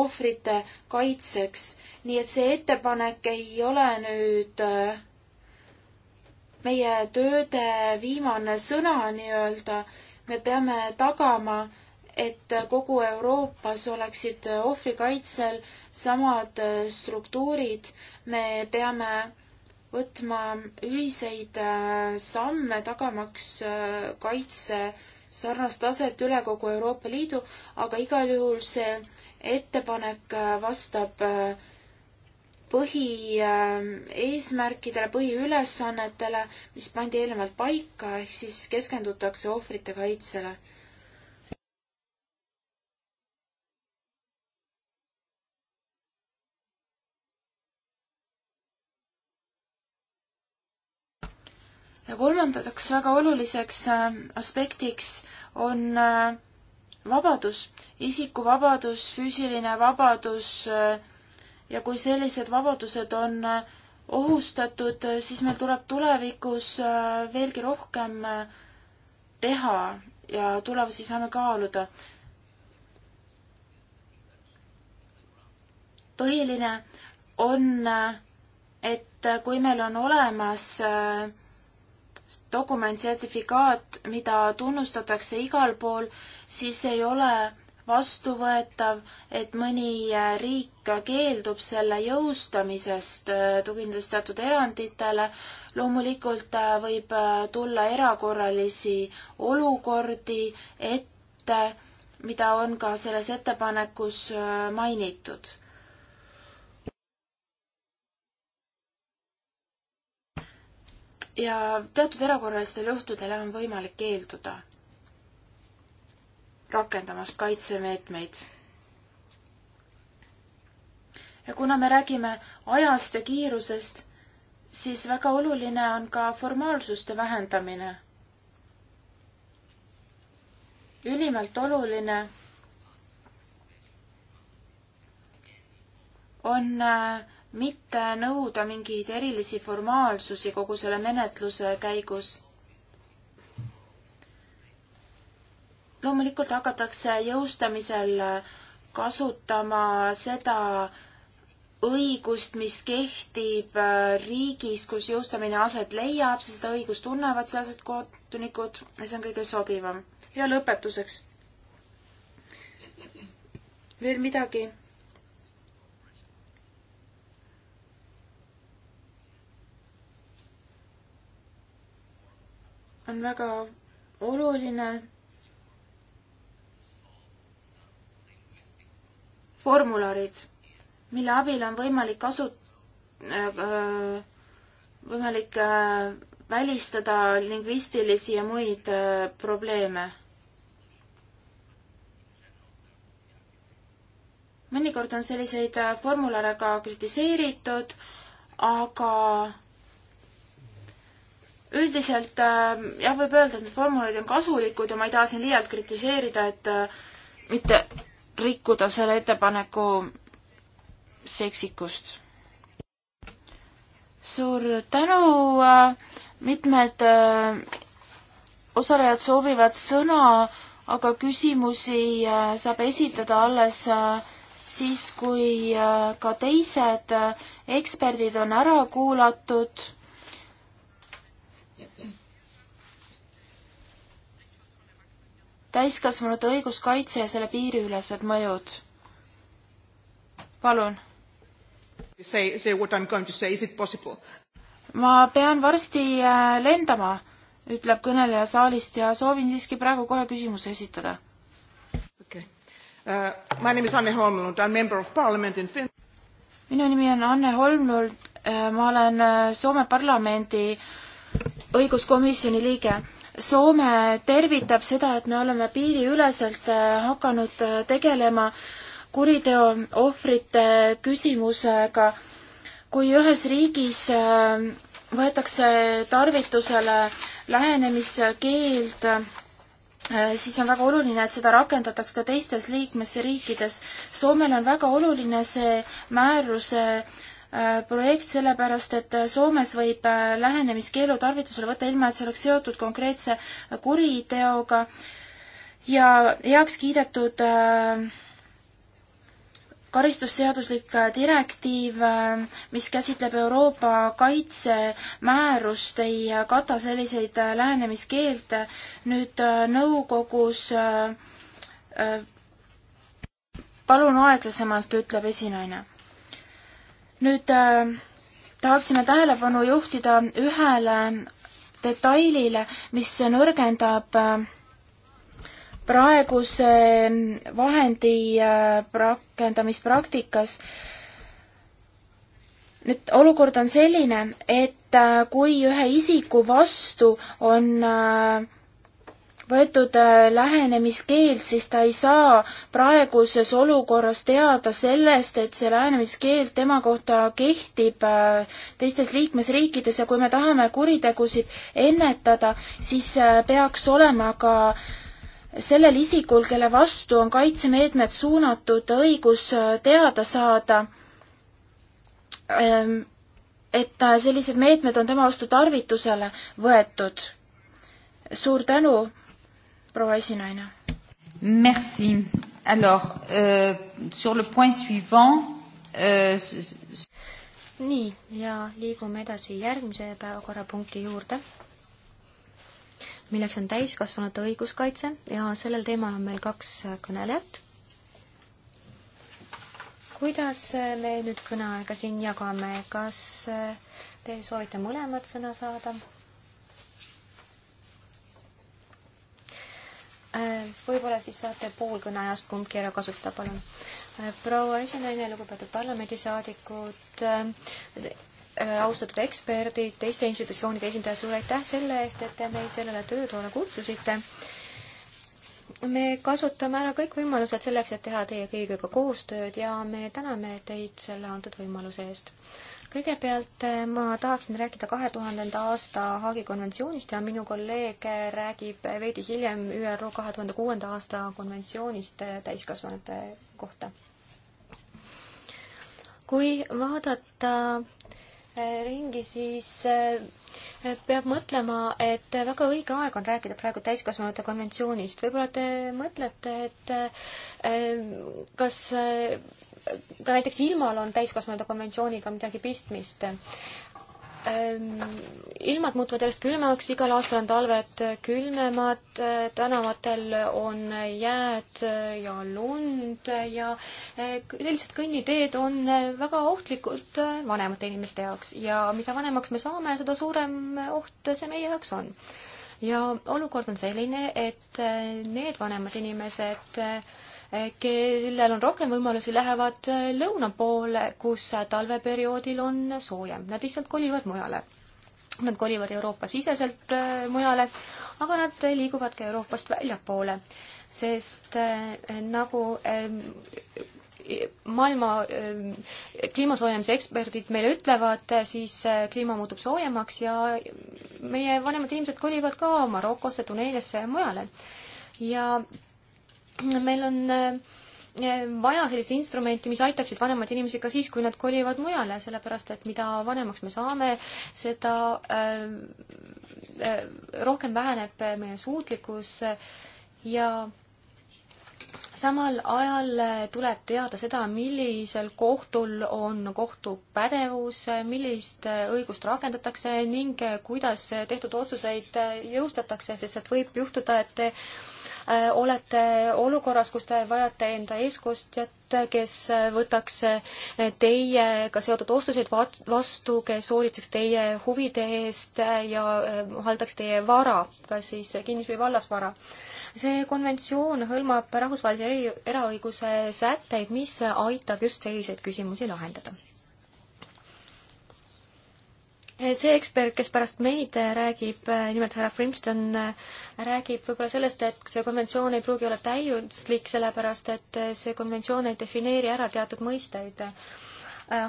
ohvrite kaitseks. nii et see ettepanek ei ole nüüd äh, meie tööde viimane sõna nii-öelda, me peame tagama, et kogu Euroopas oleksid ohvrikaitsel samad äh, struktuurid, me peame võtma ühiseid äh, samme, tagamaks äh, kaitse sarnast taset üle kogu Euroopa Liidu, aga igal juhul see ettepanek äh, vastab põhieesmärkidele, põhiülesannetele, mis pandi eelnevalt paika, ehk siis keskendutakse ohvrite kaitsele ja kolmandaks väga oluliseks äh, aspektiks on äh, vabadus, isikuvabadus, füüsiline vabadus äh, ja kui sellised vabadused on ohustatud, siis meil tuleb tulevikus veelgi rohkem teha ja tulevusi saame kaaluda. põhiline on, et kui meil on olemas äh, dokument, sertifikaat, mida tunnustatakse igal pool, siis ei ole vastuvõetav, et mõni riik keeldub selle jõustamisest, äh, tuginedes teatud eranditele. loomulikult äh, võib äh, tulla erakorralisi olukordi ette, mida on ka selles ettepanekus mainitud ja teatud erakorralistel juhtudel on võimalik keelduda rakendamast kaitsemeetmeid. ja kuna me räägime ajast ja kiirusest, siis väga oluline on ka formaalsuste vähendamine. ülimalt oluline on äh, mitte nõuda mingeid erilisi formaalsusi kogu selle menetluse käigus. loomulikult hakatakse jõustamisel kasutama seda õigust, mis kehtib riigis, kus jõustamine aset leiab, seda õigust tunnevad sealsed kohtunikud ja see on kõige sobivam. ja lõpetuseks veel midagi on väga oluline formularid, mille abil on võimalik kasu- äh, äh,, võimalik äh, välistada lingvistilisi ja muid äh, probleeme. mõnikord on selliseid äh, formulare ka kritiseeritud, aga üldiselt äh, jah, võib öelda, et need formulid on kasulikud ja ma ei taha siin liialt kritiseerida, et äh, mitte rikkuda selle ettepaneku seksikust. suur tänu, äh, mitmed osalejad soovivad sõna, aga küsimusi saab esitada alles siis, kui ka teised eksperdid on ära kuulatud täiskasvanute õiguskaitse ja selle piiriülesed mõjud. palun. Say, say what I am going to say, is it possible? ma pean varsti äh, lendama, ütleb kõneleja saalist ja soovin siiski praegu kohe küsimuse esitada. okei okay. uh,. My name is Anne Holmlund, I am member of parliament in Finland. minu nimi on Anne Holmlund, äh, ma olen äh, Soome parlamendi õiguskomisjoni liige Soome tervitab seda, et me oleme piiriüleselt äh, hakanud äh, tegelema kuriteo ohvrite küsimusega. kui ühes riigis äh, võetakse tarvitusele lähenemiskeeld, siis on väga oluline, et seda rakendataks ka teistes liikmesriikides. Soomel on väga oluline see määruse projekt, sellepärast et Soomes võib äh, lähenemiskeelu tarvitusele võtta ilma, et see oleks seotud konkreetse kuriteoga ja heaks kiidetud äh, karistusseaduslik äh, direktiiv, mis käsitleb Euroopa kaitsemäärust, ei kata selliseid lähenemiskeelde. nüüd nõukogus palun aeglasemalt, ütleb esinaine nüüd äh, tahaksime tähelepanu juhtida ühele detailile, mis nõrgendab äh, praeguse äh, vahendi äh, rakendamist praktikas. nüüd olukord on selline, et kui ühe isiku vastu on äh, võetud äh, lähenemiskeeld, siis ta ei saa praeguses olukorras teada sellest, et see lähenemiskeeld tema kohta kehtib äh, teistes liikmesriikides ja kui me tahame kuritegusid ennetada, siis äh, peaks olema ka sellel isikul, kelle vastu on kaitsemeetmed suunatud, õigus teada saada, ähm, et sellised meetmed on tema vastu tarvitusele võetud. suur tänu proua esinaine. Merci. Alors euh, sur le point suivant euh, nii, ja liigume edasi järgmise päevakorrapunkti juurde, milleks on täiskasvanute õiguskaitse ja sellel teemal on meil kaks kõnelejat. kuidas me nüüd kõneaega siin jagame, kas te soovite mõlemad sõna saada? Äh, võib-olla siis saate pool kõneajast kumbki ära kasutada, palun. Äh, proua esinaine, lugupeetud parlamendisaadikud, äh, austatud eksperdid, teiste institutsioonide esindajad, suur aitäh selle eest, et te meid sellele töötoale kutsusite. me kasutame ära kõik võimalused selleks, et teha teie kõigiga koostööd ja me täname teid selle antud võimaluse eest kõigepealt eh, ma tahaksin rääkida kahe tuhandenda aasta Haagi konventsioonist ja minu kolleeg eh, räägib eh, veidi hiljem ÜRO kahe tuhande kuuenda aasta konventsioonist täiskasvanute kohta. kui vaadata ringi, siis peab mõtlema, et väga õige aeg on rääkida praegu täiskasvanute konventsioonist. võib-olla te mõtlete, et kas ka näiteks ilmal on täiskasvanute konventsiooniga midagi pistmist. Ehm, ilmad muutuvad järjest külmemaks, igal aastal on talved külmemad, tänavatel on jääd ja lund ja e, sellised kõnniteed on väga ohtlikud vanemate inimeste jaoks ja mida vanemaks me saame, seda suurem oht see meie jaoks on. ja olukord on selline, et e, need vanemad inimesed, Eh, kellel on rohkem võimalusi, lähevad eh, lõuna poole, kus talveperioodil on soojem. Nad lihtsalt kolivad mujale. Nad kolivad Euroopa-siseselt eh, mujale, aga nad liiguvad ka Euroopast väljapoole, sest nagu maailma kliima soojenemise eksperdid meile ütlevad, siis kliima muutub soojemaks ja meie vanemad inimesed kolivad ka Marokosse, Tuneeniasse ja mujale. ja meil on äh, vaja sellist instrumenti, mis aitaksid vanemaid inimesi ka siis, kui nad kolivad mujale, sellepärast et mida vanemaks me saame, seda äh, äh, rohkem väheneb meie suutlikkus ja samal ajal tuleb teada seda, millisel kohtul on kohtupädevus, millist õigust rakendatakse ning kuidas tehtud otsuseid jõustatakse, sest et võib juhtuda, et Äh, olete olukorras, kus te vajate enda eeskostjat, kes äh, võtaks äh, teiega seotud ostuseid vastu, kes hoolitseks teie huvide eest ja haldaks teie vara, ka siis kinnisvõi vallasvara. see konventsioon hõlmab rahvusvahelise eraõiguse sätteid, mis aitab just selliseid küsimusi lahendada see ekspert, kes pärast meid räägib, nimelt härra Frimston, räägib võib-olla sellest, et see konventsioon ei pruugi olla täiuslik, sellepärast et see konventsioon ei defineeri ära teatud mõisteid.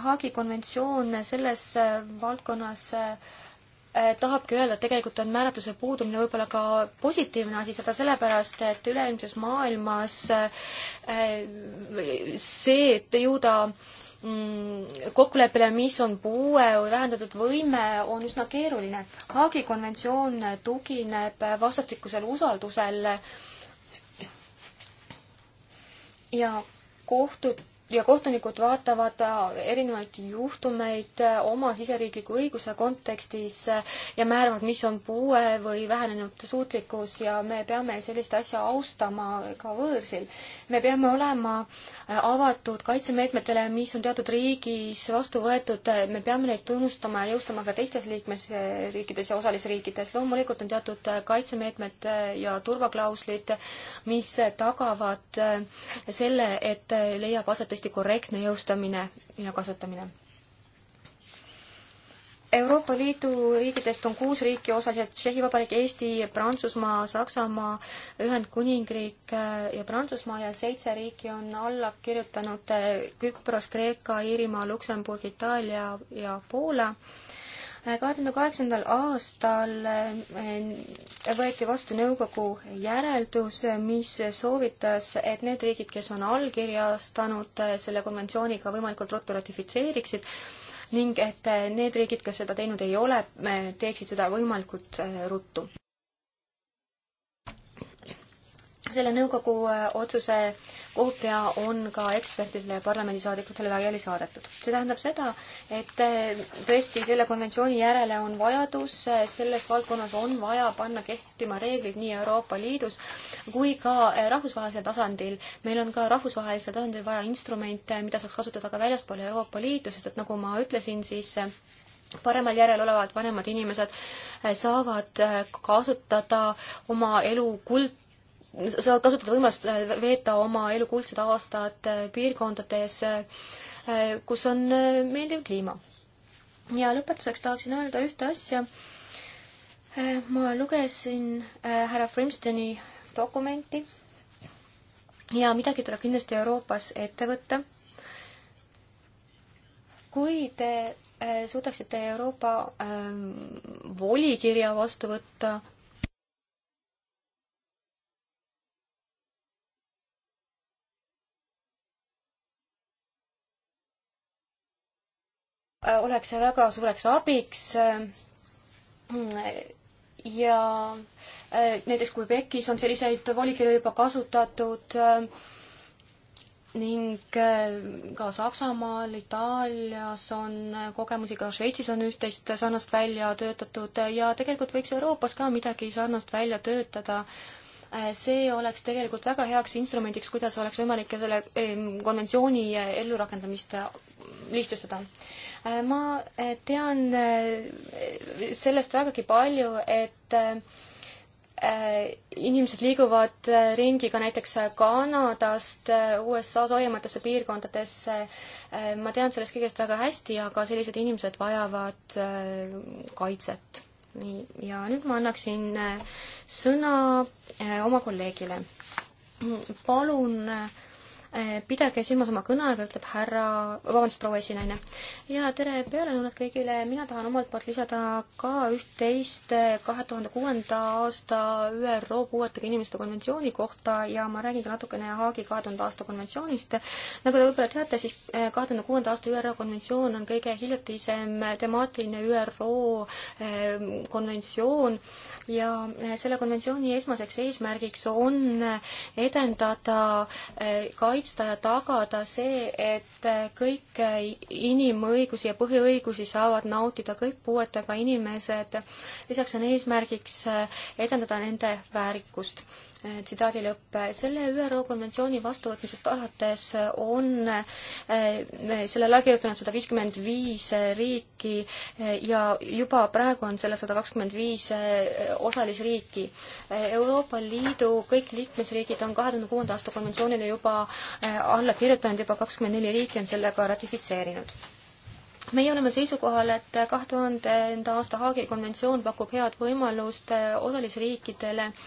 Haagi konventsioon selles valdkonnas eh, tahabki öelda, et tegelikult on määratluse puudumine võib-olla ka positiivne asi, seda sellepärast, et üleilmses maailmas eh, see, et jõuda Mm, kokkuleppele, mis on puue või vähendatud võime, on üsna keeruline. Haagi konventsioon tugineb vastastikusel usaldusel ja kohtud ja kohtunikud vaatavad äh, erinevaid juhtumeid äh, oma siseriikliku õiguse kontekstis äh, ja määravad, mis on puue või vähenenud suutlikkus ja me peame sellist asja austama ka võõrsil. me peame olema avatud kaitsemeetmetele, mis on teatud riigis vastu võetud, me peame neid tunnustama ja jõustama ka teistes liikmesriikides ja osalisriikides. loomulikult on teatud kaitsemeetmed ja turvaklauslid, mis tagavad selle, et leiab aset täiesti korrektne jõustamine ja kasutamine. Euroopa Liidu riikidest on kuus riiki osalised Tšehhi Vabariik, Eesti, Prantsusmaa, Saksamaa, Ühendkuningriik äh, ja Prantsusmaa ja seitse riiki on alla kirjutanud äh, Küpros, Kreeka, Iirimaa, Luksemburg, Itaalia ja Poola äh, kahe tuhande kaheksandal aastal eh, võeti vastu nõukogu järeldus, mis soovitas, et need riigid, kes on allkirjastanud eh, selle konventsiooni ka võimalikult ruttu ratifitseeriksid ning et eh, need riigid, kes seda teinud ei ole, teeksid seda võimalikult ruttu. selle nõukogu äh, otsuse koopia on ka ekspertidele ja parlamendisaadikutele laiali saadetud. see tähendab seda, et äh, tõesti selle konventsiooni järele on vajadus, äh, selles valdkonnas on vaja panna kehtima reeglid nii Euroopa Liidus kui ka rahvusvahelisel tasandil. meil on ka rahvusvahelisel tasandil vaja instrumente, mida saaks kasutada ka väljaspool Euroopa Liitu, sest et nagu ma ütlesin, siis paremal järel olevad vanemad inimesed saavad kasutada oma elu kuld saavad kasutada võimalust äh, veeta oma elu kuldsed aastad äh, piirkondades, äh, kus on meeldiv kliima. ja lõpetuseks tahaksin öelda ühte asja. ma lugesin härra Frimstoni dokumenti ja midagi tuleb kindlasti Euroopas ette võtta. kui te suudaksite Euroopa ähm, volikirja vastu võtta Äh, oleks see väga suureks abiks. Äh, ja äh, näiteks Quebecis on selliseid volikirju juba kasutatud ning ka Saksamaal, Itaalias on kogemusi, ka Šveitsis on üht-teist sarnast välja töötatud ja tegelikult võiks Euroopas ka midagi sarnast välja töötada see oleks tegelikult väga heaks instrumendiks, kuidas oleks võimalik selle ähm, konventsiooni ellurakendamist lihtsustada. Äh, ma äh, tean äh, sellest vägagi palju, et inimesed liiguvad ringi ka näiteks Kanadast USA soojematesse piirkondadesse. ma tean sellest kõigest väga hästi, aga sellised inimesed vajavad kaitset. nii, ja nüüd ma annaksin sõna oma kolleegile. palun äh, Eh, pidage silmas oma kõneaega, ütleb härra, vabandust, proua esinaine. ja tere pealelõunat kõigile, mina tahan omalt poolt lisada ka üht-teist eh, kahe tuhande kuuenda aasta ÜRO puuetega inimeste konventsiooni kohta ja ma räägin ka natukene Haagi kahe tuhande aasta konventsioonist. nagu te võib-olla teate, siis eh, kahe tuhande kuuenda aasta ÜRO konventsioon on kõige hiljutisem temaatiline ÜRO konventsioon ja selle konventsiooni esmaseks eesmärgiks on edendada kaitse kaitsta ja tagada see, et kõik inimõigusi ja põhiõigusi saavad nautida kõik puuetega inimesed. lisaks on eesmärgiks edendada nende väärikust Äh, tsitaadi lõpp. selle ÜRO konventsiooni vastuvõtmisest alates on äh, sellele kirjutanud sada viiskümmend viis äh, riiki ja juba praegu on sellel sada kakskümmend viis osalisriiki. Euroopa Liidu kõik liikmesriigid on kahe tuhande kuuenda aasta konventsioonile juba alla kirjutanud, juba kakskümmend neli riiki on selle ka ratifitseerinud meie oleme seisukohal, et kahe tuhandenda aasta Haagi konventsioon pakub head võimalust osalisriikidele äh,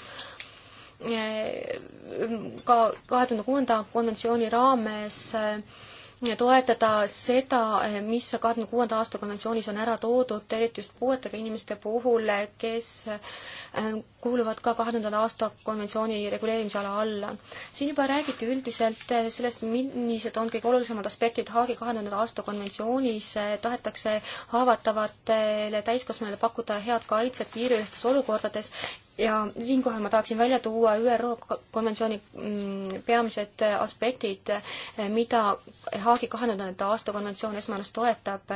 ka kahe tuhande kuuenda konventsiooni raames äh, toetada seda, äh, mis kahe tuhande kuuenda aasta konventsioonis on ära toodud, eriti just puuetega inimeste puhul, kes äh, kuuluvad ka kahe tuhande aasta konventsiooni reguleerimisala alla. siin juba räägiti üldiselt sellest, millised on kõige olulisemad aspektid Haagi kahe tuhande aasta konventsioonis, tahetakse haavatavatele täiskasvanuile pakkuda head kaitset piirilistes olukordades ja siinkohal ma tahaksin välja tuua ÜRO konventsiooni mm, peamised aspektid, eh, mida Haagi kahe nädalate aasta konventsioon esmanes toetab.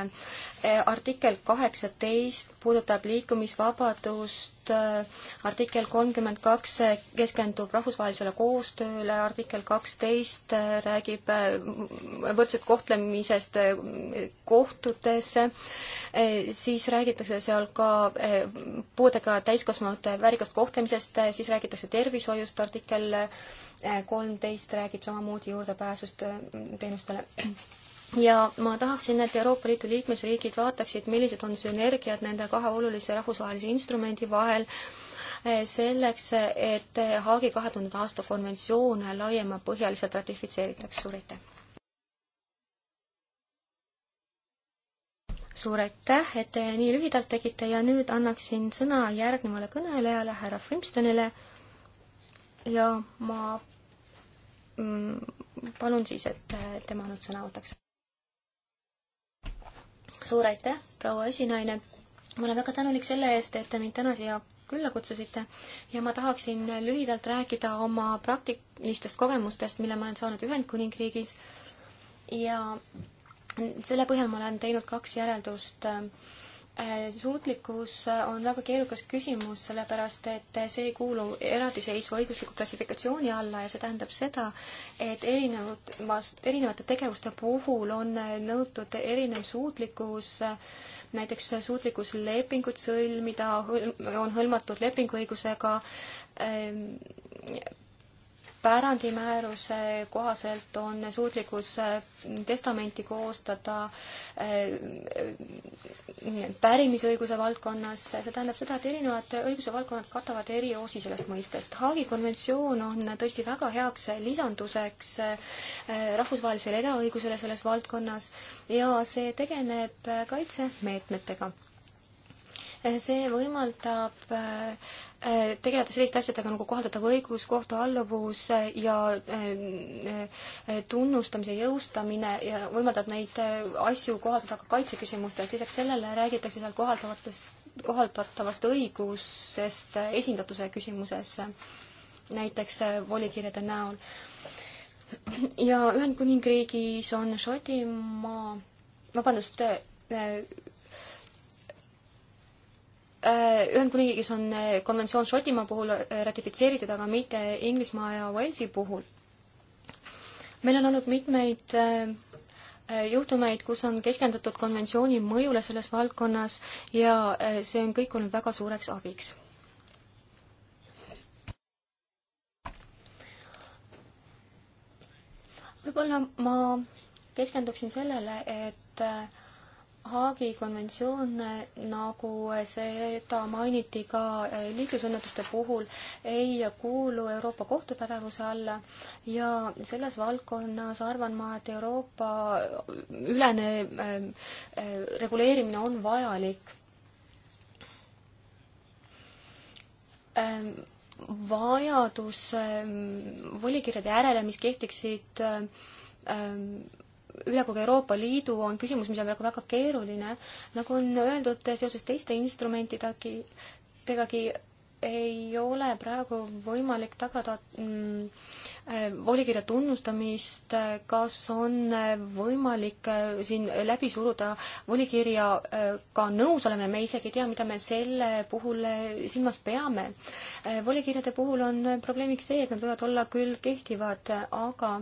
Eh, artikkel kaheksateist puudutab liikumisvabadust Äh, artikkel kolmkümmend kaks keskendub rahvusvahelisele koostööle, artikkel kaksteist äh, räägib äh, võrdset kohtlemisest kohtutes, siis räägitakse seal ka puudega täiskasvanute väärikast kohtlemisest, siis räägitakse tervishoiust, artikkel kolmteist räägib samamoodi juurdepääsust teenustele ja ma tahaksin, et Euroopa Liidu liikmesriigid vaataksid, millised on sünergiad nende kahe olulise rahvusvahelise instrumendi vahel, eh, selleks, et Haagi kahe tuhande aasta konventsioon laiemapõhjaliselt ratifitseeritaks. suur aitäh! suur aitäh, et te nii lühidalt tegite ja nüüd annaksin sõna järgnevale kõnelejale, härra Frimstonile ja ma mm, palun siis, et eh, tema nüüd sõna võtaks suur aitäh, proua esinaine. ma olen väga tänulik selle eest, et te mind täna siia külla kutsusite ja ma tahaksin lühidalt rääkida oma praktilistest kogemustest, mille ma olen saanud Ühendkuningriigis ja selle põhjal ma olen teinud kaks järeldust äh, Äh, suutlikkus äh, on väga keerukas küsimus, sellepärast et äh, see ei kuulu eraldiseisva õigusliku klassifikatsiooni alla ja see tähendab seda, et erinevast, erinevate tegevuste puhul on nõutud erinev suutlikkus, näiteks suutlikkus lepingut sõlmida, on hõlmatud lepinguõigusega, ähm, pärandimääruse kohaselt on suutlikkus testamenti koostada pärimisõiguse valdkonnas, see tähendab seda, et erinevad õiguse valdkonnad katavad eri osi sellest mõistest. Haagi konventsioon on tõesti väga heaks lisanduseks eh, rahvusvahelisele eraõigusele selles valdkonnas ja see tegeleb kaitsemeetmetega eh, see võimaldab äh, Äh, tegeleda selliste asjadega nagu kohaldatav õigus, kohtualluvus äh, ja äh, tunnustamise jõustamine ja võimaldab neid asju kohaldada ka kaitseküsimustes. lisaks sellele räägitakse seal kohaldavatest, kohaldatavast õigusest esindatuse küsimuses, näiteks volikirjade näol. ja Ühendkuningriigis on Šotimaa, vabandust, Äh, Ühendkuningriigis on äh, konventsioon Šotimaa puhul äh, ratifitseeritud, aga mitte Inglismaa ja Walesi puhul. meil on olnud mitmeid juhtumeid, kus on keskendutud konventsiooni mõjule selles valdkonnas ja see on kõik olnud väga suureks abiks. võib-olla ma keskenduksin sellele, et Haagi konventsioon, nagu seda mainiti ka eh, liiklusõnnetuste puhul, ei kuulu Euroopa Kohtu pädevuse alla ja selles valdkonnas arvan ma, et Euroopa eh, ülene eh, reguleerimine on vajalik. Ehm, vajadus ehm, volikirjade järele, mis kehtiksid ehm, üle kogu Euroopa Liidu on küsimus, mis on praegu väga keeruline. nagu on öeldud seoses teiste instrumentidagi, tegagi ei ole praegu võimalik tagada mm, äh, volikirja tunnustamist, kas on võimalik äh, siin läbi suruda volikirjaga äh, nõusolemine, me isegi ei tea, mida me selle puhul silmas peame. volikirjade puhul on probleemiks see, et nad võivad olla küll kehtivad, aga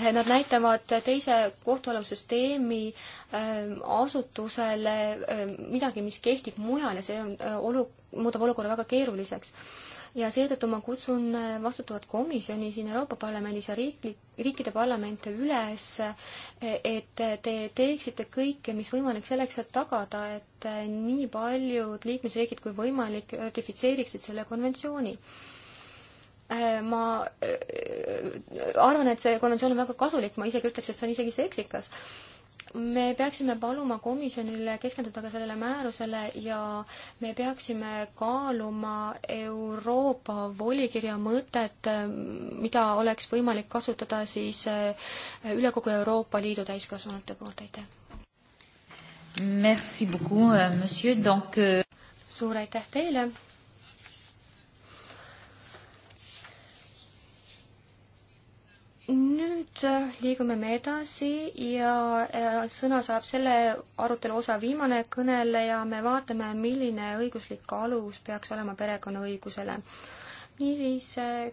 Nad näitavad teise kohtualussüsteemi ähm, asutusele ähm, midagi, mis kehtib mujal ja see on äh, olu-, muudab olukorra väga keeruliseks. ja seetõttu ma kutsun äh, vastutavat komisjoni siin Euroopa Parlamendis ja riiklik, riikide parlamente üles, äh, et te teeksite kõike, mis võimalik selleks, et tagada, et nii paljud liikmesriigid kui võimalik ratifitseeriksid selle konventsiooni Äh, ma äh, arvan, et see konventsioon on väga kasulik, ma isegi ütleks, et see on isegi seksikas. me peaksime paluma komisjonile keskenduda ka sellele määrusele ja me peaksime kaaluma Euroopa volikirja mõtet, äh, mida oleks võimalik kasutada siis üle kogu Euroopa Liidu täiskasvanute poolt, aitäh. Merci beaucoup, euh, monsieur, donc euh, suur aitäh teile nüüd äh, liigume me edasi ja äh, sõna saab selle arutelu osa viimane kõneleja, me vaatame, milline õiguslik alus peaks olema perekonnaõigusele. niisiis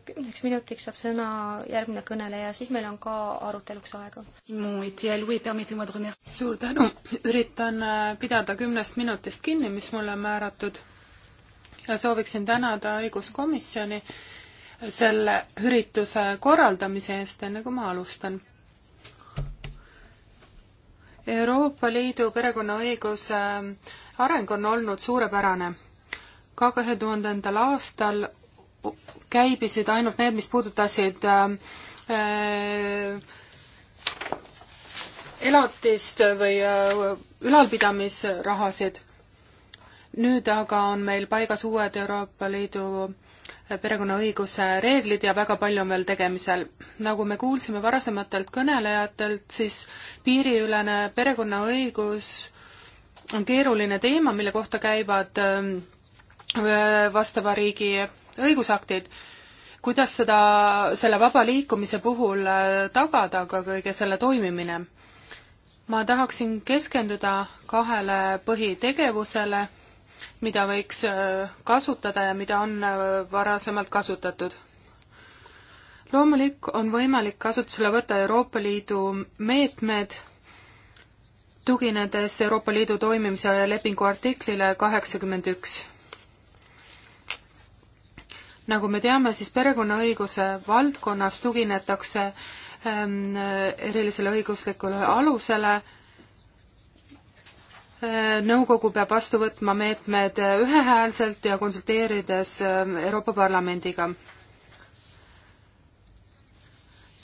kümneks äh, minutiks saab sõna järgmine kõneleja, siis meil on ka aruteluks aega. suur tänu, üritan pidada kümnest minutist kinni, mis mulle on määratud ja sooviksin tänada õiguskomisjoni selle ürituse korraldamise eest, enne kui ma alustan. Euroopa Liidu perekonnaõiguse areng on olnud suurepärane. ka kahe tuhandendal aastal käibisid ainult need, mis puudutasid äh, äh, elatist või äh, ülalpidamisrahasid. nüüd aga on meil paigas uued Euroopa Liidu perekonnaõiguse reeglid ja väga palju on veel tegemisel. nagu me kuulsime varasematelt kõnelejatelt, siis piiriülene perekonnaõigus on keeruline teema, mille kohta käivad ähm, vastava riigi õigusaktid. kuidas seda, selle vaba liikumise puhul äh, tagada ka kõige selle toimimine? ma tahaksin keskenduda kahele põhitegevusele mida võiks äh, kasutada ja mida on äh, varasemalt kasutatud. loomulik on võimalik kasutusele võtta Euroopa Liidu meetmed, tuginedes Euroopa Liidu toimimise lepingu artiklile kaheksakümmend üks. nagu me teame, siis perekonnaõiguse valdkonnas tuginetakse ähm, erilisele õiguslikule alusele äh,, Äh, nõukogu peab vastu võtma meetmed äh, ühehäälselt ja konsulteerides äh, Euroopa Parlamendiga.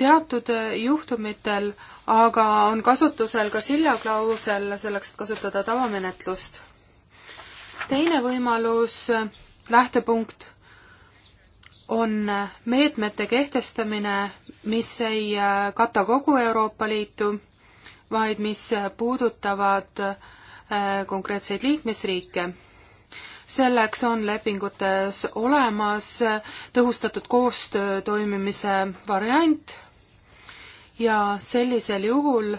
teatud juhtumitel aga on kasutusel ka siljaklausel selleks, et kasutada tavamenetlust. teine võimalus, lähtepunkt, on meetmete kehtestamine, mis ei kata kogu Euroopa Liitu, vaid mis puudutavad äh, Äh, konkreetseid liikmesriike. selleks on lepingutes olemas tõhustatud koostöö toimimise variant ja sellisel juhul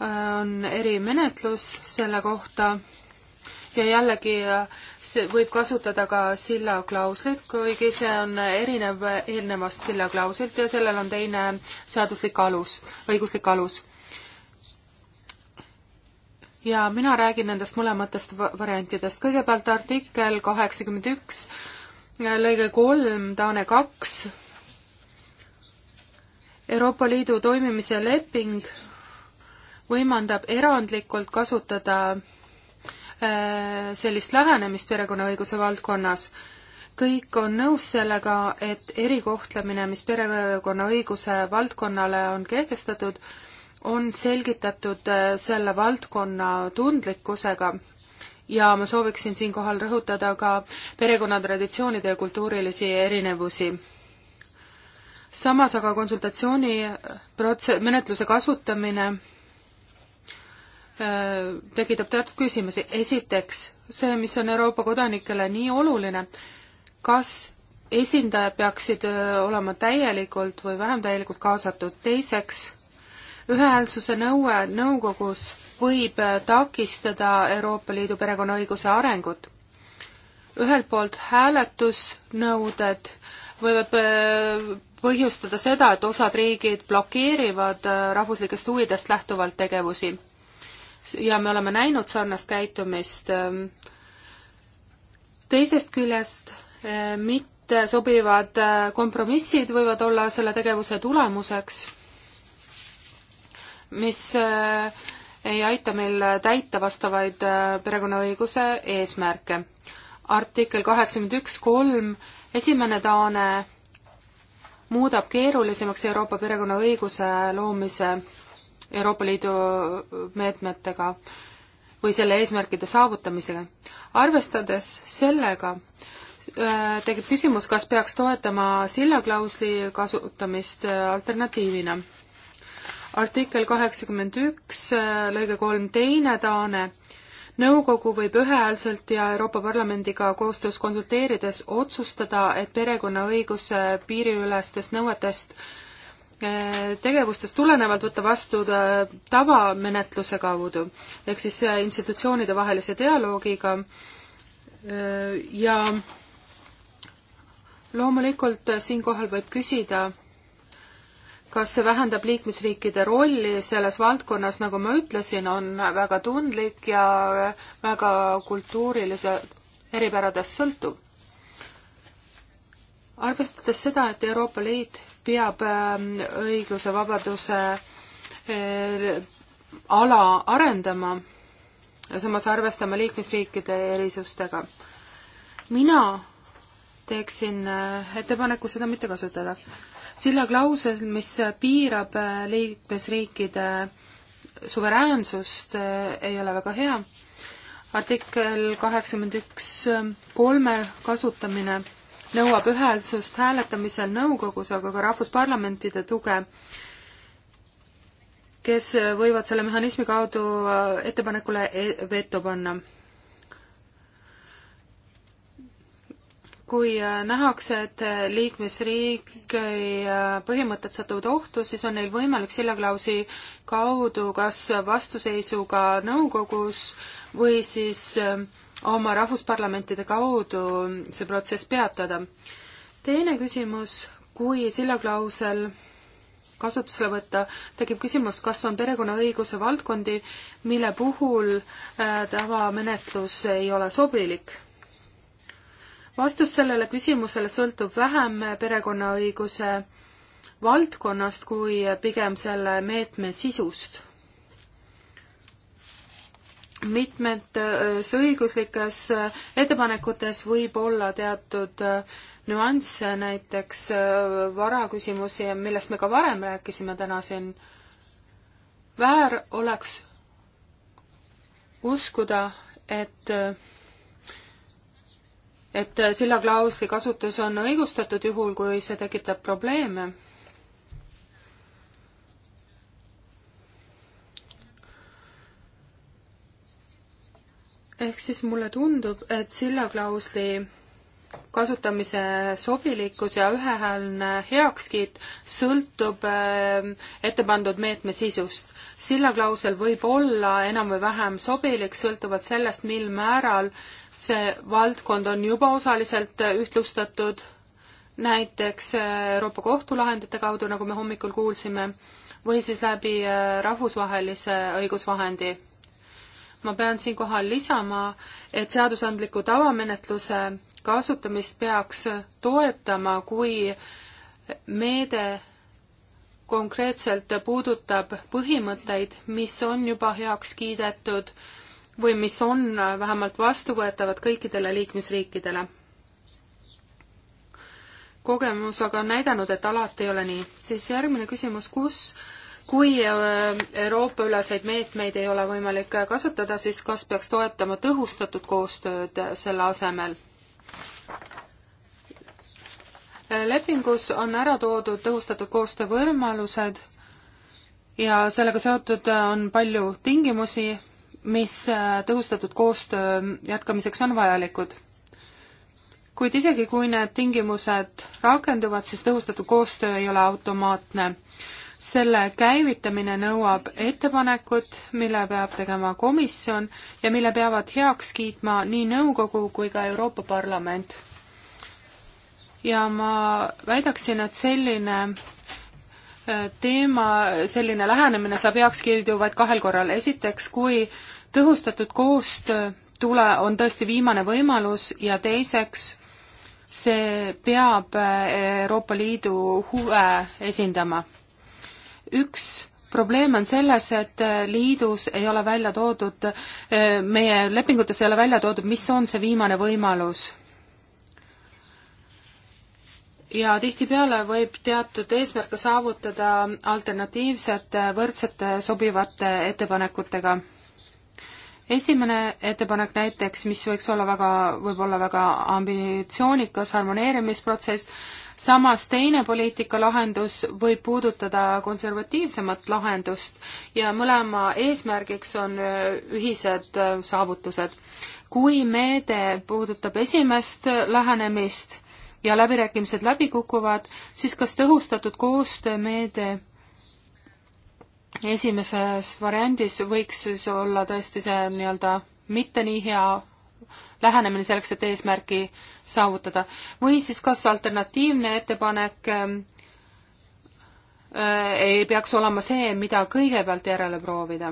äh, on erimenetlus selle kohta ja jällegi äh, see võib kasutada ka silla klauslit, kuigi see on erinev eelnevast silla klauslit ja sellel on teine seaduslik alus, õiguslik alus. ja mina räägin nendest mõlematest variantidest. kõigepealt artikkel kaheksakümmend üks, lõige kolm, Taane kaks, Euroopa Liidu toimimise leping võimandab erandlikult kasutada Äh, sellist lähenemist perekonnaõiguse valdkonnas. kõik on nõus sellega, et erikohtlemine, mis perekonnaõiguse valdkonnale on kehtestatud, on selgitatud äh, selle valdkonna tundlikkusega ja ma sooviksin siinkohal rõhutada ka perekonnatraditsioonide ja kultuurilisi erinevusi. samas aga konsultatsiooni prots-, menetluse kasutamine Äh, tekitab teatud küsimusi. esiteks, see, mis on Euroopa kodanikele nii oluline, kas esindajad peaksid äh, olema täielikult või vähem täielikult kaasatud. teiseks, ühehäälsuse nõue nõukogus võib äh, takistada Euroopa Liidu perekonnaõiguse arengut. ühelt poolt hääletusnõuded võivad põhjustada seda, et osad riigid blokeerivad rahvuslikest huvidest lähtuvalt tegevusi ja me oleme näinud sarnast käitumist. teisest küljest eh, mitte sobivad eh, kompromissid võivad olla selle tegevuse tulemuseks, mis eh, ei aita meil täita vastavaid perekonnaõiguse eesmärke. artikkel kaheksakümmend üks kolm esimene taane muudab keerulisemaks Euroopa perekonnaõiguse loomise Euroopa Liidu meetmetega või selle eesmärkide saavutamisele. arvestades sellega, äh, tekib küsimus, kas peaks toetama sillaklausli kasutamist äh, alternatiivina. artikkel kaheksakümmend üks, äh, lõige kolm, teine taane nõukogu võib ühehäälselt ja Euroopa Parlamendiga koostöös konsulteerides otsustada, et perekonnaõiguse piiriülestest nõuetest Äh, tegevustest tulenevalt võtta vastu tavamenetluse kaudu, ehk siis äh, institutsioonide vahelise dialoogiga äh, ja loomulikult siinkohal võib küsida, kas see vähendab liikmesriikide rolli selles valdkonnas, nagu ma ütlesin, on väga tundlik ja väga kultuurilise eripäradest sõltuv. arvestades seda, et Euroopa Liit peab ähm, õigluse, vabaduse äh, ala arendama ja samas arvestama liikmesriikide erisustega. mina teeksin äh, ettepaneku seda mitte kasutada. silla klausel, mis piirab äh, liikmesriikide suveräänsust, ei ole väga hea. artikkel kaheksakümmend üks kolme kasutamine nõuab ühelsust hääletamisel nõukogus, aga ka rahvusparlamentide tuge, kes võivad selle mehhanismi kaudu äh, ettepanekule e-, veto panna. kui äh, nähakse, et äh, liikmesriigi põhimõtted satuvad ohtu, siis on neil võimalik selle klausi kaudu kas vastuseisuga nõukogus või siis äh, oma rahvusparlamentide kaudu see protsess peatada. teine küsimus, kui sillaklausel kasutusele võtta, tekib küsimus, kas on perekonnaõiguse valdkondi, mille puhul äh, tavamenetlus ei ole sobilik. vastus sellele küsimusele sõltub vähem perekonnaõiguse valdkonnast kui pigem selle meetme sisust mitmetes äh, õiguslikes äh, ettepanekutes võib olla teatud äh, nüansse, näiteks varaküsimusi, millest me ka varem rääkisime täna siin. väär oleks uskuda, et et sillaklausli kasutus on õigustatud juhul, kui see tekitab probleeme ehk siis mulle tundub, et sillaklausli kasutamise sobilikkus ja ühehäälne heakskiit sõltub ähm, ette pandud meetme sisust. sillaklausel võib olla enam või vähem sobilik, sõltuvalt sellest, mil määral see valdkond on juba osaliselt ühtlustatud, näiteks äh, Euroopa Kohtu lahendite kaudu, nagu me hommikul kuulsime, või siis läbi äh, rahvusvahelise õigusvahendi ma pean siinkohal lisama, et seadusandliku tavamenetluse kasutamist peaks toetama, kui meede konkreetselt puudutab põhimõtteid, mis on juba heaks kiidetud või mis on vähemalt vastuvõetavad kõikidele liikmesriikidele. kogemus aga on näidanud, et alati ei ole nii. siis järgmine küsimus, kus kui äh, Euroopa-üleseid meetmeid ei ole võimalik äh, kasutada, siis kas peaks toetama tõhustatud koostööd äh, selle asemel? lepingus on ära toodud tõhustatud koostöö võimalused ja sellega seotud on palju tingimusi, mis tõhustatud koostöö jätkamiseks on vajalikud kuid isegi, kui need tingimused rakenduvad, siis tõhustatud koostöö ei ole automaatne selle käivitamine nõuab ettepanekut, mille peab tegema komisjon ja mille peavad heaks kiitma nii nõukogu kui ka Euroopa Parlament. ja ma väidaksin, et selline äh, teema, selline lähenemine saab heakskiidu vaid kahel korral, esiteks kui tõhustatud koostöö tule, on tõesti viimane võimalus ja teiseks see peab äh, Euroopa Liidu huve esindama üks probleem on selles, et liidus ei ole välja toodud, meie lepingutes ei ole välja toodud, mis on see viimane võimalus. ja tihtipeale võib teatud eesmärke saavutada alternatiivsete, võrdsete, sobivate ettepanekutega. esimene ettepanek näiteks, mis võiks olla väga, võib olla väga ambitsioonikas harmoneerimisprotsess, samas teine poliitikalahendus võib puudutada konservatiivsemat lahendust ja mõlema eesmärgiks on äh, ühised äh, saavutused. kui meede puudutab esimest lähenemist ja läbirääkimised läbi kukuvad, siis kas tõhustatud koostöömeede esimeses variandis võiks siis olla tõesti see nii-öelda mitte nii hea lähenemine selleks, et eesmärki saavutada. või siis kas alternatiivne ettepanek ähm, äh, ei peaks olema see, mida kõigepealt järele proovida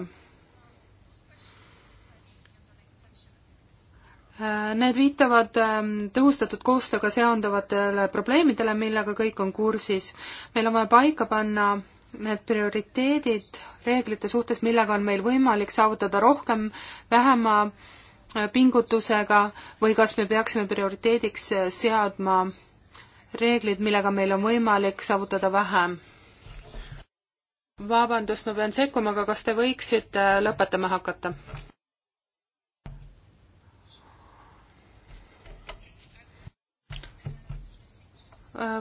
äh,? Need viitavad äh, tõhustatud koostööga seonduvatele probleemidele, millega kõik on kursis. meil on vaja paika panna need prioriteedid reeglite suhtes, millega on meil võimalik saavutada rohkem vähema äh, pingutusega või kas me peaksime prioriteediks seadma reeglid, millega meil on võimalik saavutada vähem? vabandust, ma pean sekkuma, aga kas te võiksite lõpetama hakata?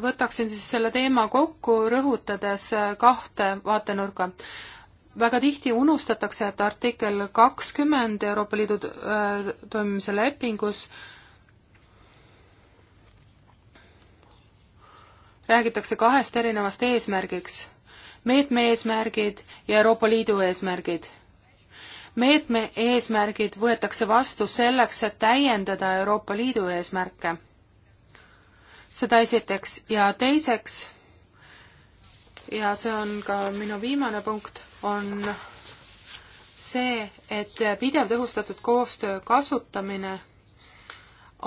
võtaksin siis selle teema kokku, rõhutades kahte vaatenurka väga tihti unustatakse, et artikkel kakskümmend Euroopa Liidu äh, toimimise lepingus räägitakse kahest erinevast eesmärgiks, meetme eesmärgid ja Euroopa Liidu eesmärgid meetme eesmärgid võetakse vastu selleks, et täiendada Euroopa Liidu eesmärke. seda esiteks ja teiseks ja see on ka minu viimane punkt, on see, et pidev tõhustatud koostöö kasutamine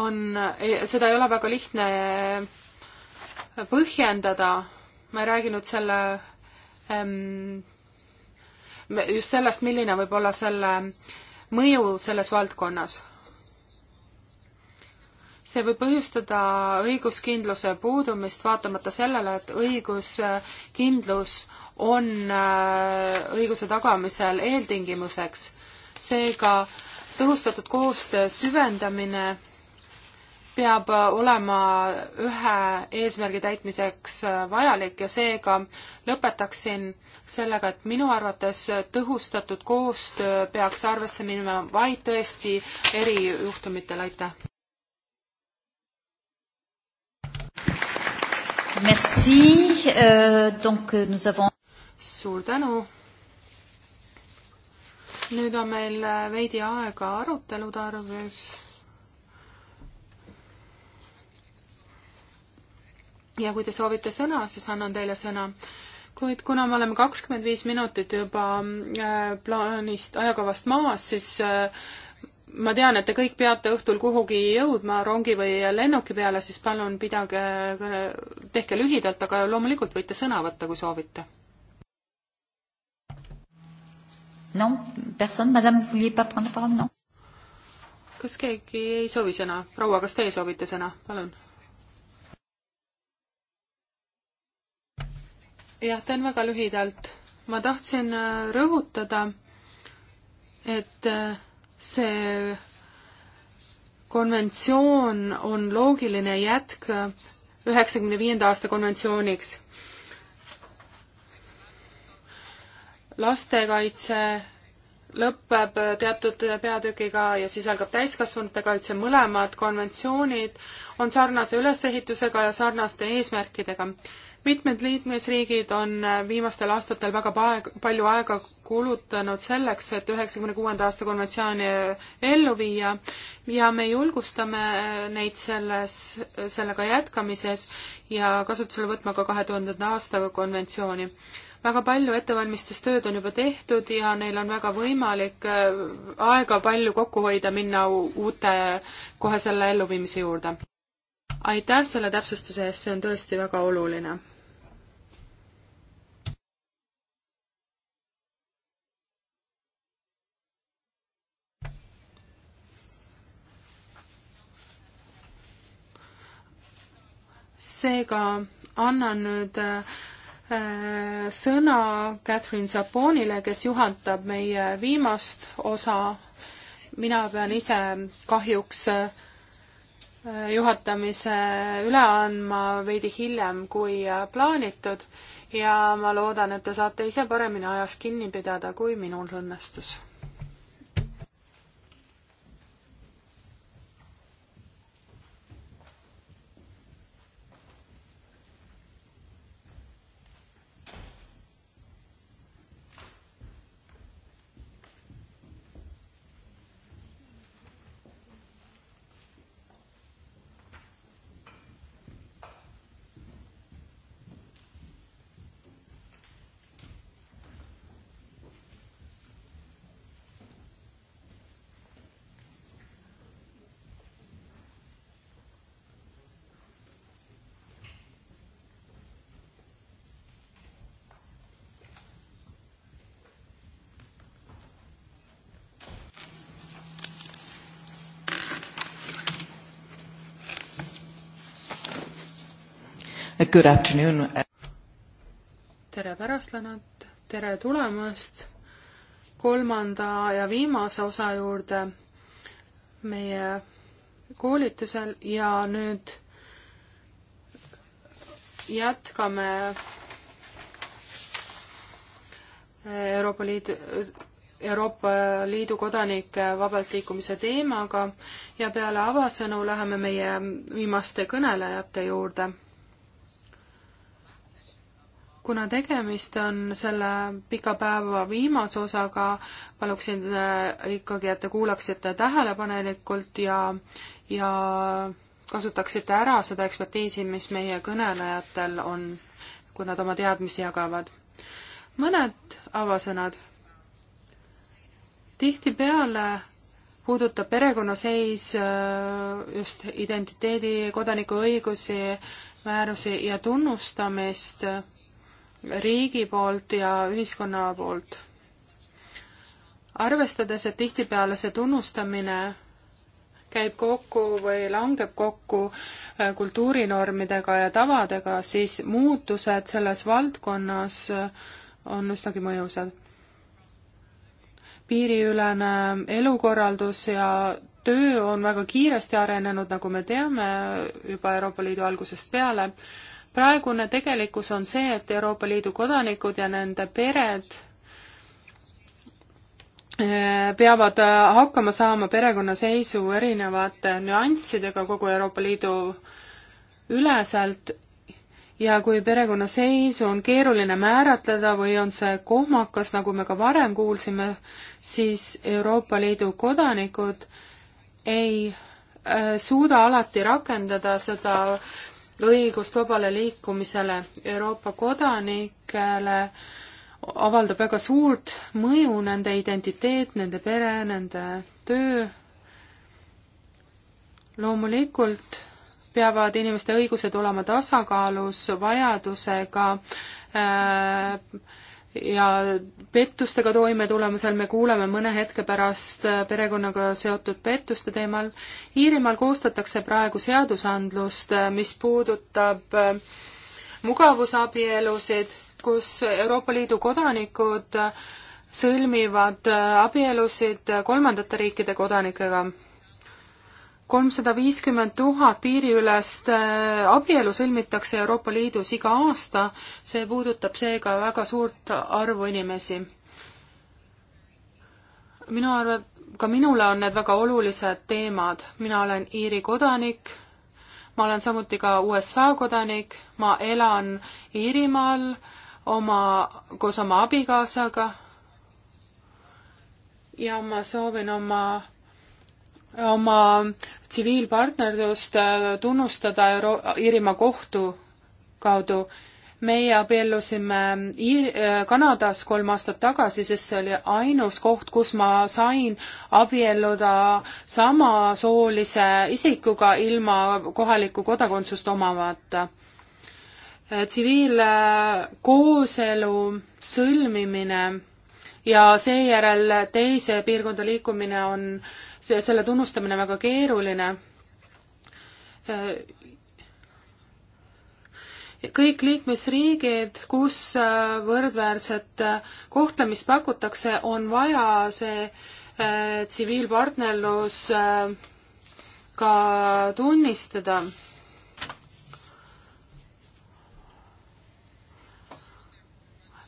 on, seda ei ole väga lihtne põhjendada, ma ei rääginud selle just sellest, milline võib olla selle mõju selles valdkonnas see võib põhjustada õiguskindluse puudumist, vaatamata sellele, et õiguskindlus on äh, õiguse tagamisel eeltingimuseks. seega tõhustatud koostöö süvendamine peab olema ühe eesmärgi täitmiseks äh, vajalik ja seega lõpetaksin sellega, et minu arvates tõhustatud koostöö peaks arvesse minema vaid tõesti erijuhtumitel, aitäh! Merci. Euh, donc, euh, nous avons... suur tänu. nüüd on meil äh, veidi aega arutelu tarvis. ja kui te soovite sõna, siis annan teile sõna. kuid kuna me oleme kakskümmend viis minutit juba äh, plaanist, ajakavast maas, siis äh, ma tean, et te kõik peate õhtul kuhugi jõudma rongi või lennuki peale, siis palun pidage, tehke lühidalt, aga loomulikult võite sõna võtta, kui soovite. non, personne, madame, vous vouliez pas prendre parole, non? kas keegi ei soovi sõna? proua, kas teie soovite sõna? palun. jah, teen väga lühidalt. ma tahtsin äh, rõhutada, et äh, see konventsioon on loogiline jätk üheksakümne viienda aasta konventsiooniks. lastekaitse lõpeb teatud peatükiga ja siis algab täiskasvanute kaitse, mõlemad konventsioonid on sarnase ülesehitusega ja sarnaste eesmärkidega mitmed liikmesriigid on äh, viimastel aastatel väga paeg-, palju aega kulutanud selleks, et üheksakümne kuuenda aasta konventsiooni äh, ellu viia ja me julgustame äh, neid selles, sellega jätkamises ja kasutusele võtma ka kahe tuhandenda aasta konventsiooni väga palju ettevalmistustööd on juba tehtud ja neil on väga võimalik aega palju kokku hoida, minna uute, kohe selle elluviimise juurde. aitäh selle täpsustuse eest, see on tõesti väga oluline seega annan nüüd äh, sõna Catherine Zaponile, kes juhatab meie viimast osa. mina pean ise kahjuks äh, juhatamise üle andma veidi hiljem kui äh, plaanitud ja ma loodan, et te saate ise paremini ajast kinni pidada, kui minul õnnestus Uh, good afternoon. Uh, tere pärastlõunat, tere tulemast kolmanda ja viimase osa juurde meie koolitusel ja nüüd jätkame Euroopa Liidu, Euroopa Liidu kodanike vabalt liikumise teemaga ja peale avasõnu läheme meie viimaste kõnelejate juurde kuna tegemist on selle pika päeva viimase osaga, paluksin äh, ikkagi, et te kuulaksite tähelepanelikult ja, ja kasutaksite ära seda ekspertiisi, mis meie kõnelejatel on, kui nad oma teadmisi jagavad. mõned avasõnad. tihtipeale puudutab perekonnaseis äh, just identiteedi, kodanikuõigusi, määrusi ja tunnustamist riigi poolt ja ühiskonna poolt. arvestades, et tihtipeale see tunnustamine käib kokku või langeb kokku äh, kultuurinormidega ja tavadega, siis muutused selles valdkonnas äh, on üsnagi mõjusad. piiriülene äh, elukorraldus ja töö on väga kiiresti arenenud, nagu me teame juba Euroopa Liidu algusest peale praegune tegelikkus on see, et Euroopa Liidu kodanikud ja nende pered eh, peavad eh, hakkama saama perekonnaseisu erinevate nüanssidega kogu Euroopa Liidu üleselt ja kui perekonnaseisu on keeruline määratleda või on see kohmakas, nagu me ka varem kuulsime, siis Euroopa Liidu kodanikud ei eh, suuda alati rakendada seda õigust vabale liikumisele Euroopa kodanikele avaldab väga suurt mõju nende identiteet, nende pere, nende töö. loomulikult peavad inimeste õigused olema tasakaalus vajadusega äh, ja pettustega toime tulemusel me kuuleme mõne hetke pärast äh, perekonnaga seotud pettuste teemal. Iirimaal koostatakse praegu seadusandlust, äh, mis puudutab äh, mugavusabielusid, kus Euroopa Liidu kodanikud sõlmivad abielusid kolmandate riikide kodanikega kolmsada viiskümmend tuhat piiriülest äh, abielu sõlmitakse Euroopa Liidus iga aasta, see puudutab seega väga suurt arvu inimesi. minu arvates ka minule on need väga olulised teemad, mina olen Iiri kodanik, ma olen samuti ka USA kodanik, ma elan Iirimaal oma, koos oma abikaasaga ja ma soovin oma oma tsiviilpartnerlust äh, tunnustada Euro-, Iirimaa kohtu kaudu. meie abiellusime Iir-, äh, Kanadas kolm aastat tagasi, sest see oli ainus koht, kus ma sain abielluda samasoolise isikuga ilma kohalikku kodakondsust omamata. Äh, tsiviilkooselu sõlmimine ja seejärel teise piirkonda liikumine on äh, see, selle tunnustamine väga keeruline. kõik liikmesriigid, kus võrdväärset kohtlemist pakutakse, on vaja see äh, tsiviilpartnerlus äh, ka tunnistada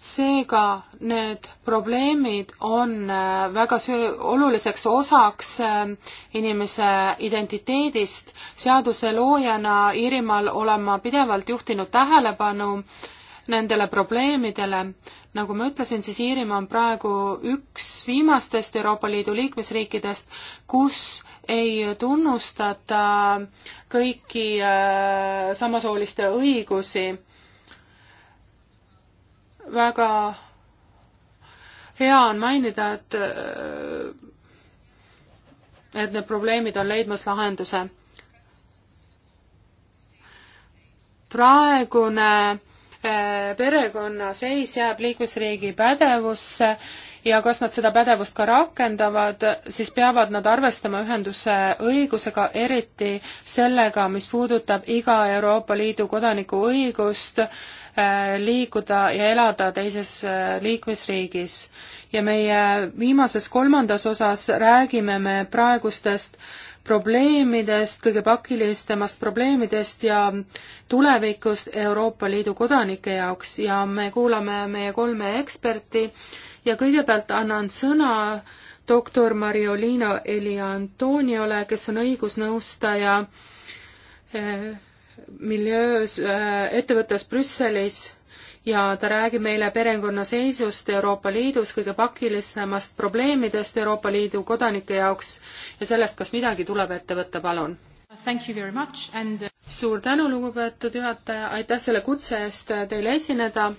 seega need probleemid on äh, väga oluliseks osaks äh, inimese identiteedist. seaduseloojana Iirimaal olen ma pidevalt juhtinud tähelepanu nendele probleemidele. nagu ma ütlesin, siis Iirimaa on praegu üks viimastest Euroopa Liidu liikmesriikidest, kus ei tunnustata kõiki äh, samasooliste õigusi väga hea on mainida, et et need probleemid on leidmas lahenduse. praegune eh, perekonnaseis jääb liikmesriigi pädevusse ja kas nad seda pädevust ka rakendavad, siis peavad nad arvestama ühenduse õigusega, eriti sellega, mis puudutab iga Euroopa Liidu kodaniku õigust äh, Äh, liikuda ja elada teises äh, liikmesriigis. ja meie viimases kolmandas osas räägime me praegustest probleemidest, kõige pakilisemast probleemidest ja tulevikust Euroopa Liidu kodanike jaoks ja me kuulame meie kolme eksperti ja kõigepealt annan sõna doktor Mariolina Eli Antoniole, kes on õigusnõustaja äh, miljöös äh,, ettevõttes Brüsselis ja ta räägib meile perekonna seisust Euroopa Liidus, kõige pakilisemast probleemidest Euroopa Liidu kodanike jaoks ja sellest, kas midagi tuleb ette võtta, palun. And... Äh, suur tänu, lugupeetud juhataja, aitäh selle kutse eest äh, teile esineda.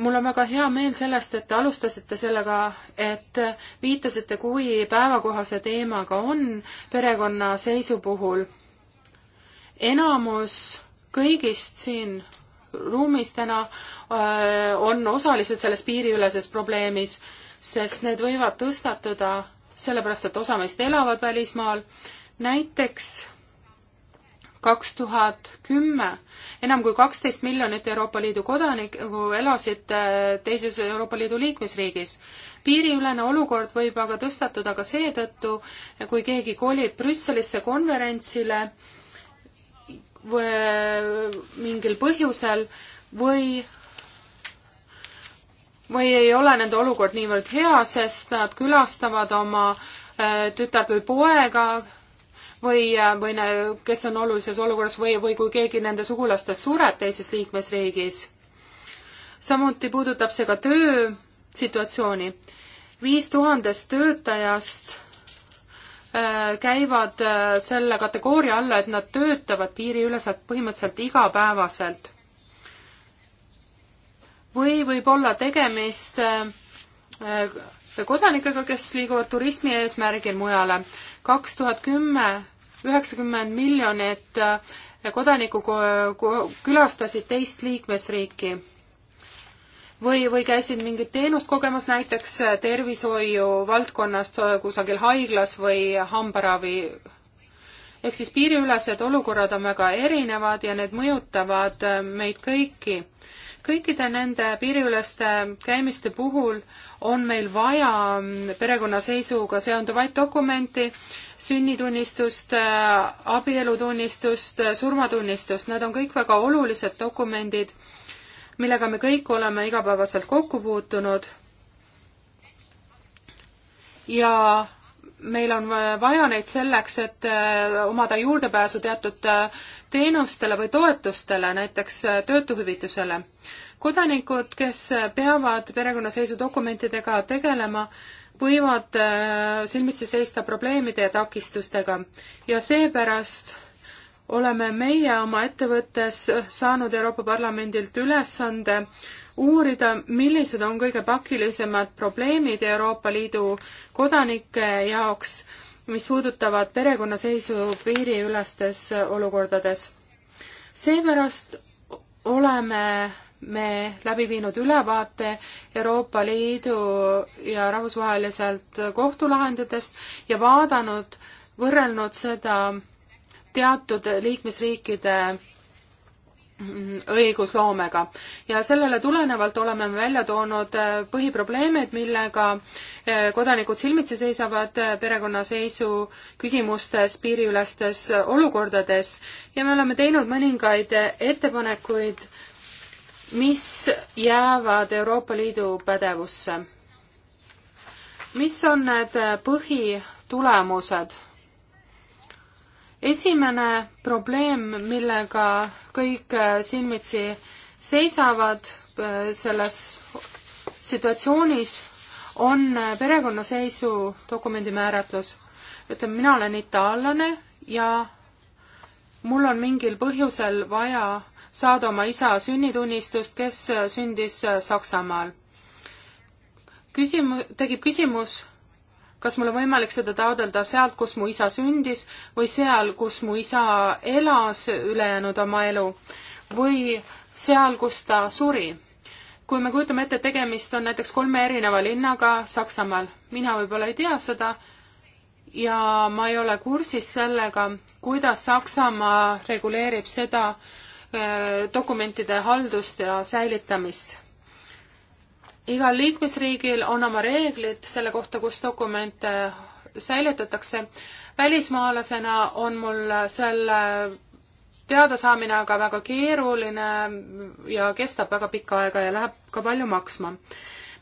mul on väga hea meel sellest, et te alustasite sellega, et äh, viitasite, kui päevakohase teemaga on perekonna seisu puhul enamus kõigist siin ruumis täna äh, on osalised selles piiriüleses probleemis, sest need võivad tõstatuda sellepärast, et osa meist elavad välismaal. näiteks kaks tuhat kümme enam kui kaksteist miljonit Euroopa Liidu kodanikku elasid äh, teises Euroopa Liidu liikmesriigis. piiriülene olukord võib aga tõstatuda ka seetõttu, kui keegi kolib Brüsselisse konverentsile või mingil põhjusel või, või ei ole nende olukord niivõrd hea, sest nad külastavad oma äh, tütart või poega või, äh, või ne, kes on olulises olukorras või, või kui keegi nende sugulastest sureb teises liikmesriigis. samuti puudutab see ka töösituatsiooni. viis tuhandest töötajast Äh, käivad äh, selle kategooria alla, et nad töötavad piiriüleselt põhimõtteliselt igapäevaselt. või võib olla tegemist äh, kodanikega, kes liiguvad turismi eesmärgil mujale. kaks tuhat kümme, üheksakümmend miljonit kodanikku külastasid teist liikmesriiki või, või käisin mingit teenust kogemas näiteks äh, tervishoiu valdkonnast äh, kusagil haiglas või hambaravi. ehk siis piiriülesed olukorrad on väga erinevad ja need mõjutavad äh, meid kõiki. kõikide nende piiriüleste käimiste puhul on meil vaja mm, perekonnaseisuga seonduvaid dokumenti, sünnitunnistust, abielutunnistust, surmatunnistust, need on kõik väga olulised dokumendid millega me kõik oleme igapäevaselt kokku puutunud. ja meil on vaja neid selleks, et äh, omada juurdepääsu teatud äh, teenustele või toetustele, näiteks äh, töötuhüvitusele. kodanikud, kes peavad perekonnaseisudokumentidega tegelema, võivad silmitsi seista probleemide ja takistustega ja seepärast oleme meie oma ettevõttes saanud Euroopa Parlamendilt ülesande uurida, millised on kõige pakilisemad probleemid Euroopa Liidu kodanike jaoks, mis puudutavad perekonnaseisu piiriülestes olukordades. seepärast oleme me läbi viinud ülevaate Euroopa Liidu ja rahvusvaheliselt kohtulahenditest ja vaadanud, võrrelnud seda teatud liikmesriikide õigusloomega. ja sellele tulenevalt oleme välja toonud põhiprobleemid, millega eh, kodanikud silmitsi seisavad eh, perekonnaseisu küsimustes piiriülestes olukordades ja me oleme teinud mõningaid ettepanekuid, mis jäävad Euroopa Liidu pädevusse. mis on need põhitulemused? esimene probleem, millega kõik äh, silmitsi seisavad äh, selles situatsioonis, on äh, perekonnaseisu dokumendi määratlus. ütleme, mina olen itaallane ja mul on mingil põhjusel vaja saada oma isa sünnitunnistust, kes sündis Saksamaal. küsimus, tekib küsimus, kas mul on võimalik seda taodelda sealt, kus mu isa sündis või seal, kus mu isa elas ülejäänud oma elu või seal, kus ta suri. kui me kujutame ette, et tegemist on näiteks kolme erineva linnaga Saksamaal, mina võib-olla ei tea seda ja ma ei ole kursis sellega, kuidas Saksamaa reguleerib seda eh, dokumentide haldust ja säilitamist igal liikmesriigil on oma reeglid selle kohta, kus dokumente äh, säilitatakse. välismaalasena on mul selle teadasaamine aga väga keeruline ja kestab väga pikka aega ja läheb ka palju maksma.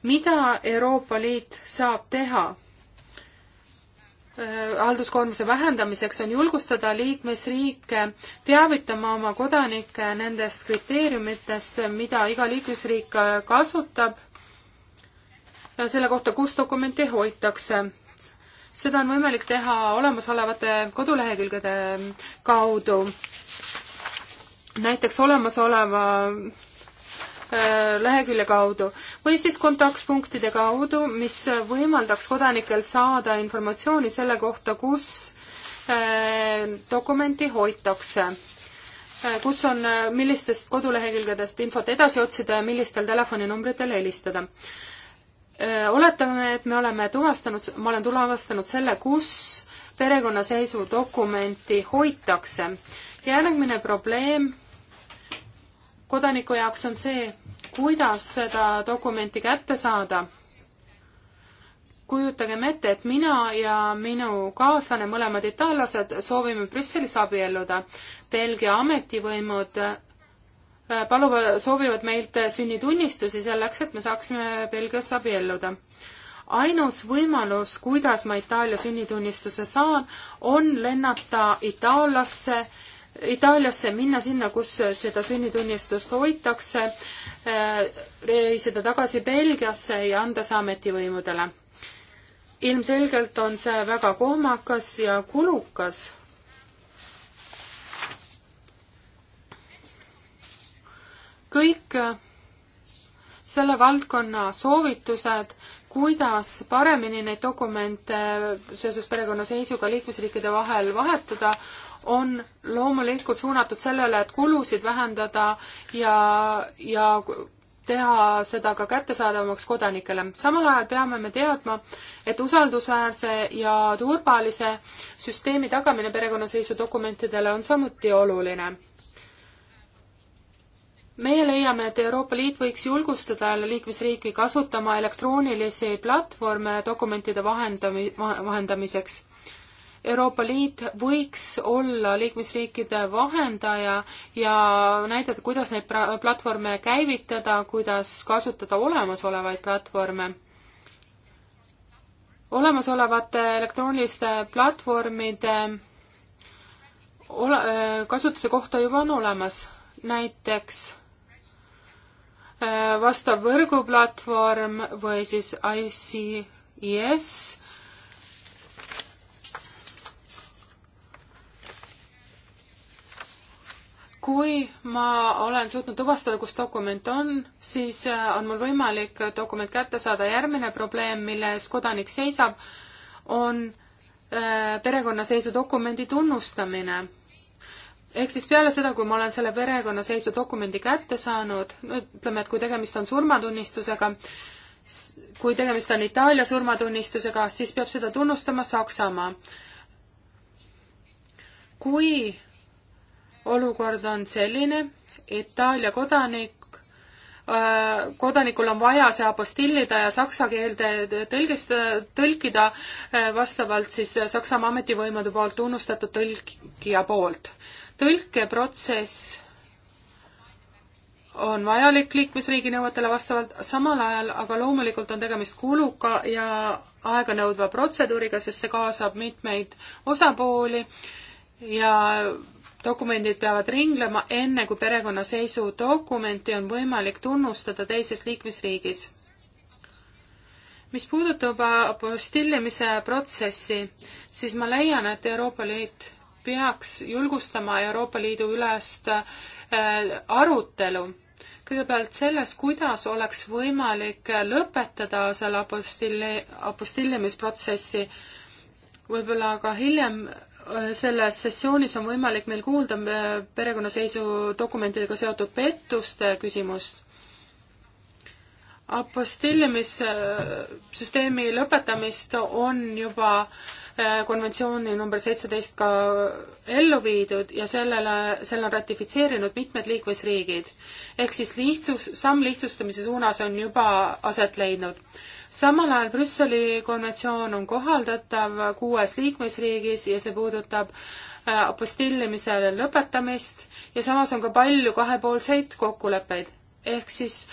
mida Euroopa Liit saab teha? Äh, halduskoormuse vähendamiseks on julgustada liikmesriike teavitama oma kodanikke nendest kriteeriumitest, mida iga liikmesriik äh, kasutab selle kohta, kus dokumente hoitakse. seda on võimalik teha olemasolevate kodulehekülgede kaudu. näiteks olemasoleva äh, lehekülje kaudu või siis kontaktpunktide kaudu, mis võimaldaks kodanikel saada informatsiooni selle kohta, kus äh, dokumenti hoitakse, äh, kus on, millistest kodulehekülgedest infot edasi otsida ja millistel telefoninumbritel helistada oletame, et me oleme tuvastanud, ma olen tuvastanud selle, kus perekonnaseisudokumenti hoitakse. järgmine probleem kodaniku jaoks on see, kuidas seda dokumenti kätte saada. kujutagem ette, et mina ja minu kaaslane, mõlemad itaallased, soovime Brüsselis abielluda. Belgia ametivõimud paluvad, soovivad meilt sünnitunnistusi selleks, et me saaksime Belgias abielluda. ainus võimalus, kuidas ma Itaalia sünnitunnistuse saan, on lennata Itaaliasse, Itaaliasse, minna sinna, kus seda sünnitunnistust hoitakse, eh, reisida tagasi Belgiasse ja anda see ametivõimudele. ilmselgelt on see väga kohmakas ja kulukas kõik äh, selle valdkonna soovitused, kuidas paremini neid dokumente äh, seoses perekonnaseisuga liikmesriikide vahel vahetada, on loomulikult suunatud sellele, et kulusid vähendada ja, ja teha seda ka kättesaadavamaks kodanikele. samal ajal peame me teadma, et usaldusväärse ja turvalise süsteemi tagamine perekonnaseisudokumentidele on samuti oluline meie leiame, et Euroopa Liit võiks julgustada liikmesriiki kasutama elektroonilisi platvorme dokumentide vahendami-, vahendamiseks. Euroopa Liit võiks olla liikmesriikide vahendaja ja näidata, kuidas neid platvorme käivitada, kuidas kasutada olemasolevaid platvorme. olemasolevate elektrooniliste platvormide ole-, kasutuse kohta juba on olemas, näiteks vastav võrguplatvorm või siis ICIS. E kui ma olen suutnud tuvastada, kus dokument on, siis äh, on mul võimalik dokument kätte saada. järgmine probleem, milles kodanik seisab, on äh, perekonnaseisudokumendi tunnustamine ehk siis peale seda, kui ma olen selle perekonnaseisu dokumendi kätte saanud, no ütleme, et kui tegemist on surmatunnistusega, kui tegemist on Itaalia surmatunnistusega, siis peab seda tunnustama Saksamaa. kui olukord on selline, Itaalia kodanik, äh, kodanikul on vaja see apostillida ja saksa keelde tõlgist, tõlkida äh, vastavalt siis Saksamaa ametivõimude poolt tunnustatud tõlkija poolt tõlkeprotsess on vajalik liikmesriigi nõuetele vastavalt, samal ajal aga loomulikult on tegemist kuluka ja aeganõudva protseduuriga, sest see kaasab mitmeid osapooli ja dokumendid peavad ringlema, enne kui perekonnaseisuv dokumenti on võimalik tunnustada teises liikmesriigis. mis puudutab apostillimise protsessi, siis ma leian, et Euroopa Liit peaks julgustama Euroopa Liidu ülest äh, arutelu. kõigepealt selles, kuidas oleks võimalik lõpetada selle apostilli, apostillimisprotsessi, võib-olla ka hiljem äh, selles sessioonis on võimalik meil kuulda äh, perekonnaseisudokumentidega seotud pettuste küsimust. apostillimissüsteemi lõpetamist on juba äh, konventsiooni number seitseteist ka ellu viidud ja sellele, selle on ratifitseerinud mitmed liikmesriigid. ehk siis lihtsus, samm lihtsustamise suunas on juba aset leidnud. samal ajal Brüsseli konventsioon on kohaldatav kuues liikmesriigis ja see puudutab äh, apostillimise lõpetamist ja samas on ka palju kahepoolseid kokkuleppeid. ehk siis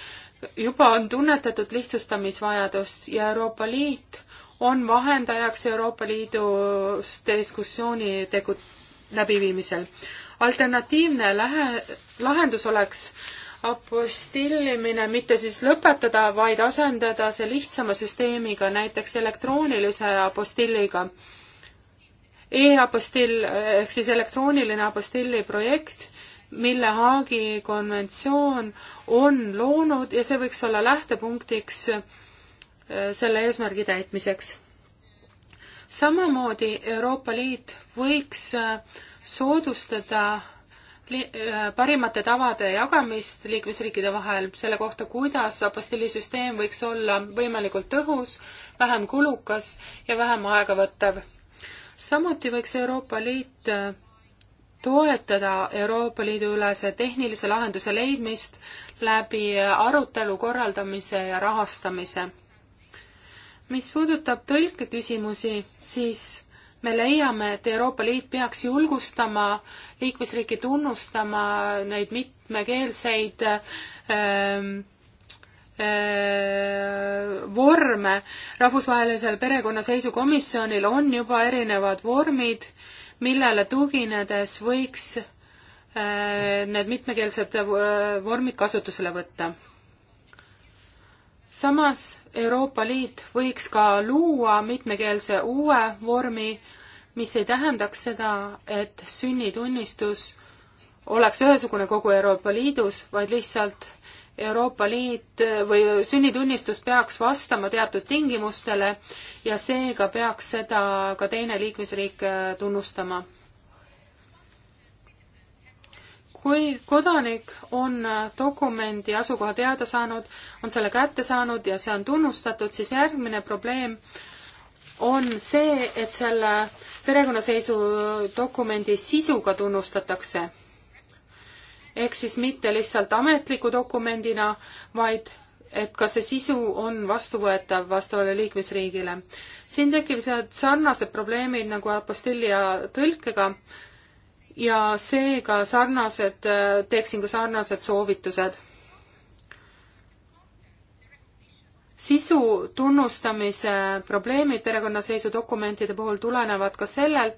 juba on tunnetatud lihtsustamisvajadust ja Euroopa Liit on vahendajaks Euroopa Liidus diskussiooni tegu-, läbiviimisel. alternatiivne lähe-, lahendus oleks apostillimine mitte siis lõpetada, vaid asendada see lihtsama süsteemiga, näiteks elektroonilise apostilliga e. E-apostill ehk siis elektrooniline apostilli projekt, mille Haagi konventsioon on loonud ja see võiks olla lähtepunktiks äh, Äh, selle eesmärgi täitmiseks. samamoodi Euroopa Liit võiks äh, soodustada li-, äh, parimate tavade jagamist liikmesriikide vahel selle kohta, kuidas apostillisüsteem võiks olla võimalikult tõhus, vähem kulukas ja vähem aegavõttev. samuti võiks Euroopa Liit toetada Euroopa Liidu ülese tehnilise lahenduse leidmist läbi arutelu korraldamise ja rahastamise mis puudutab tõlkeküsimusi, siis me leiame, et Euroopa Liit peaks julgustama liikmesriiki tunnustama neid mitmekeelseid ähm, äh, vorme. rahvusvahelisel perekonnaseisukomisjonil on juba erinevad vormid, millele tuginedes võiks äh, need mitmekeelsed äh, vormid kasutusele võtta samas Euroopa Liit võiks ka luua mitmekeelse uue vormi, mis ei tähendaks seda, et sünnitunnistus oleks ühesugune kogu Euroopa Liidus, vaid lihtsalt Euroopa Liit eh, või sünnitunnistus peaks vastama teatud tingimustele ja seega peaks seda ka teine liikmesriik eh, tunnustama kui kodanik on äh, dokumendi asukoha teada saanud, on selle kätte saanud ja see on tunnustatud, siis järgmine probleem on see, et selle perekonnaseisudokumendi sisuga tunnustatakse. ehk siis mitte lihtsalt ametliku dokumendina, vaid et kas see sisu on vastuvõetav vastavale liikmesriigile. siin tekivad sarnased probleemid nagu apostilli ja tõlkega ja seega sarnased, teeksin ka sarnased soovitused. sisu tunnustamise probleemid perekonnaseisudokumentide puhul tulenevad ka sellelt,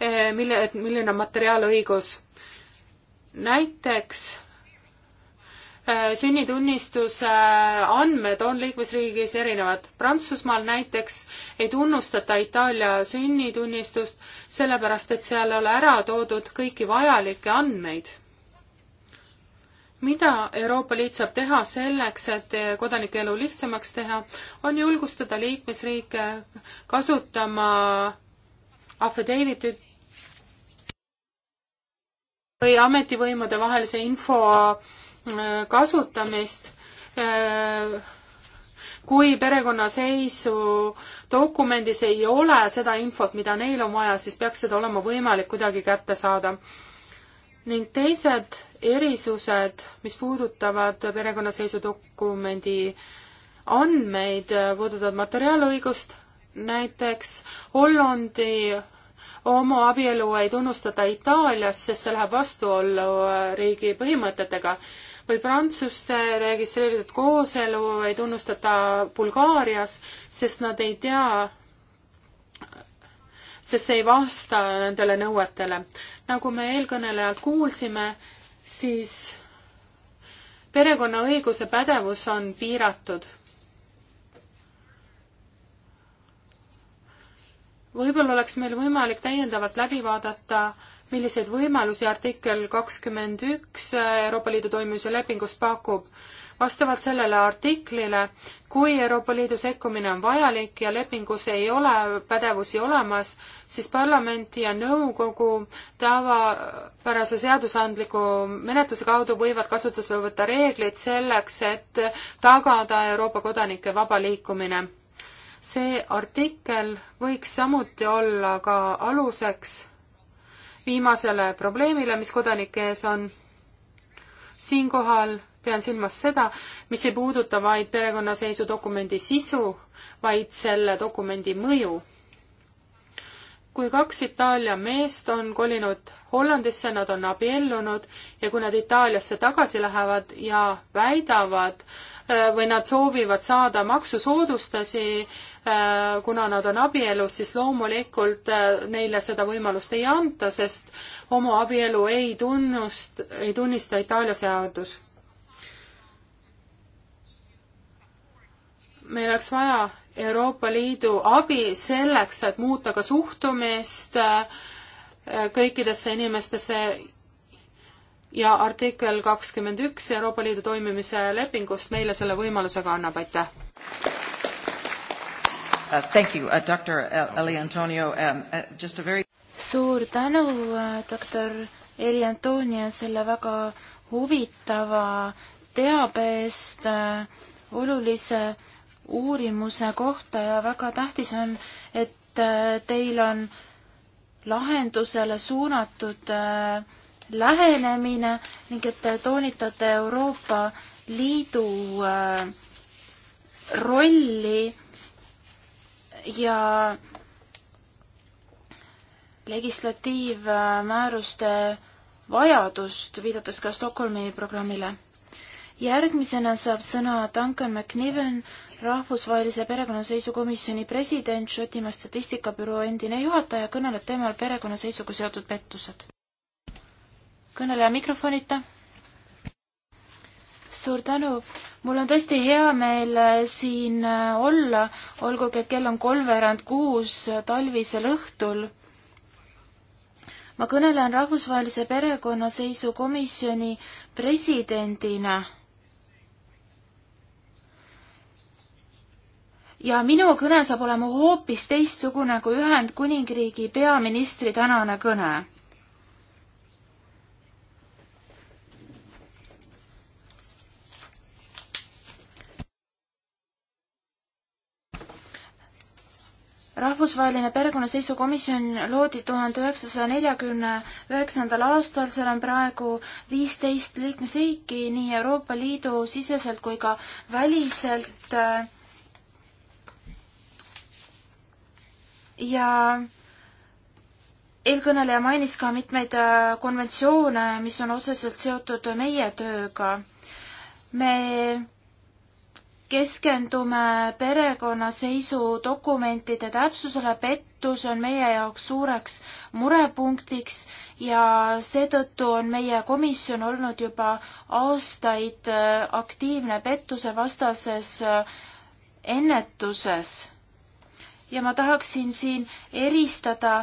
eh, mille, milline on materiaalõigus. näiteks Äh, sünnitunnistuse andmed on liikmesriigis erinevad. Prantsusmaal näiteks ei tunnustata Itaalia sünnitunnistust, sellepärast et seal ei ole ära toodud kõiki vajalikke andmeid. mida Euroopa Liit saab teha selleks, et kodanike elu lihtsamaks teha, on julgustada liikmesriike kasutama affidavit'it või ametivõimude vahelise info kasutamist äh, kui perekonnaseisu dokumendis ei ole seda infot, mida neil on vaja, siis peaks seda olema võimalik kuidagi kätte saada. ning teised erisused, mis puudutavad perekonnaseisu dokumendi andmeid, puudutavad materiaalõigust, näiteks Hollandi homoabielu ei tunnustata Itaalias, sest see läheb vastuollu riigi põhimõtetega või prantsuste registreeritud kooselu ei tunnustata Bulgaarias, sest nad ei tea, sest see ei vasta nendele nõuetele. nagu me eelkõnelejalt kuulsime, siis perekonnaõiguse pädevus on piiratud. võib-olla oleks meil võimalik täiendavalt läbi vaadata milliseid võimalusi artikkel kakskümmend üks Euroopa Liidu toimimise lepingust pakub. vastavalt sellele artiklile, kui Euroopa Liidu sekkumine on vajalik ja lepingus ei ole pädevusi olemas, siis parlament ja nõukogu tavapärase seadusandliku menetluse kaudu võivad kasutusele võtta reegleid selleks, et tagada Euroopa kodanike vaba liikumine see artikkel võiks samuti olla ka aluseks viimasele probleemile, mis kodanike ees on. siinkohal pean silmas seda, mis ei puuduta vaid perekonnaseisudokumendi sisu, vaid selle dokumendi mõju. kui kaks Itaalia meest on kolinud Hollandisse, nad on abiellunud ja kui nad Itaaliasse tagasi lähevad ja väidavad, Äh, või nad soovivad saada maksusoodustusi, äh, kuna nad on abielus, siis loomulikult äh, neile seda võimalust ei anta, sest homoabielu ei tunnust, ei tunnista Itaalia seadus. meil oleks vaja Euroopa Liidu abi selleks, et muuta ka suhtumist kõikidesse inimestesse ja artikkel kakskümmend üks Euroopa Liidu toimimise lepingust meile selle võimaluse ka annab, aitäh! Uh, thank you, uh, Dr. Eli Antonio. Um, uh, just a very... Suur tänu, uh, doktor Eli Antonio, selle väga huvitava teabe eest äh, olulise uurimuse kohta ja väga tähtis on, et äh, teil on lahendusele suunatud äh, lähenemine ning et te toonitate Euroopa Liidu äh, rolli ja legislatiivmääruste vajadust, viidates ka Stockholmi programmile. järgmisena saab sõna Duncan McNiven, rahvusvahelise perekonnaseisukomisjoni president, Šotimaa statistikabüroo endine juhataja, kõneleb teemal perekonnaseisuga seotud pettused kõneleja mikrofonita. suur tänu, mul on tõesti hea meel äh, siin äh, olla, olgugi et kell on kolmveerand kuus talvisel õhtul. ma kõnelen Rahvusvahelise Perekonnaseisukomisjoni komisjoni presidendina ja minu kõne saab olema hoopis teistsugune kui Ühendkuningriigi peaministri tänane kõne. rahvusvaheline perekonnaseisukomisjon loodi tuhande üheksasaja neljakümne üheksandal aastal, seal on praegu viisteist liikmesriiki nii Euroopa Liidu siseselt kui ka väliselt. ja eelkõneleja mainis ka mitmeid konventsioone, mis on otseselt seotud meie tööga. me keskendume perekonnaseisudokumentide täpsusele, pettus on meie jaoks suureks murepunktiks ja seetõttu on meie komisjon olnud juba aastaid äh, aktiivne pettusevastases äh, ennetuses. ja ma tahaksin siin eristada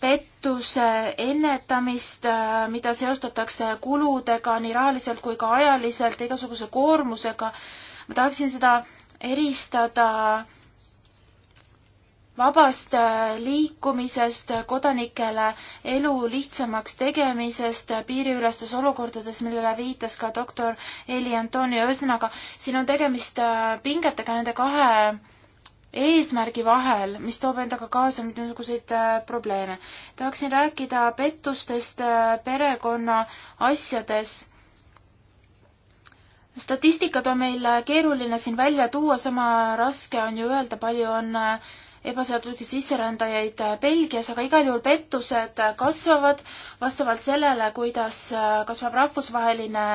pettuse ennetamist, äh, mida seostatakse kuludega nii rahaliselt kui ka ajaliselt, igasuguse koormusega ma tahaksin seda eristada vabast äh, liikumisest, kodanikele elu lihtsamaks tegemisest piiriülestes olukordades, millele viitas ka doktor Heli Antoni, ühesõnaga siin on tegemist äh, pingetega nende kahe eesmärgi vahel, mis toob endaga kaasa mitmesuguseid äh, probleeme. tahaksin rääkida pettustest perekonna asjades statistikat on meil äh, keeruline siin välja tuua, sama raske on ju öelda, palju on äh, ebaseaduslikke sisserändajaid äh, Belgias, aga igal juhul pettused kasvavad vastavalt sellele, kuidas kasvab rahvusvaheline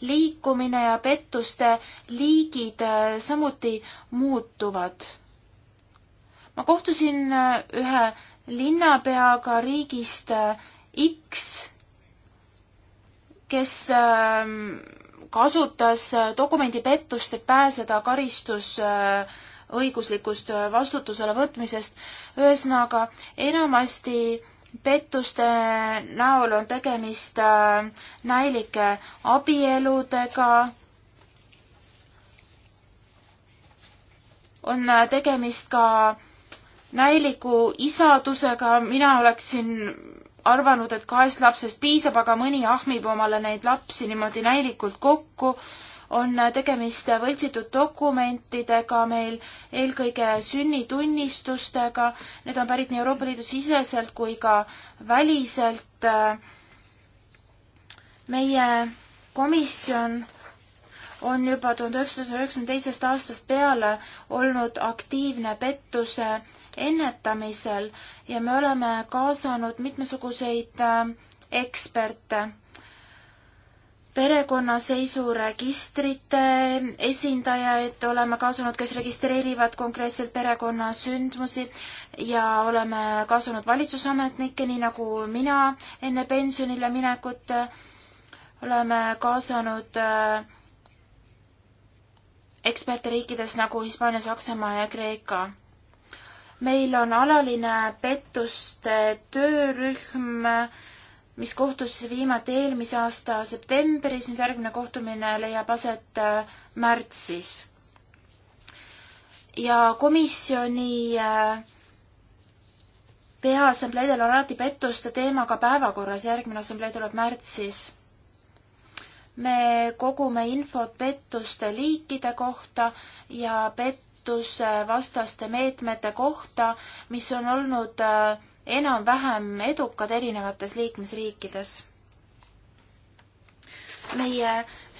liikumine ja pettuste liigid samuti muutuvad. ma kohtusin ühe linnapeaga riigist X, kes ähm, kasutas dokumendipettust, et pääseda karistus äh, õiguslikust äh, vastutusele võtmisest. ühesõnaga, enamasti pettuste näol on tegemist äh, näilike abieludega, on tegemist ka näiliku isadusega, mina oleksin arvanud, et kahest lapsest piisab, aga mõni ahmib omale neid lapsi niimoodi näilikult kokku, on tegemist võltsitud dokumentidega meil, eelkõige sünnitunnistustega, need on pärit nii Euroopa Liidu siseselt kui ka väliselt. meie komisjon on juba tuhande üheksasaja üheksakümne teisest aastast peale olnud aktiivne pettuse ennetamisel ja me oleme kaasanud mitmesuguseid äh, eksperte, perekonnaseisuregistrite esindajaid oleme kaasanud, kes registreerivad konkreetselt perekonnasündmusi ja oleme kaasanud valitsusametnikke, nii nagu mina enne pensionile minekut, oleme kaasanud äh, eksperte riikides nagu Hispaania, Saksamaa ja Kreeka meil on alaline pettuste töörühm, mis kohtus viimati eelmise aasta septembris, nüüd järgmine kohtumine leiab aset äh, märtsis. ja komisjoni äh, peaassambleedel on alati pettuste teema ka päevakorras, järgmine assamblee tuleb märtsis. me kogume infot pettuste liikide kohta ja pet-, pettusevastaste meetmete kohta, mis on olnud äh, enam-vähem edukad erinevates liikmesriikides. meie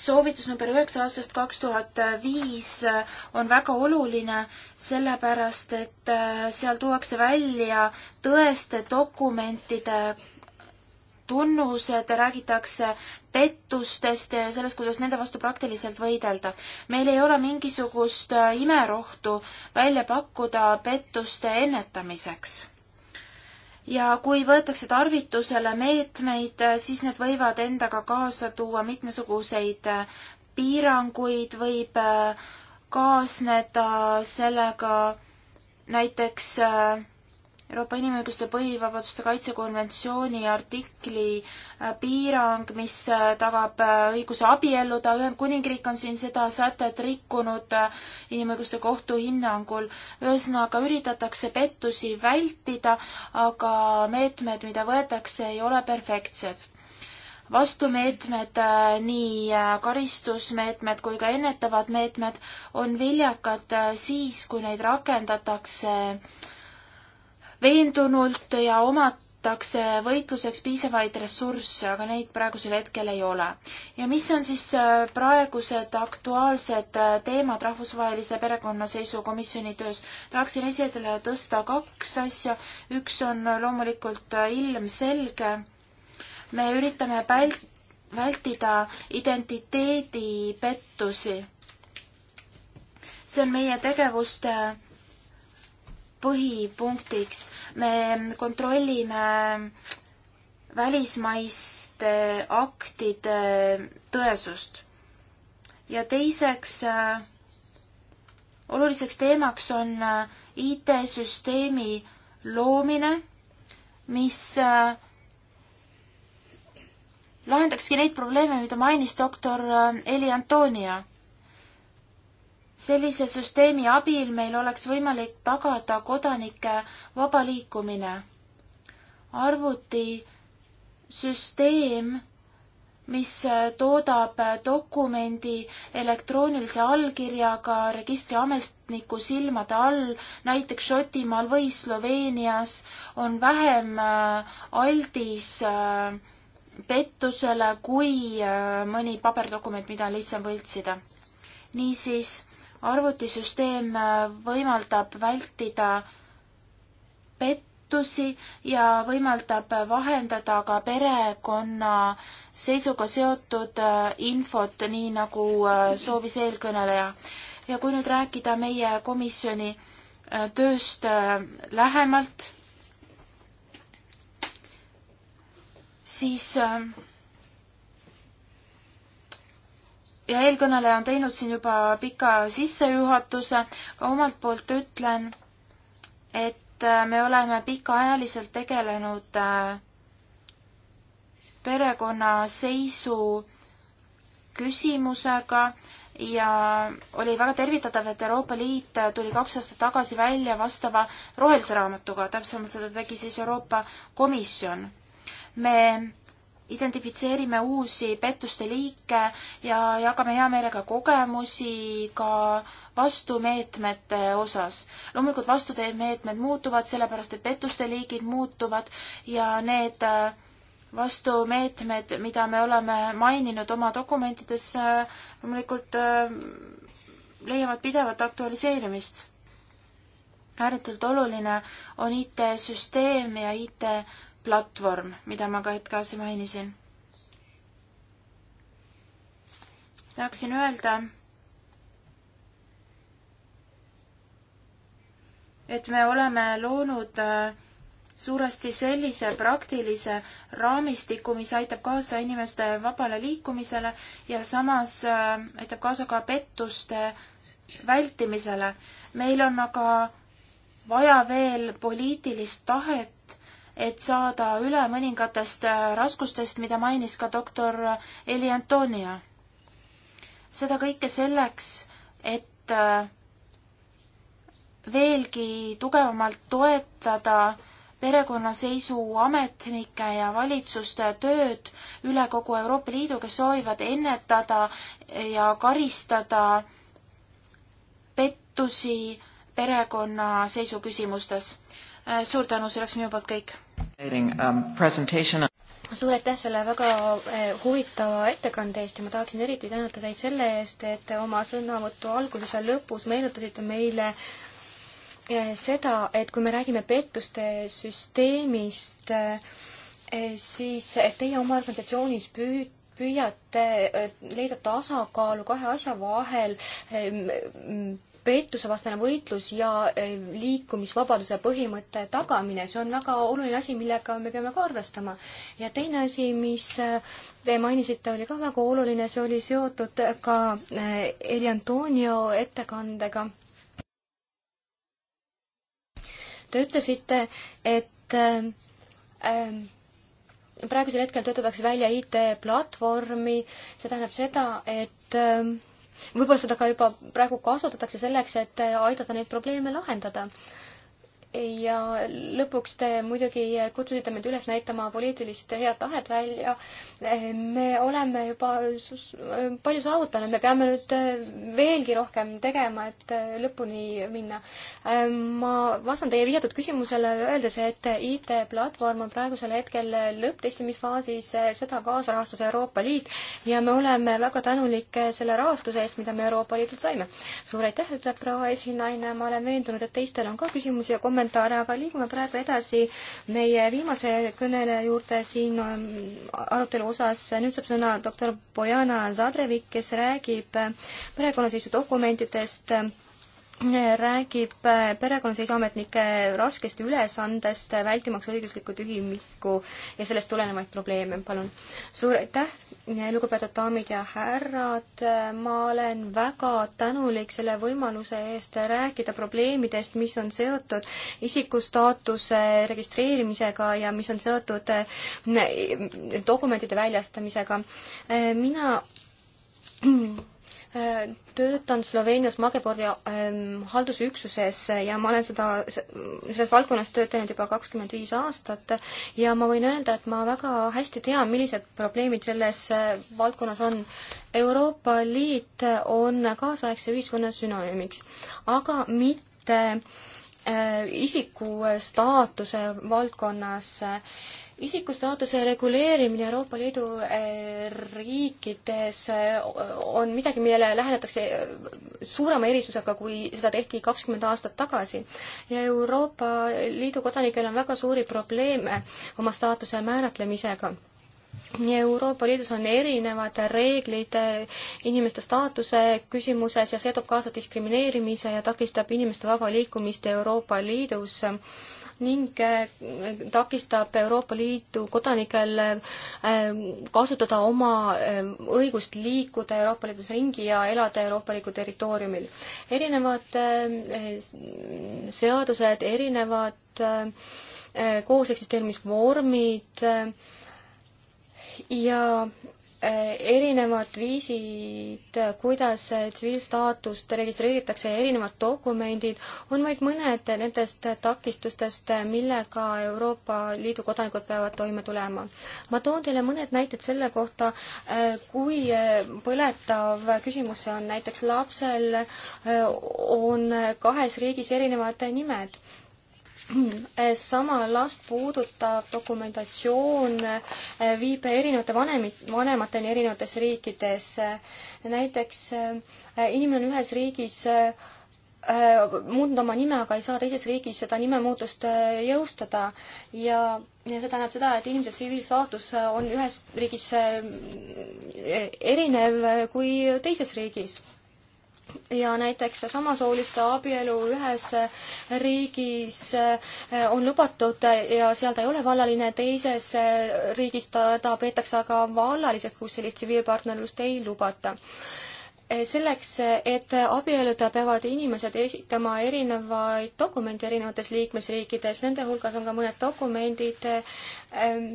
soovitus number üheksa aastast kaks tuhat viis äh, on väga oluline, sellepärast et äh, seal tuuakse välja tõeste dokumentide tunnused, räägitakse pettustest ja sellest, kuidas nende vastu praktiliselt võidelda. meil ei ole mingisugust äh, imerohtu välja pakkuda pettuste ennetamiseks. ja kui võetakse tarvitusele meetmeid, äh, siis need võivad endaga kaasa tuua mitmesuguseid äh, piiranguid, võib kaasneda sellega näiteks äh, Euroopa Inimõiguste põhivabaduste kaitsekonventsiooni artikli äh, piirang, mis äh, tagab äh, õiguse abielluda. Ühendkuningriik on siin seda sätet rikkunud Inimõiguste Kohtu hinnangul. ühesõnaga, üritatakse pettusi vältida, aga meetmed, mida võetakse, ei ole perfektsed vastumeetmed, nii karistusmeetmed kui ka ennetavad meetmed on viljakad siis, kui neid rakendatakse äh, veendunult ja omatakse võitluseks piisavaid ressursse, aga neid praegusel hetkel ei ole. ja mis on siis äh, praegused aktuaalsed äh, teemad rahvusvahelise perekonnaseisukomisjoni töös? tahaksin esile tõsta kaks asja, üks on loomulikult äh, ilmselge, me üritame pält-, vältida identiteedipettusi. see on meie tegevuste põhipunktiks. me kontrollime välismaiste aktide tõesust. ja teiseks oluliseks teemaks on IT-süsteemi loomine, mis äh, lahendakski neid probleeme, mida mainis doktor äh, Eli Antonia sellise süsteemi abil meil oleks võimalik tagada kodanike vaba liikumine. arvutisüsteem, mis toodab dokumendi elektroonilise allkirjaga registriametniku silmade all, näiteks Šotimaal või Sloveenias, on vähem äh, aldis äh, pettusele kui äh, mõni paberdokument, mida on lihtsam võltsida niisiis arvutisüsteem äh, võimaldab vältida pettusi ja võimaldab äh, vahendada ka perekonna seisuga seotud äh, infot, nii nagu soovis eelkõneleja. ja kui nüüd rääkida meie komisjoni tööst lähemalt, siis äh, ja eelkõneleja on teinud siin juba pika sissejuhatuse, ka omalt poolt ütlen, et äh, me oleme pikaajaliselt tegelenud äh, perekonna seisu küsimusega ja oli väga tervitatav, et Euroopa Liit tuli kaks aastat tagasi välja vastava rohelise raamatuga, täpsemalt seda tegi siis Euroopa Komisjon. me identifitseerime uusi pettuste liike ja jagame hea meelega kogemusi ka vastumeetmete osas. loomulikult vastumeetmed muutuvad, sellepärast et pettuste liigid muutuvad ja need äh, vastumeetmed, mida me oleme maininud oma dokumentides, äh, loomulikult äh, leiavad pidevat aktualiseerimist. ääretult oluline on IT-süsteem ja IT platvorm, mida ma ka hetk tagasi mainisin. tahaksin öelda, et me oleme loonud äh, suuresti sellise praktilise raamistiku, mis aitab kaasa inimeste vabale liikumisele ja samas äh, aitab kaasa ka pettuste vältimisele. meil on aga vaja veel poliitilist tahet et saada üle mõningatest äh, raskustest, mida mainis ka doktor Eli Antonia. seda kõike selleks, et äh, veelgi tugevamalt toetada perekonnaseisu ametnike ja valitsuste tööd üle kogu Euroopa Liidu, kes soovivad ennetada ja karistada pettusi perekonnaseisu küsimustes. Äh, suur tänu, see oleks minu poolt kõik Um, suur aitäh selle väga eh, huvitava ettekande eest ja ma tahaksin eriti tänada teid selle eest, et te oma sõnavõtu alguses ja lõpus meenutasite meile eh, seda, et kui me räägime pettuste süsteemist, eh, siis teie oma organisatsioonis püüd-, püüate leida tasakaalu kahe asja vahel pettusevastane võitlus ja eh, liikumisvabaduse põhimõtte tagamine, see on väga oluline asi, millega me peame ka arvestama. ja teine asi, mis eh, te mainisite, oli ka väga oluline, see oli seotud eh, ka Eri Antonio ettekandega. Te ütlesite, et ähm, praegusel hetkel töötatakse välja IT-platvormi, see tähendab seda, et ähm, võib-olla seda ka juba praegu kasutatakse selleks, et aidata neid probleeme lahendada ja lõpuks te muidugi kutsusite meid üles näitama poliitilist head tahet välja. me oleme juba palju saavutanud, me peame nüüd eh, veelgi rohkem tegema, et eh, lõpuni minna. Ähm, ma vastan teie viidatud küsimusele, öeldes, et IT-platvorm on praegusel hetkel lõpptestimisfaasis, eh, seda kaasrahastas Euroopa Liit ja me oleme väga tänulik selle rahastuse eest, mida me Euroopa Liidult saime. suur aitäh, ütleb proua esinaine, ma olen veendunud, et teistel on ka küsimusi ja kommentaare kommentaare, aga liigume praegu edasi meie viimase kõneleja juurde siin ähm, arutelu osas. nüüd saab sõna doktor Bojana Zadrevik, kes räägib äh, perekonnaseisu dokumentidest räägib äh, perekonnaseisuametnike raskest ülesandest, äh, vältimaks õiguslikku tühimikku ja sellest tulenevaid probleeme, palun. suur aitäh, lugupeetud daamid ja härrad, ma olen väga tänulik selle võimaluse eest rääkida probleemidest, mis on seotud isikustaatuse registreerimisega ja mis on seotud äh, dokumentide väljastamisega. mina töötan Sloveenias Magdeburgi ähm, haldusüksuses ja ma olen seda, selles valdkonnas tööd teinud juba kakskümmend viis aastat ja ma võin öelda, et ma väga hästi tean, millised probleemid selles äh, valdkonnas on. Euroopa Liit on kaasaegse ühiskonna sünonüümiks, aga mitte äh, isiku staatuse valdkonnas äh, isikustaatuse reguleerimine Euroopa Liidu eh, riikides eh, on midagi, millele lähenetakse eh, suurema erisusega, kui seda tehti kakskümmend aastat tagasi. ja Euroopa Liidu kodanikel on väga suuri probleeme oma staatuse määratlemisega Euroopa Liidus on erinevad reeglid inimeste staatuse küsimuses ja see toob kaasa diskrimineerimise ja takistab inimeste vaba liikumist Euroopa Liidus ning äh, takistab Euroopa Liidu kodanikel äh, kasutada oma äh, õigust liikuda Euroopa Liidus ringi ja elada Euroopa Liidu territooriumil. erinevad seadused, erinevad kooseksisteerimisvormid ja Äh, erinevad viisid, kuidas tsiviilstaatust registreeritakse ja erinevad dokumendid, on vaid mõned nendest takistustest, millega Euroopa Liidu kodanikud peavad toime tulema. ma toon teile mõned näited selle kohta, äh, kui äh, põletav küsimus see on, näiteks lapsel on kahes riigis erinevad nimed Eh, sama last puudutav dokumentatsioon eh, viib erinevate vanemid, vanemateni erinevates riikides. näiteks eh, inimene on ühes riigis muutnud oma nime, aga ei saa teises riigis seda nimemuutust jõustada ja, ja see tähendab seda, et inimese tsiviilsaatus on ühes riigis erinev kui teises riigis ja näiteks samasooliste abielu ühes riigis eh, on lubatud ja seal ta ei ole vallaline, teises eh, riigis ta, ta peetakse aga vallaliseks, kus sellist tsiviilpartnerlust ei lubata eh, selleks, et abielluda, peavad inimesed esitama erinevaid dokumente erinevates liikmesriikides, nende hulgas on ka mõned dokumendid ähm,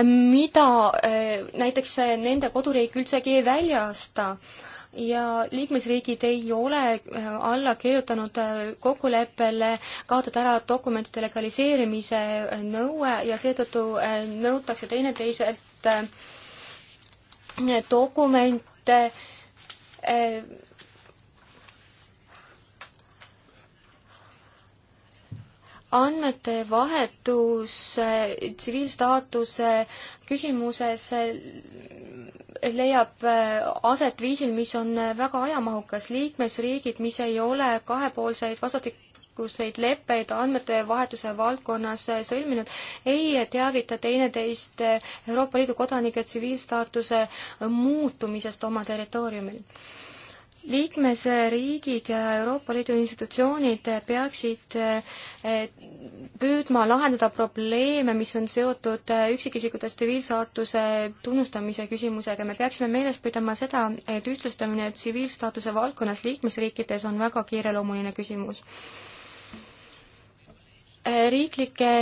mida äh, näiteks äh, nende koduriik üldsegi ei väljasta ja liikmesriigid ei ole äh, alla kirjutanud kokkuleppele kaotada ära dokumentide legaliseerimise nõue ja seetõttu nõutakse teineteiselt dokumente andmete vahetus eh, tsiviilstaatuse küsimuses eh, leiab eh, aset viisil, mis on väga ajamahukas. liikmesriigid, mis ei ole kahepoolseid vastutik-, mitmesuguseid leppeid andmetevahetuse valdkonnas sõlminud, ei teavita teineteist Euroopa Liidu kodanike tsiviilstaatuse muutumisest oma territooriumil liikmesriigid ja Euroopa Liidu institutsioonid peaksid eh, püüdma lahendada probleeme, mis on seotud eh, üksikisikute tsiviilsaatuse tunnustamise küsimusega. me peaksime meeles pidama seda, et ühtlustamine tsiviilstaatuse valdkonnas liikmesriikides on väga kiireloomuline küsimus eh, riiklike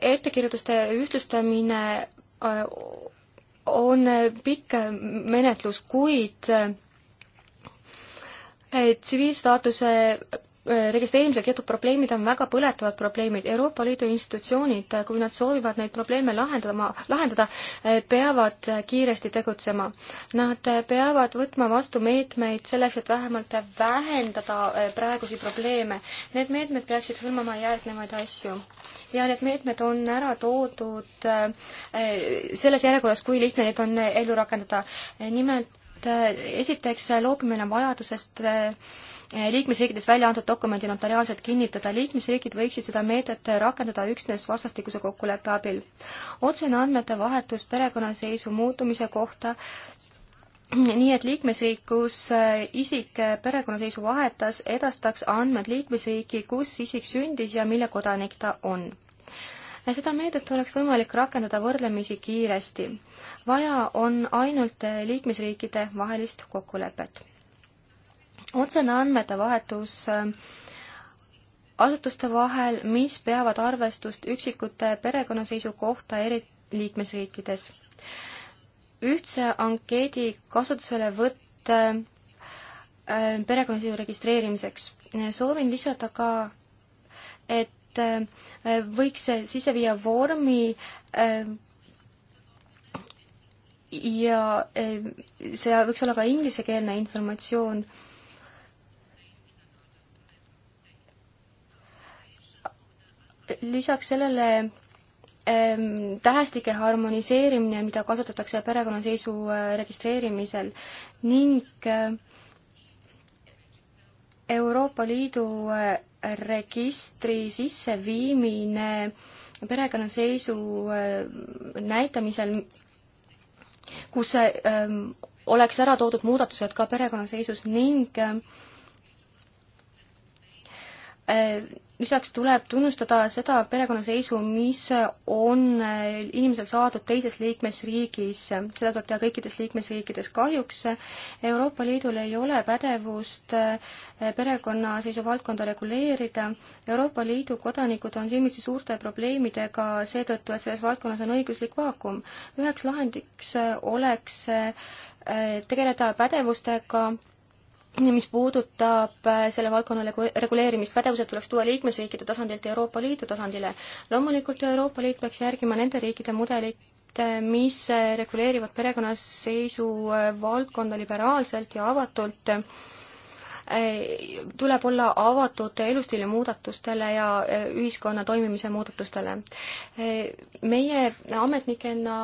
ettekirjutuste ühtlustamine on pikk menetlus, kuid tsiviilstaatuse äh, registreerimisega teatud probleemid on väga põletavad probleemid. Euroopa Liidu institutsioonid, äh, kui nad soovivad neid probleeme lahendama, lahendada, äh, peavad kiiresti tegutsema. Nad peavad võtma vastu meetmeid selleks, et vähemalt vähendada praegusi probleeme. Need meetmed peaksid hõlmama järgnevaid asju. ja need meetmed on ära toodud selles järjekorras, kui lihtne neid on ellu rakendada. nimelt et äh, esiteks äh, loobumine vajadusest äh, liikmesriikides välja antud dokumendi notariaalselt kinnitada, liikmesriigid võiksid seda meedet rakendada üksnes vastastikuse kokkuleppe abil. otsene andmete vahetus perekonnaseisu muutumise kohta nii et liikmesriik, kus isik perekonnaseisu vahetas, edastaks andmed liikmesriiki, kus isik sündis ja mille kodanik ta on seda meedet oleks võimalik rakendada võrdlemisi kiiresti. vaja on ainult liikmesriikide vahelist kokkulepet. otsene andmete vahetus äh, asutuste vahel, mis peavad arvestust üksikute perekonnaseisukohta eri liikmesriikides. ühtse ankeedi kasutuselevõtt äh, perekonnaseisu registreerimiseks. soovin lisada ka, et et äh, võiks sisse viia vormi äh, ja äh, see võiks olla ka inglisekeelne informatsioon lisaks sellele ähm, tähestike harmoniseerimine, mida kasutatakse perekonnaseisu äh, registreerimisel ning äh, Euroopa Liidu äh, registri sisseviimine perekonnaseisu äh, näitamisel, kus äh, ähm, oleks ära toodud muudatused ka perekonnaseisus ning äh, Äh, lisaks tuleb tunnustada seda perekonnaseisu, mis on äh, inimesel saadud teises liikmesriigis, seda tuleb teha kõikides liikmesriikides. kahjuks Euroopa Liidul ei ole pädevust äh, perekonnaseisu valdkonda reguleerida. Euroopa Liidu kodanikud on silmitsi suurte probleemidega seetõttu, et selles valdkonnas on õiguslik vaakum. üheks lahendiks oleks tegeleda pädevustega mis puudutab äh, selle valdkonna reguleerimist, pädevused tuleks tuua liikmesriikide tasandilt Euroopa Liidu tasandile. loomulikult Euroopa Liit peaks järgima nende riikide mudelit, äh, mis äh, reguleerivad perekonnaseisu valdkonda liberaalselt ja avatult, tuleb olla avatud elustiili muudatustele ja ühiskonna toimimise muudatustele. meie ametnikena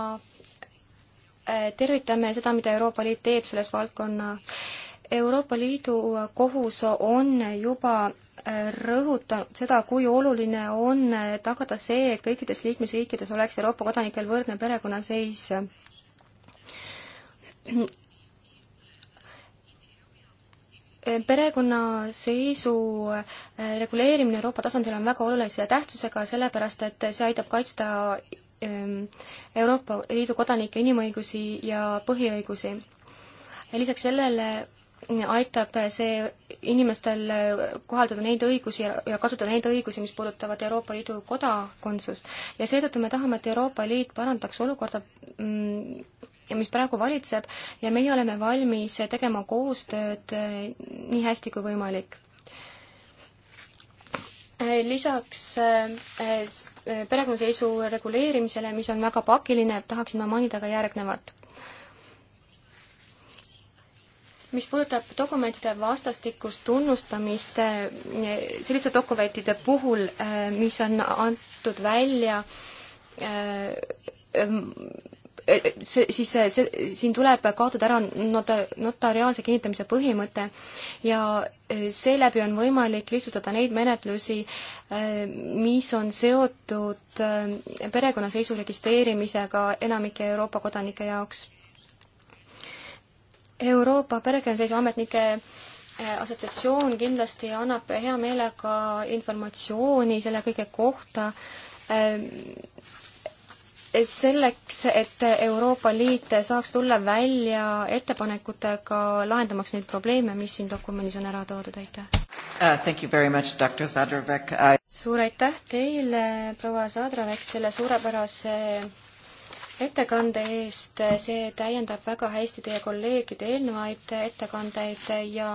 tervitame seda, mida Euroopa Liit teeb selles valdkonna Euroopa Liidu kohus on juba äh, rõhutanud seda, kui oluline on äh, tagada see, et kõikides liikmesriikides oleks Euroopa kodanikel võrdne perekonnaseis. Äh, perekonnaseisu reguleerimine Euroopa tasandil on väga olulise tähtsusega, sellepärast et see aitab kaitsta ähm, Euroopa Liidu kodanike inimõigusi ja põhiõigusi lisaks sellele aitab see inimestel kohaldada neid õigusi ja, ja kasutada neid õigusi, mis puudutavad Euroopa Liidu kodakondsust. ja seetõttu me tahame, et Euroopa Liit parandaks olukorda mm, mis praegu valitseb ja meie oleme valmis tegema koostööd eh, nii hästi kui võimalik. Eh, lisaks eh, perekonnaseislu reguleerimisele, mis on väga pakiline, tahaksin ma mainida ka järgnevat mis puudutab dokumentide vastastikust tunnustamist selliste dokumentide puhul, äh, mis on antud välja äh, äh, see, siis see, see, siin tuleb kaotada ära nota-, notariaalse kinnitamise põhimõte ja seeläbi on võimalik lihtsustada neid menetlusi, mis on seotud perekonnaseisuregistreerimisega enamike Euroopa kodanike jaoks. Euroopa Perekonnaseisu-ametnike eh, assotsiatsioon kindlasti annab hea meelega informatsiooni selle kõige kohta ehm, selleks, et Euroopa Liit saaks tulla välja ettepanekutega, lahendamaks neid probleeme, mis siin dokumendis on ära toodud, aitäh uh,! I... suur aitäh teile, proua Sadravek, selle suurepärase ettekande eest, see täiendab väga hästi teie kolleegide eelnevaid ettekandeid ja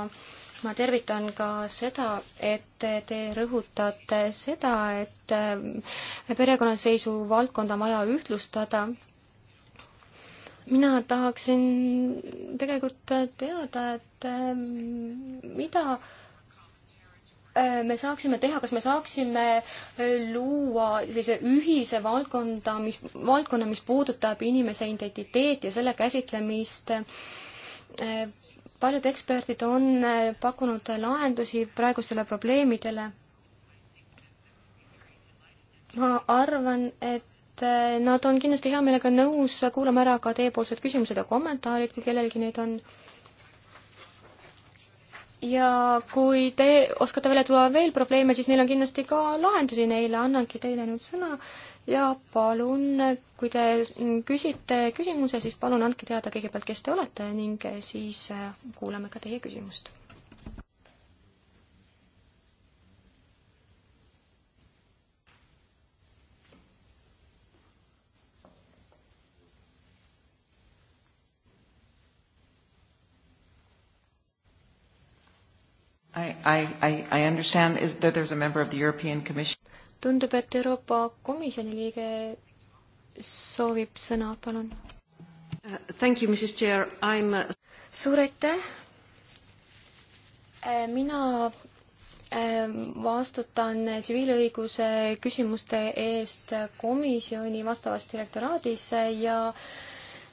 ma tervitan ka seda, et te rõhutate seda, et äh, perekonnaseisu valdkonda on vaja ühtlustada. mina tahaksin tegelikult teada, et äh, mida äh, Äh, me saaksime teha, kas me saaksime äh, luua sellise ühise valdkonda, mis, valdkonna, mis puudutab inimese identiteeti ja selle käsitlemist. Äh, paljud eksperdid on pakkunud lahendusi praegustele probleemidele. ma arvan, et nad on kindlasti hea meelega nõus kuulama ära ka teiepoolsed küsimused ja kommentaarid, kui kellelgi neid on ja kui te oskate välja tuua veel probleeme, siis neil on kindlasti ka lahendusi neile, annangi teile nüüd sõna ja palun, kui te küsite küsimuse, siis palun andke teada kõigepealt, kes te olete ning siis kuulame ka teie küsimust. I, I, I understand is that there's a member of the European Commission. tundub, et Euroopa Komisjoni liige soovib sõna, palun uh,. Thank you, Mrs Chair, I am uh, suur aitäh. Uh, mina um, vastutan tsiviilõiguse küsimuste eest komisjoni vastavas direktoraadis ja äh,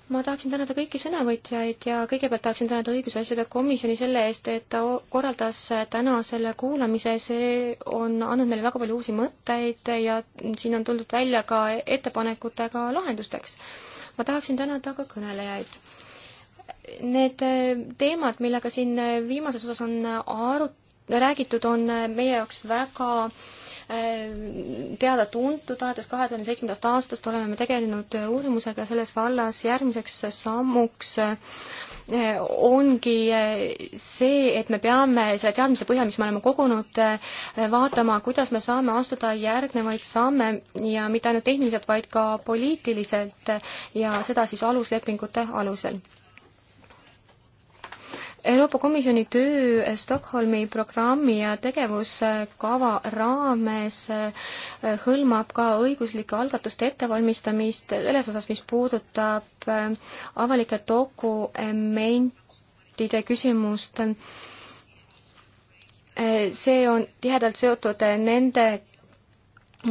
ma tahaksin tänada kõiki sõnavõtjaid ja kõigepealt tahaksin tänada õigusasjade komisjoni selle eest, et ta korraldas täna selle kuulamise, see on andnud meile väga palju uusi mõtteid ja siin on tuldud välja ka ettepanekutega lahendusteks. ma tahaksin tänada ka kõnelejaid. Need äh, teemad, millega siin äh, viimases osas on arut-, räägitud, on äh, meie jaoks väga äh, Ehm, teada-tuntud, alates kahe tuhande seitsmendast aastast oleme me tegelenud äh, uurimusega selles vallas, järgmiseks äh, sammuks äh, ongi see, et me peame selle teadmise põhjal, mis me oleme kogunud, vaatama, kuidas me saame astuda järgnevaid samme ja mitte ainult tehniliselt, vaid ka poliitiliselt ja seda siis aluslepingute alusel Euroopa Komisjoni töö Stockholmi programmi ja tegevuskava raames äh, hõlmab ka õiguslike algatuste ettevalmistamist selles osas, mis puudutab äh, avalike dokumentide küsimust. Äh, see on tihedalt seotud nende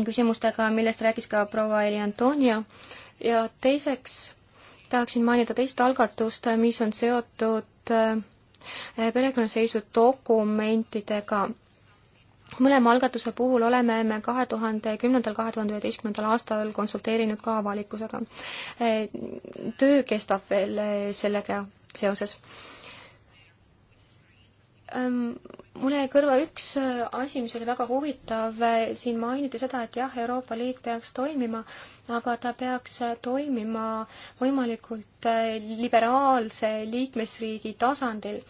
küsimustega, millest rääkis ka proua Eli Antonia ja teiseks tahaksin mainida teist algatust, mis on seotud Eh, perekonnaseisudokumentidega. mõlema algatuse puhul oleme me kahe tuhande kümnendal, kahe tuhande üheteistkümnendal aastal konsulteerinud ka avalikkusega. Eh, töö kestab veel eh, sellega seoses mul jäi kõrva üks äh, asi, mis oli väga huvitav, äh, siin mainiti seda, et jah, Euroopa Liit peaks toimima, aga ta peaks äh, toimima võimalikult liberaalse liikmesriigi tasandil.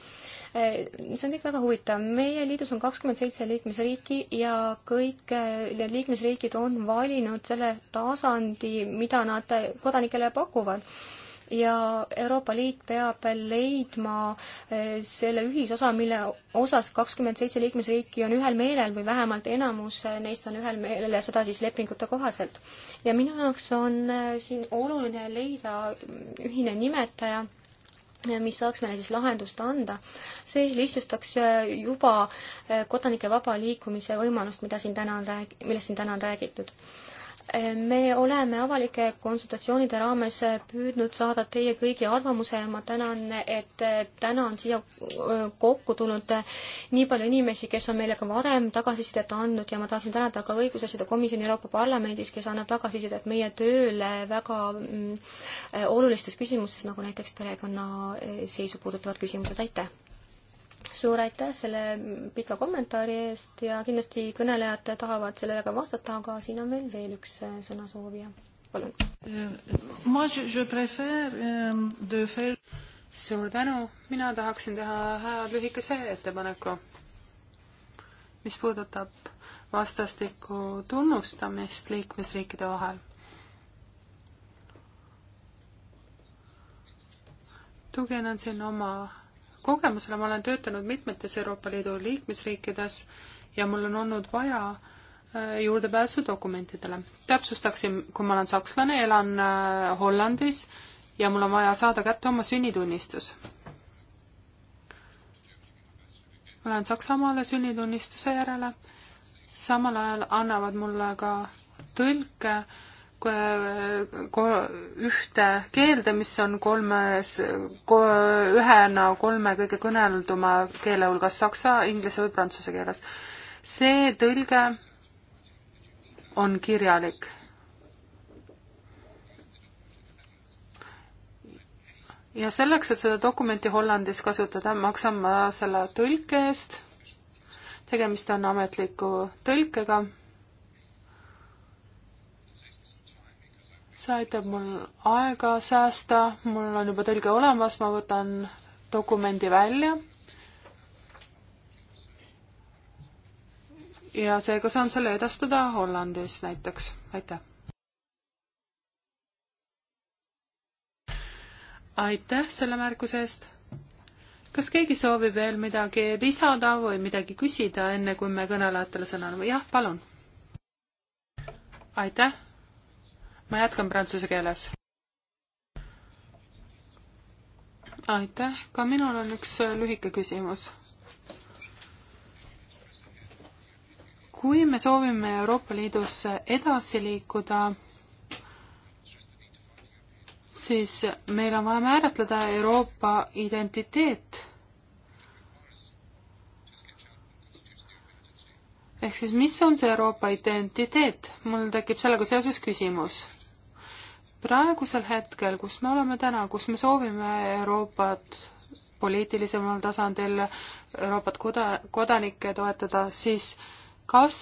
see on kõik väga huvitav, meie liidus on kakskümmend seitse liikmesriiki ja kõik need liikmesriigid on valinud selle tasandi, mida nad kodanikele pakuvad ja Euroopa Liit peab leidma eh, selle ühisosa, mille osas kakskümmend seitse liikmesriiki on ühel meelel või vähemalt enamus eh, neist on ühel meelel ja seda siis lepingute kohaselt. ja minu jaoks on eh, siin oluline leida ühine nimetaja mis saaks meile siis lahendust anda. see lihtsustaks juba kodanike vaba liikumise võimalust, mida siin täna on rääg-, millest siin täna on räägitud me oleme avalike konsultatsioonide raames püüdnud saada teie kõigi arvamuse ja ma tänan, et täna on siia kokku tulnud nii palju inimesi, kes on meile ka varem tagasisidet andnud ja ma tahaksin tänada ka õigusasjade komisjoni Euroopa Parlamendis, kes annab tagasisidet meie tööle väga mm, olulistes küsimustes, nagu näiteks perekonna eh, seisu puudutavad küsimused, aitäh! suur aitäh selle pika kommentaari eest ja kindlasti kõnelejad tahavad sellele ka vastata, aga siin on veel veel üks äh, sõnasoovija. palun. Äh, ähm, suur tänu, mina tahaksin teha lühikese ettepaneku, mis puudutab vastastikku tunnustamist liikmesriikide vahel. tuginen siin oma kogemusele, ma olen töötanud mitmetes Euroopa Liidu liikmesriikides ja mul on olnud vaja äh, juurdepääsu dokumentidele. täpsustaksin, kui ma olen sakslane, elan äh, Hollandis ja mul on vaja saada kätte oma sünnitunnistus. ma lähen Saksamaale sünnitunnistuse järele, samal ajal annavad mulle ka tõlke äh, Äh, ühte keelde, mis on kolmes, ühena kolme kõige kõnelduma keele hulgas saksa, inglise või prantsuse keeles. see tõlge on kirjalik. ja selleks, et seda dokumenti Hollandis kasutada, maksan ma selle tõlke eest. tegemist on ametliku tõlkega see aitab mul aega säästa, mul on juba tõlge olemas, ma võtan dokumendi välja. ja seega saan selle edastada Hollandis näiteks, aitäh. aitäh selle märkuse eest. kas keegi soovib veel midagi lisada või midagi küsida, enne kui me kõnelejatele sõna anname? jah, palun. aitäh ma jätkan prantsuse keeles. aitäh, ka minul on üks äh, lühike küsimus. kui me soovime Euroopa Liidus äh, edasi liikuda, siis meil on vaja määratleda Euroopa identiteet. ehk siis, mis on see Euroopa identiteet? mul tekib sellega seoses küsimus praegusel hetkel, kus me oleme täna, kus me soovime Euroopat poliitilisemal tasandil, Euroopat koda-, kodanikke toetada, siis kas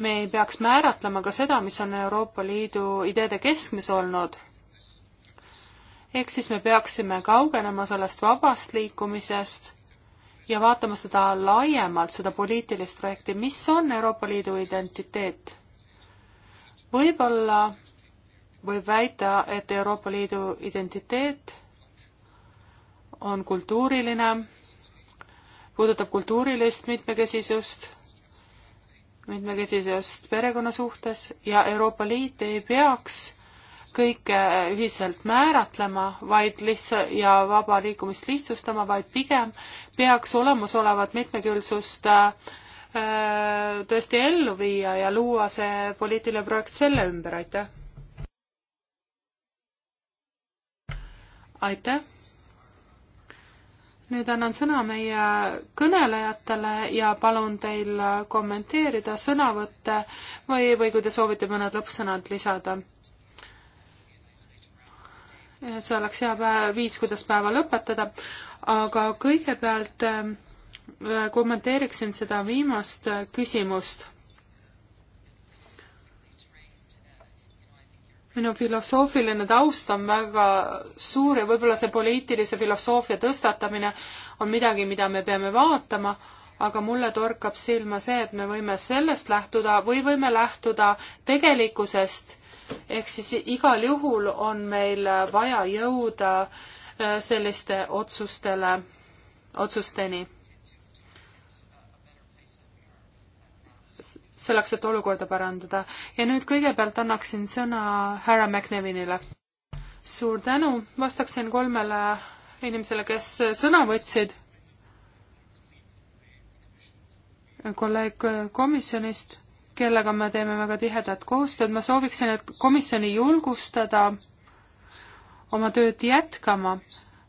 me ei peaks määratlema ka seda, mis on Euroopa Liidu ideede keskmes olnud? ehk siis me peaksime kaugenema sellest vabast liikumisest ja vaatama seda laiemalt, seda poliitilist projekti, mis on Euroopa Liidu identiteet võib-olla võib väita, et Euroopa Liidu identiteet on kultuuriline, puudutab kultuurilist mitmekesisust, mitmekesisust perekonna suhtes ja Euroopa Liit ei peaks kõike ühiselt määratlema, vaid lihtsa- ja vaba liikumist lihtsustama, vaid pigem peaks olemasolevat mitmekülsust äh, tõesti ellu viia ja luua see poliitiline projekt selle ümber, aitäh! aitäh! nüüd annan sõna meie kõnelejatele ja palun teil kommenteerida sõnavõtte või, või kui te soovite mõned lõppsõnad lisada. see oleks hea päev, viis, kuidas päeva lõpetada, aga kõigepealt äh, kommenteeriksin seda viimast äh, küsimust minu filosoofiline taust on väga suur ja võib-olla see poliitilise filosoofia tõstatamine on midagi, mida me peame vaatama, aga mulle torkab silma see, et me võime sellest lähtuda või võime lähtuda tegelikkusest, ehk siis igal juhul on meil vaja jõuda äh, selliste otsustele, otsusteni selleks, et olukorda parandada. ja nüüd kõigepealt annaksin sõna härra McNevinile. suur tänu, vastaksin kolmele inimesele, kes sõna võtsid. kolleeg komisjonist, kellega me teeme väga tihedat koostööd, ma sooviksin, et komisjoni julgustada oma tööd jätkama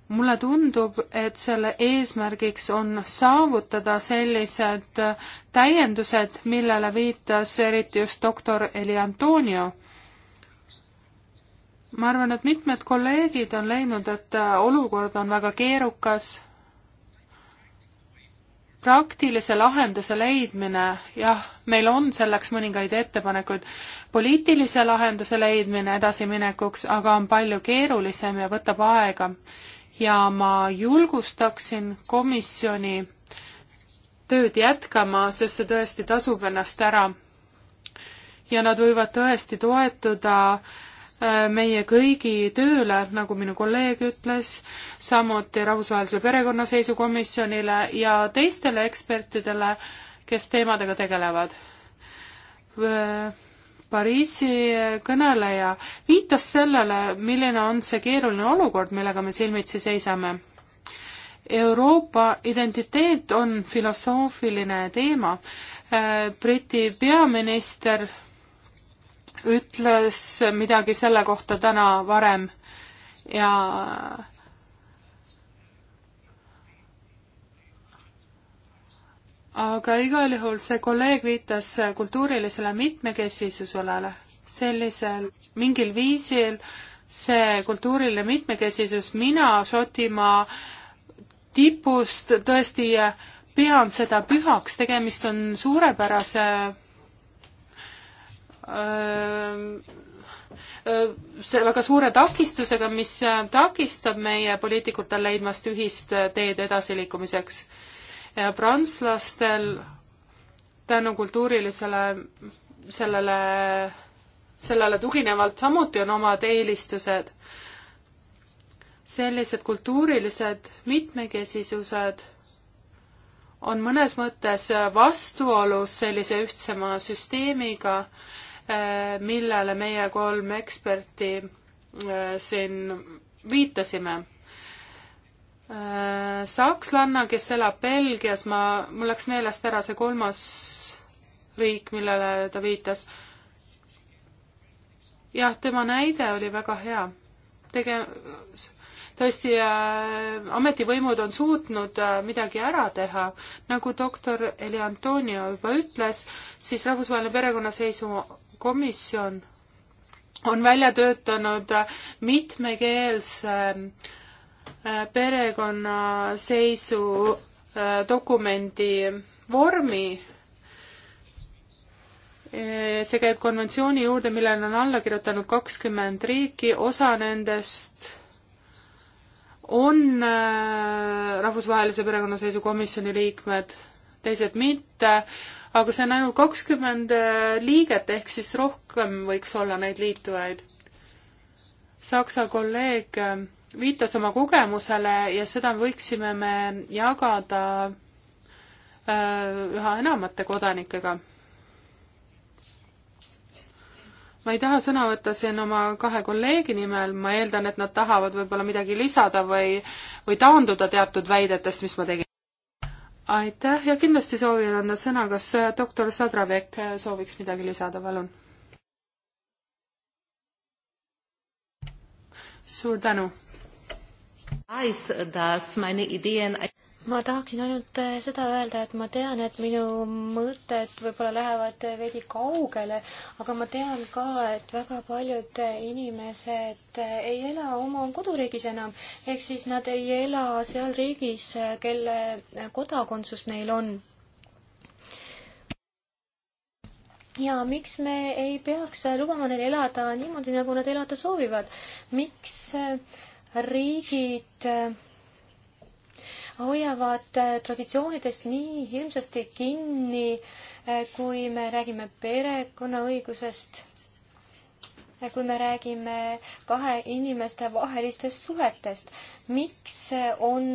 mulle tundub, et selle eesmärgiks on saavutada sellised täiendused, millele viitas eriti just doktor Eli Antonio. ma arvan, et mitmed kolleegid on leidnud, et olukord on väga keerukas. praktilise lahenduse leidmine, jah, meil on selleks mõningaid ettepanekuid, poliitilise lahenduse leidmine edasiminekuks aga on palju keerulisem ja võtab aega ja ma julgustaksin komisjoni tööd jätkama, sest see tõesti tasub ennast ära. ja nad võivad tõesti toetuda äh, meie kõigi tööle, nagu minu kolleeg ütles, samuti Rahvusvahelise Perekonnaseisukomisjonile ja teistele ekspertidele, kes teemadega tegelevad äh, Pariisi kõneleja viitas sellele, milline on see keeruline olukord, millega me silmitsi seisame. Euroopa identiteet on filosoofiline teema. Äh, Briti peaminister ütles midagi selle kohta täna varem ja aga igal juhul see kolleeg viitas kultuurilisele mitmekesisusele, sellisel mingil viisil see kultuuriline mitmekesisus, mina Šotimaa tipust tõesti pean seda pühaks, tegemist on suurepärase see väga suure takistusega, mis takistab meie poliitikutel leidmast ühist teed edasiliikumiseks prantslastel tänu kultuurilisele sellele, sellele tuginevalt samuti on omad eelistused. sellised kultuurilised mitmekesisused on mõnes mõttes vastuolus sellise ühtsema süsteemiga, eh, millele meie kolm eksperti eh, siin viitasime Äh, sakslanna, kes elab Belgias, ma, mul läks meelest ära see kolmas riik, millele ta viitas. jah, tema näide oli väga hea. tege-, tõesti äh, ametivõimud on suutnud äh, midagi ära teha. nagu doktor Eli Antonio juba ütles, siis Rahvusvaheline Perekonnaseisukomisjon on välja töötanud äh, mitmekeelse äh, perekonnaseisu äh, dokumendi vormi. Äh, see käib konventsiooni juurde, millele on alla kirjutanud kakskümmend riiki, osa nendest on äh, Rahvusvahelise Perekonnaseisu Komisjoni liikmed, teised mitte, aga see on ainult kakskümmend liiget, ehk siis rohkem võiks olla neid liitujaid. Saksa kolleeg viitas oma kogemusele ja seda võiksime me jagada äh, üha enamate kodanikega. ma ei taha sõna võtta siin oma kahe kolleegi nimel, ma eeldan, et nad tahavad võib-olla midagi lisada või, või taanduda teatud väidetest, mis ma tegin. aitäh ja kindlasti soovin anda sõna, kas äh, doktor Sadravek äh, sooviks midagi lisada, palun? suur tänu ma tahaksin ainult äh, seda öelda, et ma tean, et minu mõtted võib-olla lähevad äh, veidi kaugele, aga ma tean ka, et väga paljud äh, inimesed ei ela oma koduriigis enam, ehk siis nad ei ela seal riigis, kelle kodakondsus neil on. ja miks me ei peaks lubama neil elada niimoodi, nagu nad elada soovivad? miks äh, riigid äh, hoiavad äh, traditsioonidest nii hirmsasti kinni, äh, kui me räägime perekonnaõigusest, kui me räägime kahe inimeste vahelistest suhetest. miks on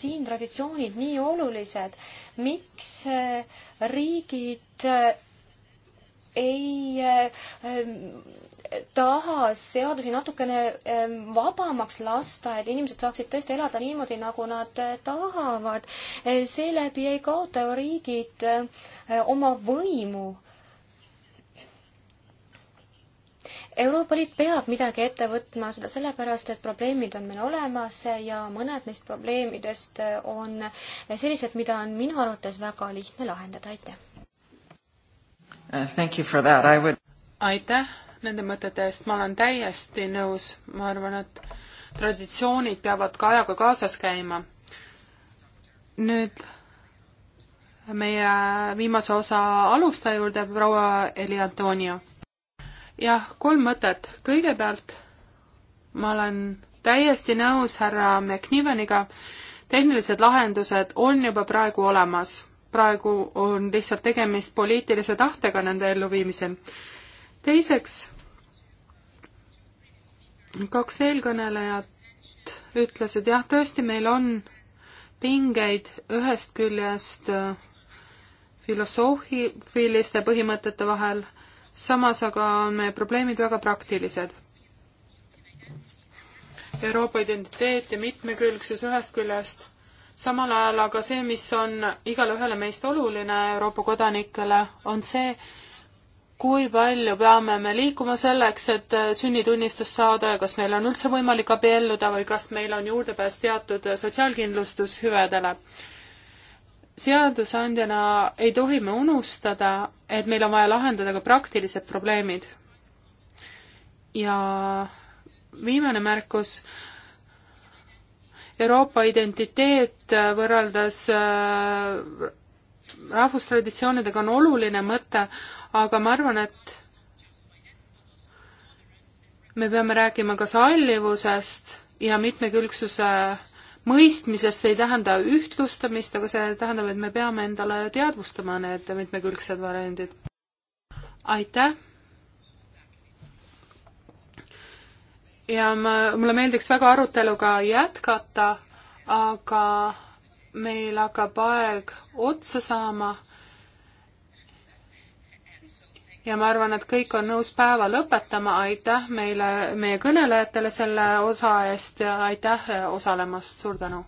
siin traditsioonid nii olulised? miks riigid ei tahas seadusi natukene ehm, vabamaks lasta, et inimesed saaksid tõesti elada niimoodi, nagu nad eh, tahavad. Eh, seeläbi ei kaota ju riigid eh, oma võimu. Euroopa Liit peab midagi ette võtma, seda sellepärast, et probleemid on meil olemas ja mõned neist probleemidest on sellised, mida on minu arvates väga lihtne lahendada, aitäh! Uh, thank you for that, I would aitäh, nende mõtete eest, ma olen täiesti nõus, ma arvan, et traditsioonid peavad ka ajaga kaasas käima. nüüd meie viimase osa alustaja juurde, proua Heli Antonio. jah, kolm mõtet. kõigepealt ma olen täiesti nõus härra McNiveniga, tehnilised lahendused on juba praegu olemas. praegu on lihtsalt tegemist poliitilise tahtega nende elluviimisel. teiseks, kaks eelkõnelejat ütlesid, jah, tõesti, meil on pingeid ühest küljest äh, filosoofiliste põhimõtete vahel, samas aga on meie probleemid väga praktilised. Euroopa identiteet ja mitmekülgsus ühest küljest, samal ajal aga see, mis on igale ühele meist oluline Euroopa kodanikele, on see, kui palju peame me liikuma selleks, et äh, sünnitunnistust saada ja kas meil on üldse võimalik abielluda või kas meil on juurdepääs teatud äh, sotsiaalkindlustushüvedele. seadusandjana ei tohi me unustada, et meil on vaja lahendada ka praktilised probleemid. ja viimane märkus Euroopa identiteet äh, võrreldes rahvustraditsioonidega on oluline mõte, aga ma arvan, et me peame rääkima ka sallivusest ja mitmekülgsuse mõistmisest, see ei tähenda ühtlustamist, aga see tähendab, et me peame endale teadvustama need mitmekülgsed variandid. aitäh! ja ma, mulle meeldiks väga aruteluga jätkata, aga meil hakkab aeg otsa saama ja ma arvan, et kõik on nõus päeva lõpetama, aitäh meile, meie kõnelejatele selle osa eest ja aitäh osalemast, suur tänu!